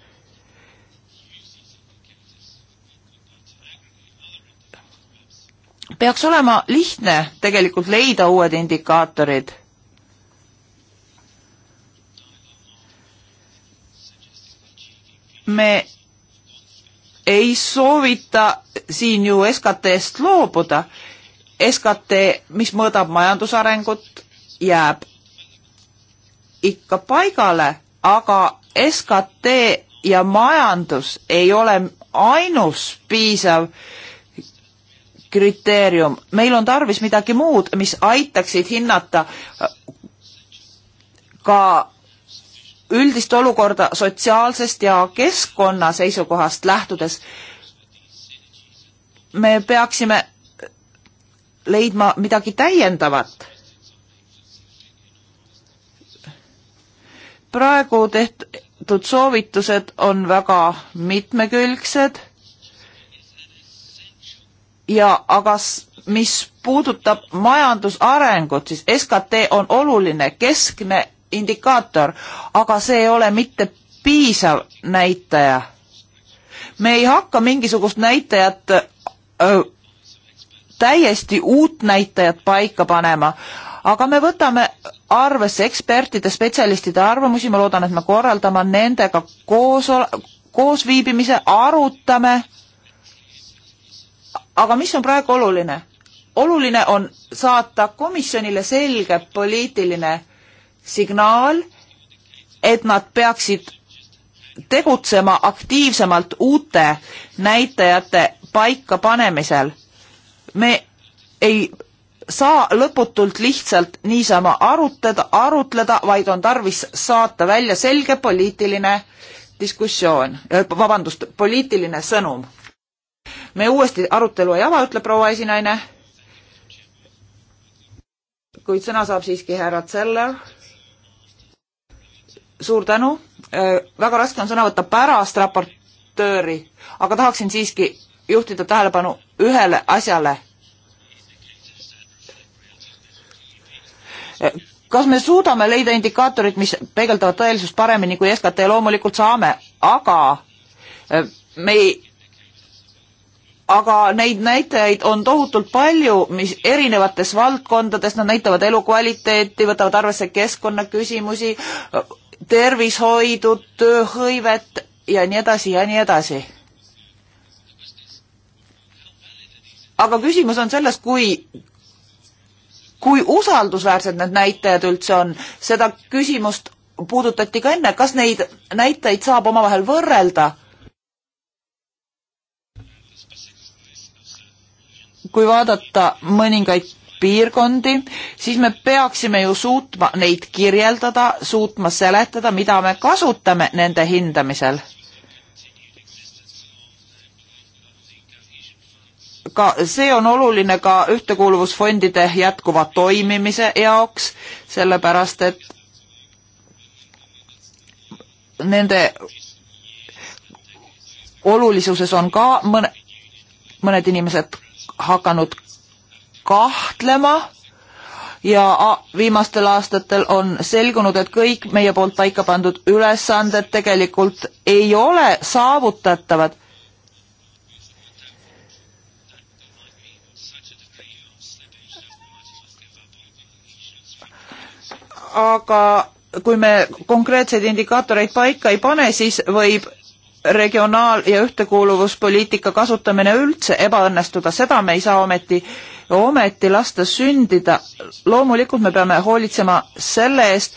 B: peaks olema lihtne tegelikult leida uued indikaatorid. me ei soovita siin ju SKT-st loobuda. SKT, mis mõõdab majandusarengut, jääb ikka paigale, aga SKT ja majandus ei ole ainus piisav äh, kriteerium, meil on tarvis midagi muud, mis aitaksid hinnata äh, ka üldist olukorda sotsiaalsest ja keskkonna seisukohast lähtudes. me peaksime leidma midagi täiendavat. praegu tehtud soovitused on väga mitmekülgsed ja aga mis puudutab majandusarengut, siis SKT on oluline keskne indikaator, aga see ei ole mitte piisav näitaja. me ei hakka mingisugust näitajat, täiesti uut näitajat paika panema, aga me võtame arvesse ekspertide, spetsialistide arvamusi, ma loodan, et me korraldame nendega koos, koosviibimise, arutame aga mis on praegu oluline? oluline on saata komisjonile selge poliitiline signaal, et nad peaksid tegutsema aktiivsemalt uute näitajate paika panemisel. me ei saa lõputult lihtsalt niisama arutada, arutleda, vaid on tarvis saata välja selge poliitiline diskussioon, äh, vabandust, poliitiline sõnum me uuesti arutelu ei ava, ütleb proua esinaine. kuid sõna saab siiski härra Zeller. suur tänu. Äh, väga raske on sõna võtta pärast raportööri, aga tahaksin siiski juhtida tähelepanu ühele asjale. Äh, kas me suudame leida indikaatorid, mis peegeldavad tõelisust paremini kui SKT, loomulikult saame, aga äh, me ei aga neid näitajaid on tohutult palju, mis erinevates valdkondades, nad näitavad elukvaliteeti, võtavad arvesse keskkonnaküsimusi, tervishoidu, tööhõivet ja nii edasi ja nii edasi. aga küsimus on selles, kui kui usaldusväärsed need näitajad üldse on, seda küsimust puudutati ka enne, kas neid näitajaid saab omavahel võrrelda kui vaadata mõningaid piirkondi, siis me peaksime ju suutma neid kirjeldada, suutma seletada, mida me kasutame nende hindamisel. ka see on oluline ka ühtekuuluvusfondide jätkuva toimimise jaoks, sellepärast et nende olulisuses on ka mõne, mõned inimesed hakanud kahtlema ja viimastel aastatel on selgunud, et kõik meie poolt paika pandud ülesanded tegelikult ei ole saavutatavad. aga kui me konkreetseid indikaatoreid paika ei pane, siis võib regionaal- ja ühtekuuluvuspoliitika kasutamine üldse ebaõnnestuda, seda me ei saa ometi, ometi lasta sündida. loomulikult me peame hoolitsema selle eest,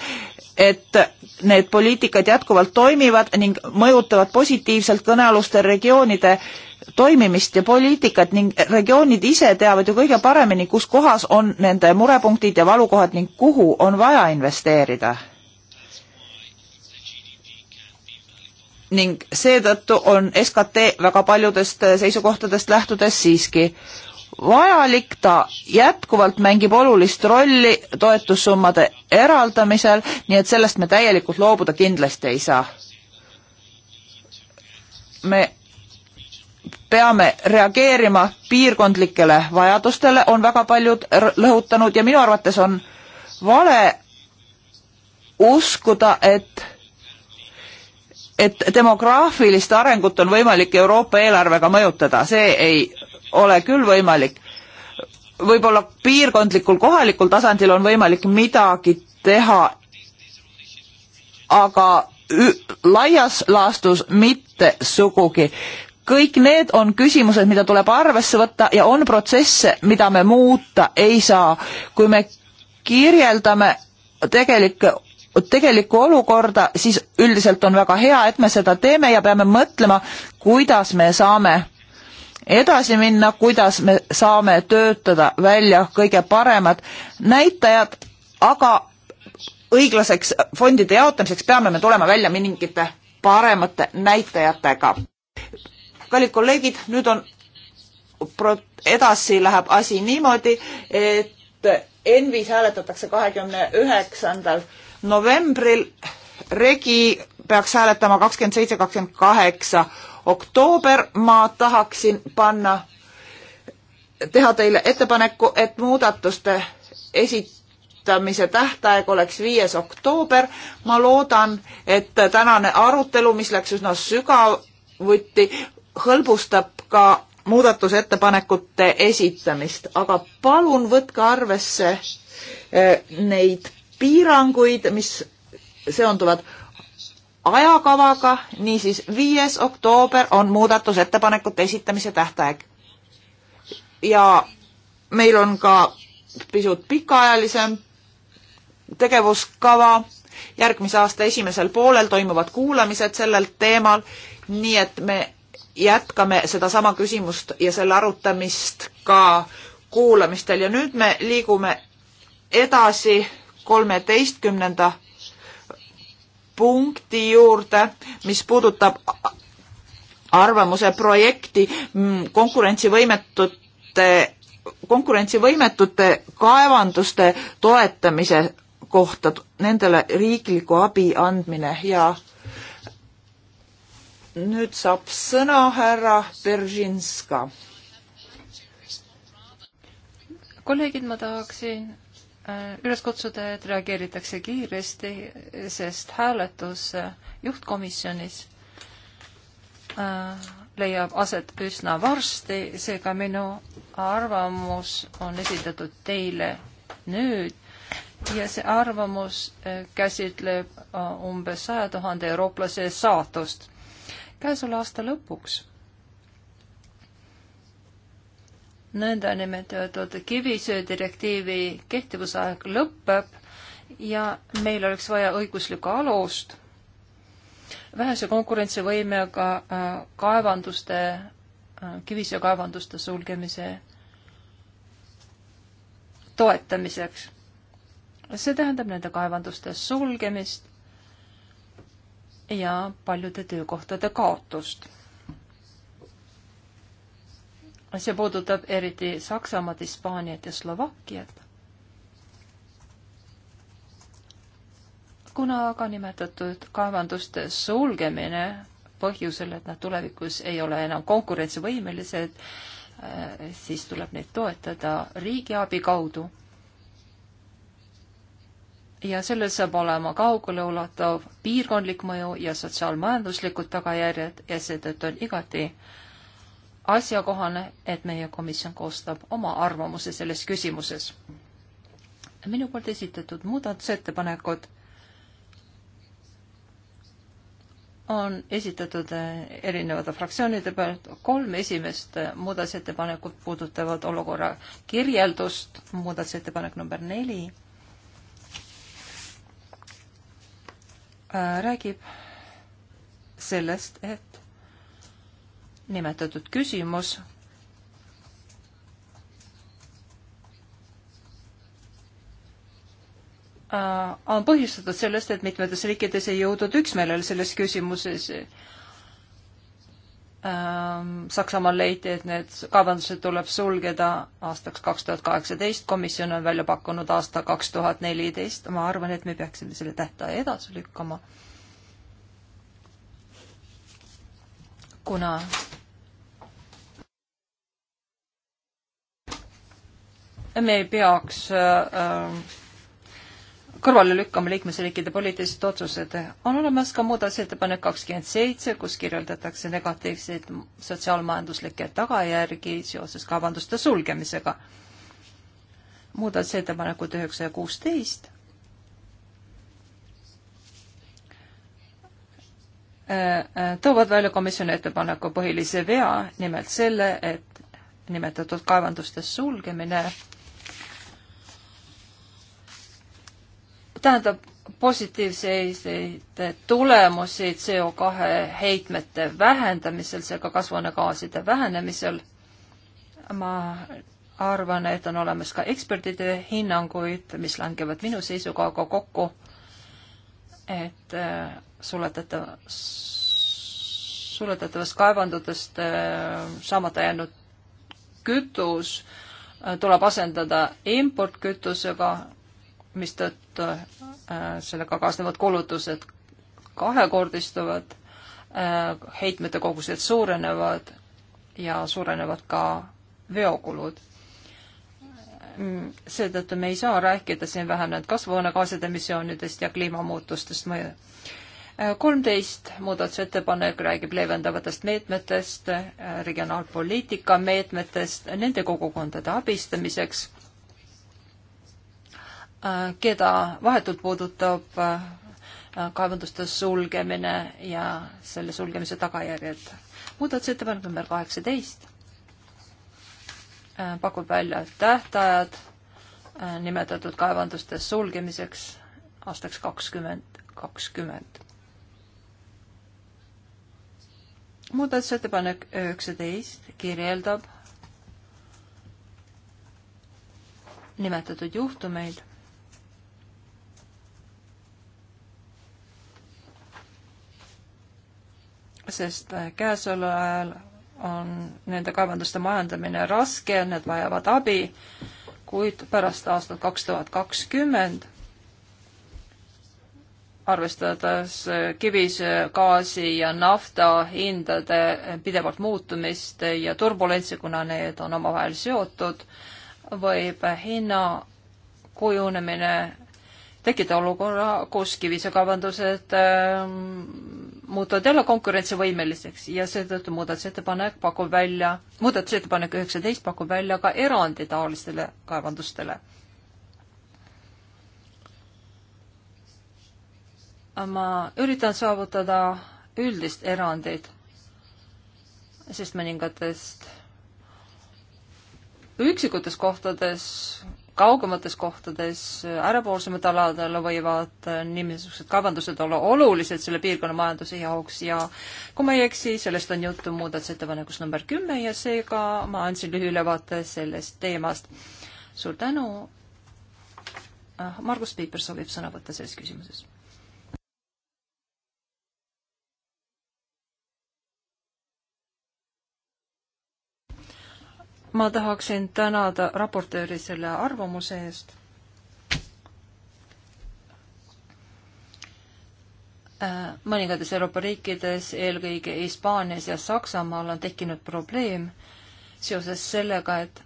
B: et need poliitikad jätkuvalt toimivad ning mõjutavad positiivselt kõnealuste regioonide toimimist ja poliitikat ning regioonid ise teavad ju kõige paremini, kus kohas on nende murepunktid ja valukohad ning kuhu on vaja investeerida ning seetõttu on SKT väga paljudest seisukohtadest lähtudes siiski vajalik, ta jätkuvalt mängib olulist rolli toetussummade eraldamisel, nii et sellest me täielikult loobuda kindlasti ei saa. me peame reageerima piirkondlikele vajadustele, on väga paljud lõhutanud ja minu arvates on vale uskuda, et et demograafilist arengut on võimalik Euroopa eelarvega mõjutada, see ei ole küll võimalik. võib-olla piirkondlikul kohalikul tasandil on võimalik midagi teha, aga laias laastus mitte sugugi. kõik need on küsimused, mida tuleb arvesse võtta ja on protsesse, mida me muuta ei saa. kui me kirjeldame tegelikke tegelikku olukorda, siis üldiselt on väga hea, et me seda teeme ja peame mõtlema, kuidas me saame edasi minna, kuidas me saame töötada välja kõige paremad näitajad, aga õiglaseks fondide jaotamiseks peame me tulema välja mingite paremate näitajatega. kallid kolleegid, nüüd on, edasi läheb asi niimoodi, et ENVis hääletatakse kahekümne üheksandal novembril, regi peaks hääletama kakskümmend seitse, kakskümmend kaheksa oktoober, ma tahaksin panna, teha teile ettepaneku, et muudatuste esitamise tähtaeg oleks viies oktoober. ma loodan, et tänane arutelu, mis läks üsna sügavuti, hõlbustab ka muudatusettepanekute esitamist, aga palun võtke arvesse eh, neid piiranguid, mis seonduvad ajakavaga, niisiis viies oktoober on muudatusettepanekute esitamise tähtaeg. ja meil on ka pisut pikaajalisem tegevuskava, järgmise aasta esimesel poolel toimuvad kuulamised sellel teemal, nii et me jätkame sedasama küsimust ja selle arutamist ka kuulamistel ja nüüd me liigume edasi kolmeteistkümnenda punkti juurde, mis puudutab arvamuse projekti mm, konkurentsivõimetute, konkurentsivõimetute kaevanduste toetamise kohta, nendele riikliku abi andmine ja nüüd saab sõna härra Beržinska.
A: kolleegid, ma tahaksin Äh, üles kutsuda, et reageeritakse kiiresti, sest hääletus äh, juhtkomisjonis äh, leiab aset üsna varsti, seega minu arvamus on esitatud teile nüüd ja see arvamus käsitleb umbes saja tuhande eurooplase saatust. käesoleva aasta lõpuks nõndanimetatud kivisöedirektiivi kehtivusaeg lõpeb ja meil oleks vaja õiguslikku alust vähese konkurentsivõimega äh, kaevanduste, äh, kivisöekaevanduste sulgemise toetamiseks. see tähendab nende kaevanduste sulgemist ja paljude töökohtade kaotust see puudutab eriti Saksamaad, Hispaaniat ja Slovakkiat. kuna aga nimetatud kaevanduste sulgemine põhjusel, et nad tulevikus ei ole enam konkurentsivõimelised, äh, siis tuleb neid toetada riigiabi kaudu. ja sellel saab olema kaugeleulatov piirkondlik mõju ja sotsiaalmajanduslikud tagajärjed ja seetõttu on igati äh, asjakohane, et meie komisjon koostab oma arvamuse selles küsimuses. minu poolt esitatud muudatusettepanekud on esitatud eh, erinevate fraktsioonide pealt. kolm esimest eh, muudatusettepanekut puudutavad olukorra kirjeldust, muudatusettepanek number neli eh, räägib sellest, et nimetatud küsimus äh, on põhjustatud sellest, et mitmetes riikides ei jõudnud üksmeelele selles küsimuses. Ähm, Saksamaal leiti, et need kaevandused tuleb sulgeda aastaks kaks tuhat kaheksateist, komisjon on välja pakkunud aasta kaks tuhat neliteist, ma arvan, et me peaksime selle tähtaja edasi lükkama. kuna me ei peaks äh, kõrvale lükkama liikmesriikide poliitilised otsused. on olemas ka muudatusettepanek kakskümmend seitse, kus kirjeldatakse negatiivseid sotsiaalmajanduslikke tagajärgi seoses kaubanduste sulgemisega. muudatusettepanekud üheksa ja kuusteist äh, äh, toovad välja komisjoni ettepaneku põhilise vea, nimelt selle, et nimetatud kaevanduste sulgemine äh, tähendab positiivseid tulemusi CO2 heitmete vähendamisel, seega kasvuhoonegaaside vähenemisel. ma arvan, et on olemas ka ekspertide hinnanguid, mis langevad minu seisukohaga kokku, et äh, suletatava, suletatavast kaevandudest äh, saamata jäänud kütus äh, tuleb asendada importkütusega mistõttu äh, sellega kaasnevad kulutused kahekordistuvad, äh, heitmete kogused suurenevad ja suurenevad ka veokulud. Mm, seetõttu me ei saa rääkida siin vähenenud kasvuhoonegaaside emissioonidest ja kliimamuutustest mõju. Äh, kolmteist muudatusettepanek räägib leevendavatest meetmetest, regionaalpoliitika meetmetest, nende kogukondade abistamiseks Äh, keda vahetult puudutab äh, kaevanduste sulgemine ja selle sulgemise tagajärjed. muudatusettepanek number kaheksateist äh, pakub välja tähtajad nimetatud kaevanduste sulgemiseks aastaks kakskümmend kakskümmend. muudatusettepanek üheksateist kirjeldab nimetatud juhtumeid sest äh, käesoleval ajal on nende kaevanduste majandamine raske, need vajavad abi, kuid pärast aastat kaks tuhat kakskümmend arvestades äh, kivisgaasi äh, ja nafta hindade pidevalt muutumist ja turbulentsi, kuna need on omavahel seotud, võib hinna kujunemine tekitada olukorra, kus kivisekaevandused ähm, muutuvad jälle konkurentsivõimeliseks ja seetõttu muudatusettepanek pakub välja, muudatusettepanek üheksateist pakub välja ka erandi taolistele kaevandustele. ma üritan saavutada üldist erandit, sest mõningatest üksikutes kohtades kaugemates kohtades, äärepoolsemad aladel võivad niisugused kaevandused olla olulised selle piirkonna majanduse jaoks ja kui ma ei eksi, sellest on juttu muudatusettepanekus number kümme ja seega ma andsin lühiülevaate sellest teemast. suur tänu. Ah, Margus Piiper soovib sõna võtta selles küsimuses ma tahaksin tänada raportööri selle arvamuse eest. Äh, mõningates Euroopa riikides, eelkõige Hispaanias ja Saksamaal on tekkinud probleem seoses sellega, et,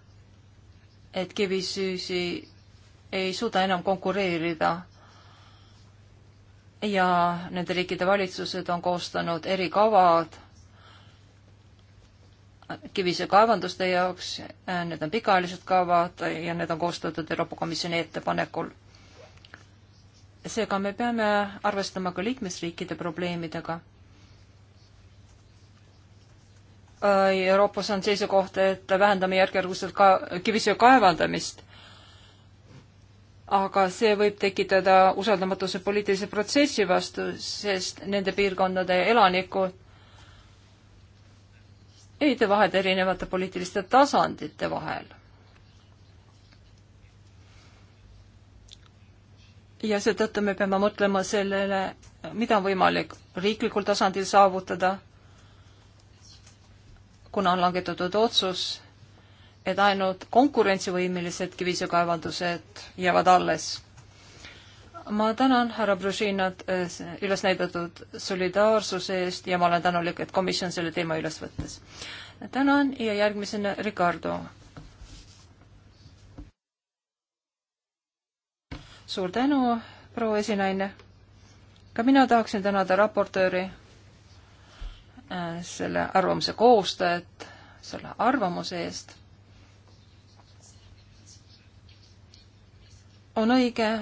A: et kivisüüsi ei suuda enam konkureerida ja nende riikide valitsused on koostanud erikavad kivisöekaevanduste jaoks, need on pikaajalised kavad ja need on koostatud Euroopa Komisjoni ettepanekul. seega me peame arvestama ka liikmesriikide probleemidega äh, Euroopas on seisukoht, et vähendame järk-järgult ka kivisöe kaevandamist. aga see võib tekitada usaldamatuse poliitilise protsessi vastu, sest nende piirkondade elanikud heite vahed erinevate poliitiliste tasandite vahel. ja seetõttu me peame mõtlema sellele, mida on võimalik riiklikul tasandil saavutada, kuna on langetatud otsus, et ainult konkurentsivõimelised kivisöekaevandused jäävad alles ma tänan härra Bružinat eh, üles näidatud solidaarsuse eest ja ma olen tänulik, et komisjon selle teema üles võttis. tänan ja järgmisena Ricardo. suur tänu, proua esinaine. ka mina tahaksin tänada raportööri, eh, selle arvamuse koostajat, selle arvamuse eest. on õige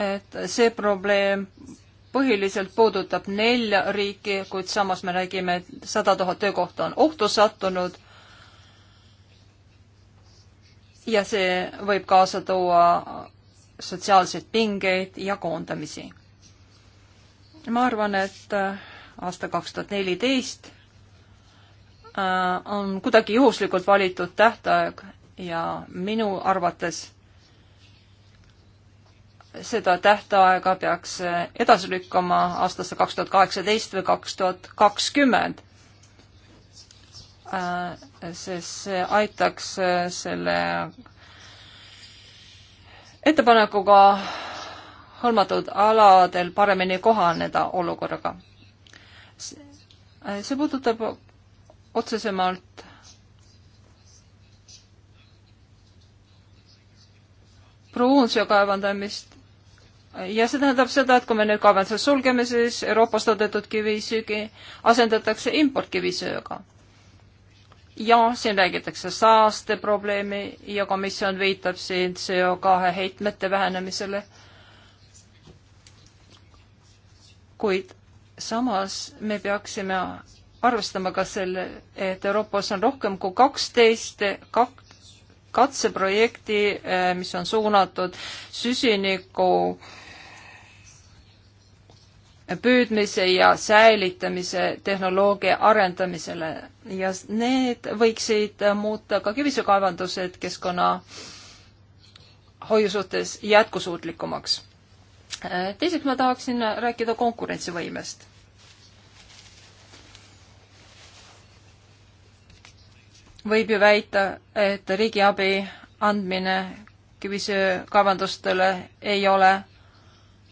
A: et see probleem põhiliselt puudutab nelja riiki, kuid samas me räägime, et sada tuhat töökohta on ohtu sattunud. ja see võib kaasa tuua sotsiaalseid pingeid ja koondamisi. ma arvan, et äh, aasta kaks tuhat neliteist äh, on kuidagi juhuslikult valitud tähtaeg ja minu arvates seda tähtaega peaks edasi lükkama aastasse kaks tuhat kaheksateist või kaks tuhat kakskümmend. Äh, sest see aitaks selle ettepanekuga hõlmatud aladel paremini kohaneda olukorraga. see puudutab otsesemalt pruunsöö kaevandamist ja see tähendab seda, et kui me nüüd kaevanduse sulgeme, siis Euroopas toodetud kivisöögi asendatakse importkivisööga. ja siin räägitakse saasteprobleemi ja komisjon viitab siin CO2 heitmete vähenemisele. kuid samas me peaksime arvestama ka selle, et Euroopas on rohkem kui kaksteist kak-, katseprojekti, eh, mis on suunatud süsiniku äh, püüdmise ja säilitamise tehnoloogia arendamisele ja need võiksid muuta ka kivisöekaevandused keskkonnahoiu suhtes jätkusuutlikumaks. teiseks ma tahaksin rääkida konkurentsivõimest. võib ju väita, et riigiabi andmine kivisöökaevandustele ei ole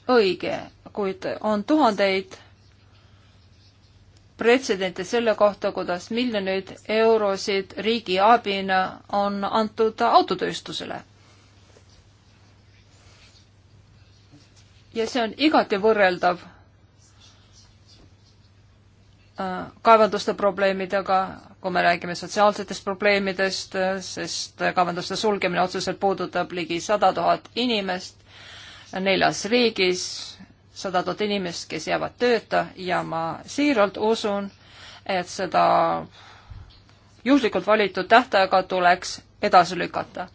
A: õige kuid on tuhandeid pretsedente selle kohta, kuidas miljoneid eurosid riigi abina on antud autotööstusele. ja see on igati võrreldav äh, kaevanduste probleemidega, kui me räägime sotsiaalsetest probleemidest, äh, sest kaevanduste sulgemine otseselt puudutab ligi sada tuhat inimest neljas riigis sada tuhat inimest, kes jäävad tööta ja ma siiralt usun, et seda juhuslikult valitud tähtaega tuleks edasi lükata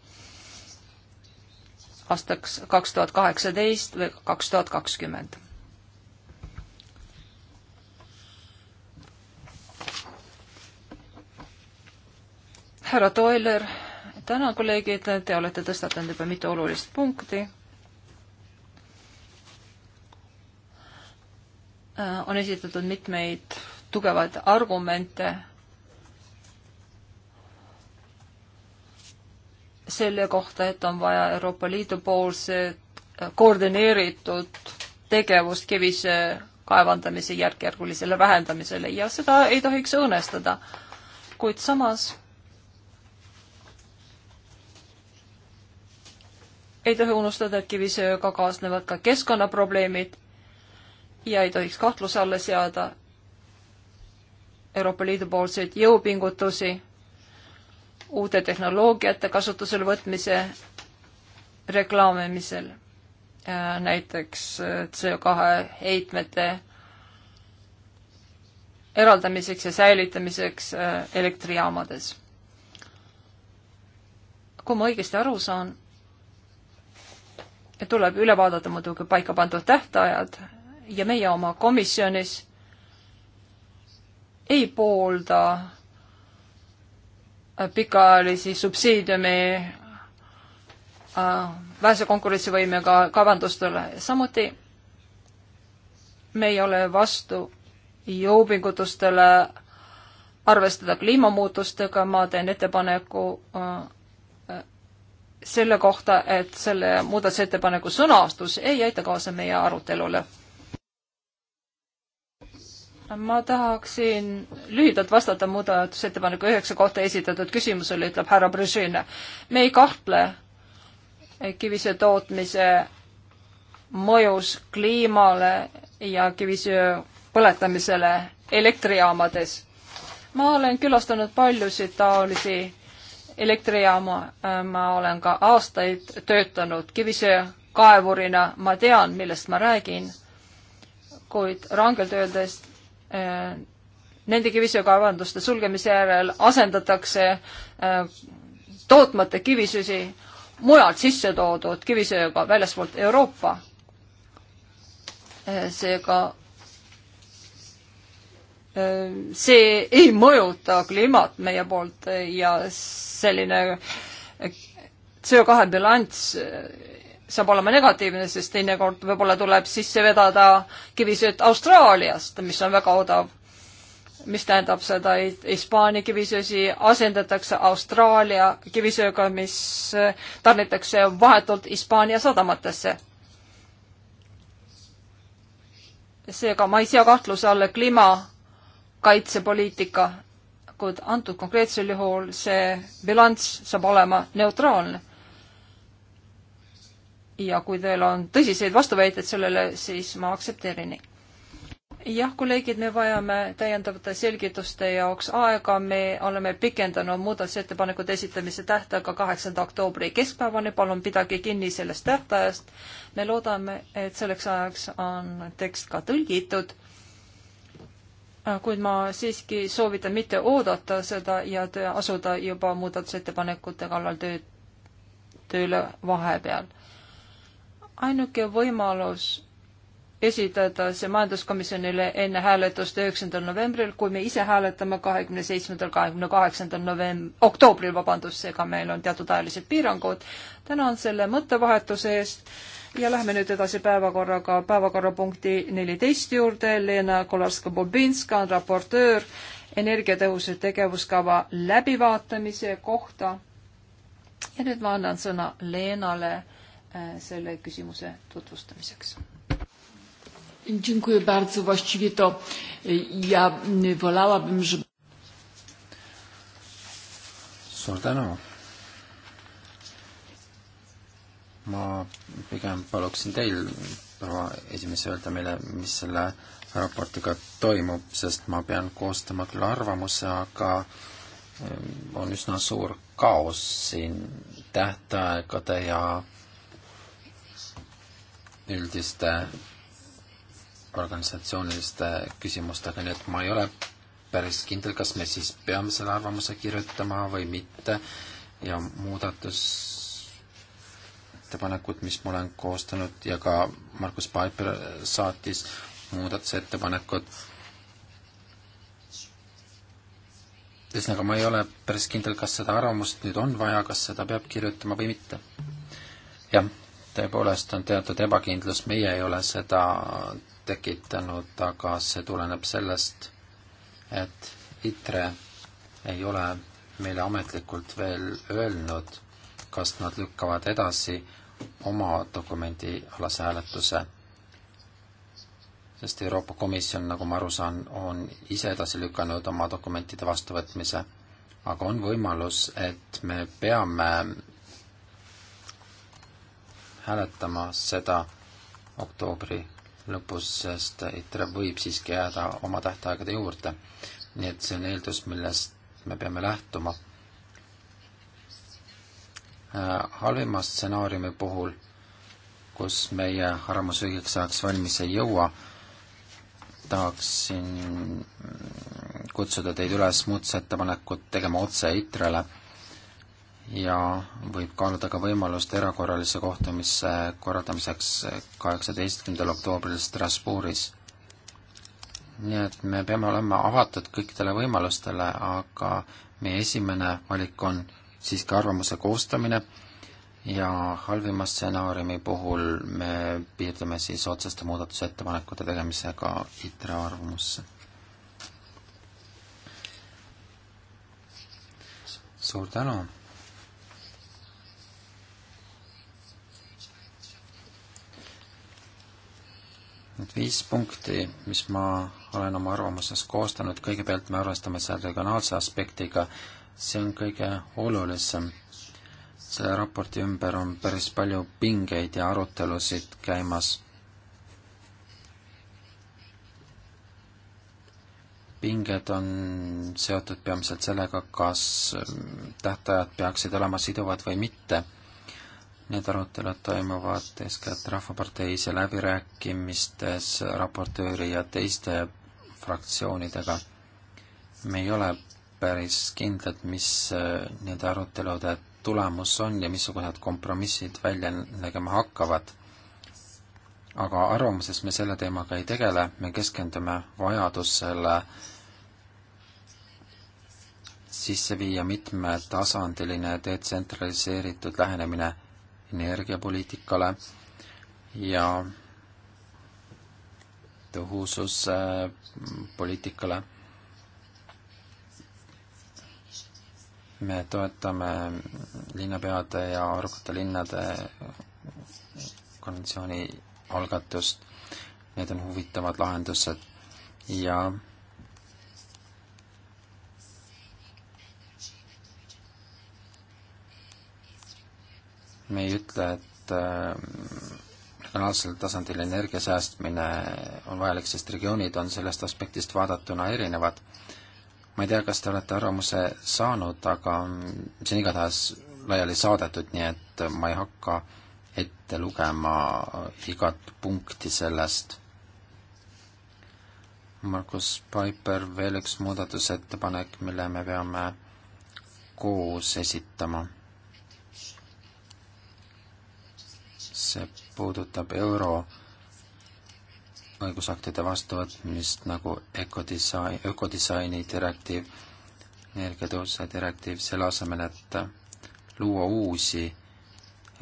A: aastaks kaks tuhat kaheksateist või kaks tuhat kakskümmend. härra Toiler, tänan kolleegid, te olete tõstatanud juba mitu olulist punkti Äh, on esitatud mitmeid tugevaid argumente selle kohta, et on vaja Euroopa Liidu poolset äh, koordineeritud tegevust kivise kaevandamise järkjärgulisele vähendamisele ja seda ei tohiks õõnestada. kuid samas ei tohi unustada, et kivisööga kaasnevad ka keskkonnaprobleemid ja ei tohiks kahtluse alla seada Euroopa Liidu poolseid jõupingutusi uute tehnoloogiate kasutusele võtmise reklaamimisel, äh, näiteks äh, CO2 heitmete eraldamiseks ja säilitamiseks äh, elektrijaamades. kui ma õigesti aru saan, tuleb üle vaadata muidugi paika pandud tähtajad ja meie oma komisjonis ei poolda äh, pikaajalisi subsiidiumi äh, vähese konkurentsivõimega kavandustele. samuti me ei ole vastu jõupingutustele arvestada kliimamuutustega, ma teen ettepaneku äh, selle kohta, et selle muudatusettepaneku sõnastus ei aita kaasa meie arutelule ma tahaksin lühidalt vastata muudatusettepaneku üheksa kohta esitatud küsimusele, ütleb härra Brežine. me ei kahtle kivisöe tootmise mõjus kliimale ja kivisöe põletamisele elektrijaamades. ma olen külastanud paljusid taolisi elektrijaama, ma olen ka aastaid töötanud kivisöekaevurina, ma tean, millest ma räägin, kuid rangelt öeldes Äh, nende kivisöekaevanduste sulgemise järel asendatakse äh, tootmata kivisüsi mujalt sisse toodud kivisööga väljaspoolt Euroopa. Äh, seega see ei mõjuta kliimat meie poolt ja selline CO2 bilanss saab olema negatiivne, sest teinekord võib-olla tuleb sisse vedada kivisööt Austraaliast, mis on väga odav. mis tähendab seda, et Hispaania kivisöösi asendatakse Austraalia kivisööga, mis äh, tarnitakse vahetult Hispaania sadamatesse. seega ma ei sea kahtluse alla kliimakaitsepoliitika, kuid antud konkreetsel juhul see bilanss saab olema neutraalne ja kui teil on tõsiseid vastuväiteid sellele, siis ma aktsepteerin neid. jah, kolleegid, me vajame täiendavate selgituste jaoks aega, me oleme pikendanud muudatusettepanekute esitamise tähtaega kaheksanda oktoobri keskpäevani, palun pidage kinni sellest tähtajast. me loodame, et selleks ajaks on tekst ka tõlgitud kuid ma siiski soovitan mitte oodata seda ja asuda juba muudatusettepanekute kallal tööd, tööle vahepeal ainuke võimalus esitada see majanduskomisjonile enne hääletust üheksandal novembril, kui me ise hääletame kahekümne seitsmendal, kahekümne kaheksandal novemb-, oktoobril, vabandust, seega meil on teatud ajalised piirangud. tänan selle mõttevahetuse eest ja lähme nüüd edasi päevakorraga, päevakorrapunkti neliteist juurde, Leena Kolarska-Bobinska on raportöör energiatõhususe tegevuskava läbivaatamise kohta. ja nüüd ma annan sõna Leenale Äh, selle küsimuse tutvustamiseks. Dziękuję bardzo. Właściwie to ja wolałabym,
C: żeby... Suur tänu. ma pigem paluksin teil, proua esimees, öelda meile, mis selle raportiga toimub, sest ma pean koostama küll arvamuse, aga on üsna suur kaos siin tähtaegade ja üldiste organisatsiooniliste küsimustega, nii et ma ei ole päris kindel, kas me siis peame selle arvamuse kirjutama või mitte ja muudatusettepanekud, mis ma olen koostanud ja ka Markus Paeper saatis muudatusettepanekud. ühesõnaga, ma ei ole päris kindel, kas seda arvamust nüüd on vaja, kas seda peab kirjutama või mitte. jah tõepoolest on teatud ebakindlus, meie ei ole seda tekitanud, aga see tuleneb sellest, et ITRE ei ole meile ametlikult veel öelnud, kas nad lükkavad edasi oma dokumendi alase hääletuse. sest Euroopa Komisjon, nagu ma aru saan, on ise edasi lükanud oma dokumentide vastuvõtmise. aga on võimalus, et me peame hääletama seda oktoobri lõpus, sest ITRE võib siiski jääda oma tähtaegade juurde. nii et see on eeldus, millest me peame lähtuma. Äh, halvima stsenaariumi puhul, kus meie arvamus õigeks ajaks valmis ei jõua, tahaksin kutsuda teid üles muudatusettepanekut tegema otse ITRE-le ja võib kaaluda ka võimalust erakorralise kohtumise korraldamiseks kaheksateistkümnendal oktoobril Strasbourgis. nii et me peame olema avatud kõikidele võimalustele, aga meie esimene valik on siiski arvamuse koostamine ja halvima stsenaariumi puhul me piirdume siis otseste muudatusettepanekute tegemisega ITRE arvamusse suur tänu! Need viis punkti, mis ma olen oma arvamuses koostanud, kõigepealt me arvestame seal regionaalse aspektiga, see on kõige olulisem. selle raporti ümber on päris palju pingeid ja arutelusid käimas. pinged on seotud peamiselt sellega, kas tähtajad peaksid olema siduvad või mitte Need arutelud toimuvad eeskätt Rahvaparteis ja läbirääkimistes raportööri ja teiste fraktsioonidega. me ei ole päris kindlad, mis äh, nende arutelude tulemus on ja missugused kompromissid välja nägema hakkavad. aga arvamuses me selle teemaga ei tegele, me keskendume vajadusele sisse viia mitmetasandiline detsentraliseeritud lähenemine energiapoliitikale ja tõhususpoliitikale. me toetame linnapeade ja arukate linnade konventsiooni algatust. Need on huvitavad lahendused ja me ei ütle, et äh, regionaalsel tasandil energia säästmine on vajalik, sest regioonid on sellest aspektist vaadatuna erinevad. ma ei tea, kas te olete arvamuse saanud, aga mm, see on igatahes laiali saadetud, nii et ma ei hakka ette lugema igat punkti sellest Markus Piper veel üks muudatusettepanek, mille me peame koos esitama. see puudutab euro õigusaktide vastuvõtmist nagu ökodisain, ökodisaini direktiiv, energiatõhususe direktiiv, selle asemel, et luua uusi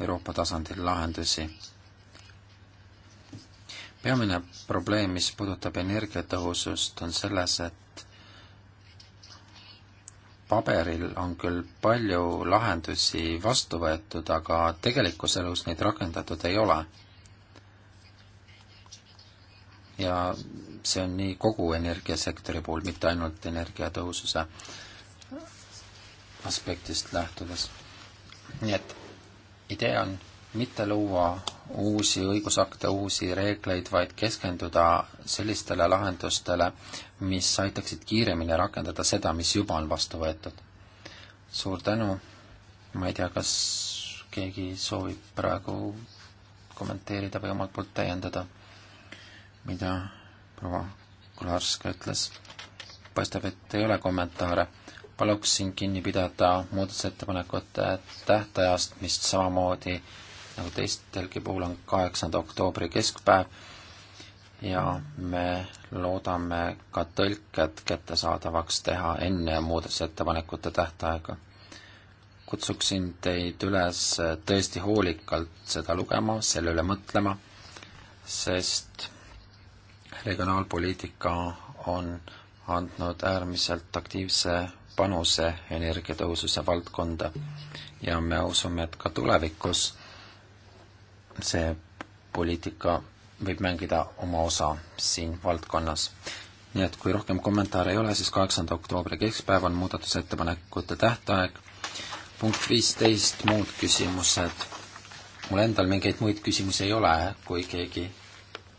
C: Euroopa tasandil lahendusi. peamine probleem, mis puudutab energiatõhusust, on selles, et paberil on küll palju lahendusi vastu võetud, aga tegelikus elus neid rakendatud ei ole. ja see on nii kogu energiasektori puhul, mitte ainult energiatõhususe aspektist lähtudes. nii et idee on mitte luua uusi õigusakte, uusi reegleid, vaid keskenduda sellistele lahendustele, mis aitaksid kiiremini rakendada seda, mis juba on vastu võetud. suur tänu, ma ei tea, kas keegi soovib praegu kommenteerida või omalt poolt täiendada, mida proua Kularska ütles. paistab, et ei ole kommentaare paluksin kinni pidada muudatusettepanekute tähtajast, mis samamoodi nagu teistelgi puhul on kaheksanda oktoobri keskpäev ja me loodame ka tõlked kättesaadavaks teha enne muudatusettepanekute tähtaega. kutsuksin teid üles tõesti hoolikalt seda lugema, selle üle mõtlema, sest regionaalpoliitika on andnud äärmiselt aktiivse panuse energiatõhususe valdkonda ja me usume, et ka tulevikus see poliitika võib mängida oma osa siin valdkonnas. nii et kui rohkem kommentaare ei ole, siis kaheksanda oktoobri keskpäev on muudatusettepanekute tähtaeg. punkt viisteist, muud küsimused. mul endal mingeid muid küsimusi ei ole, kui keegi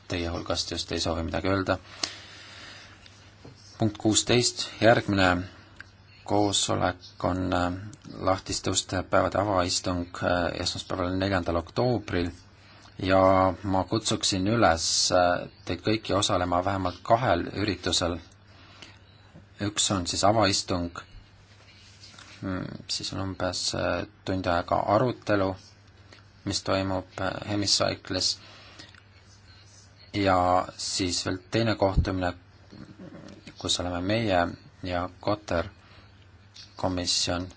C: teie hulgast just ei soovi midagi öelda. punkt kuusteist, järgmine koosolek on äh, lahtiste uste päevade avaistung äh, esmaspäeval, neljandal oktoobril ja ma kutsuksin üles äh, teid kõiki osalema vähemalt kahel üritusel. üks on siis avaistung, mm, siis on umbes äh, tund aega arutelu, mis toimub äh, Hemicycle'is ja siis veel teine kohtumine, kus oleme meie ja Koter komisjon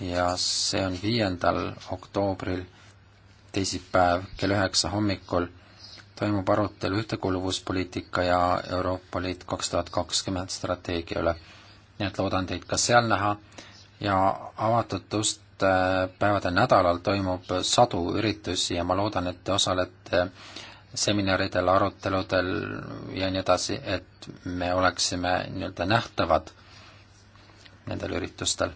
C: ja see on viiendal oktoobril teisipäev kell üheksa hommikul toimub arutelu ühtekuuluvuspoliitika ja Euroopa Liit kaks tuhat kakskümmend strateegia üle. nii et loodan teid ka seal näha ja avatud ust päevade nädalal toimub sadu üritusi ja ma loodan, et te osalete seminaridel, aruteludel ja nii edasi, et me oleksime nii-öelda nähtavad nendel üritustel.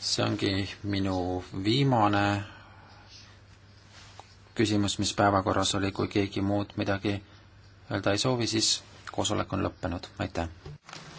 C: see ongi minu viimane küsimus, mis päevakorras oli, kui keegi muud midagi öelda ei soovi, siis koosolek on lõppenud, aitäh!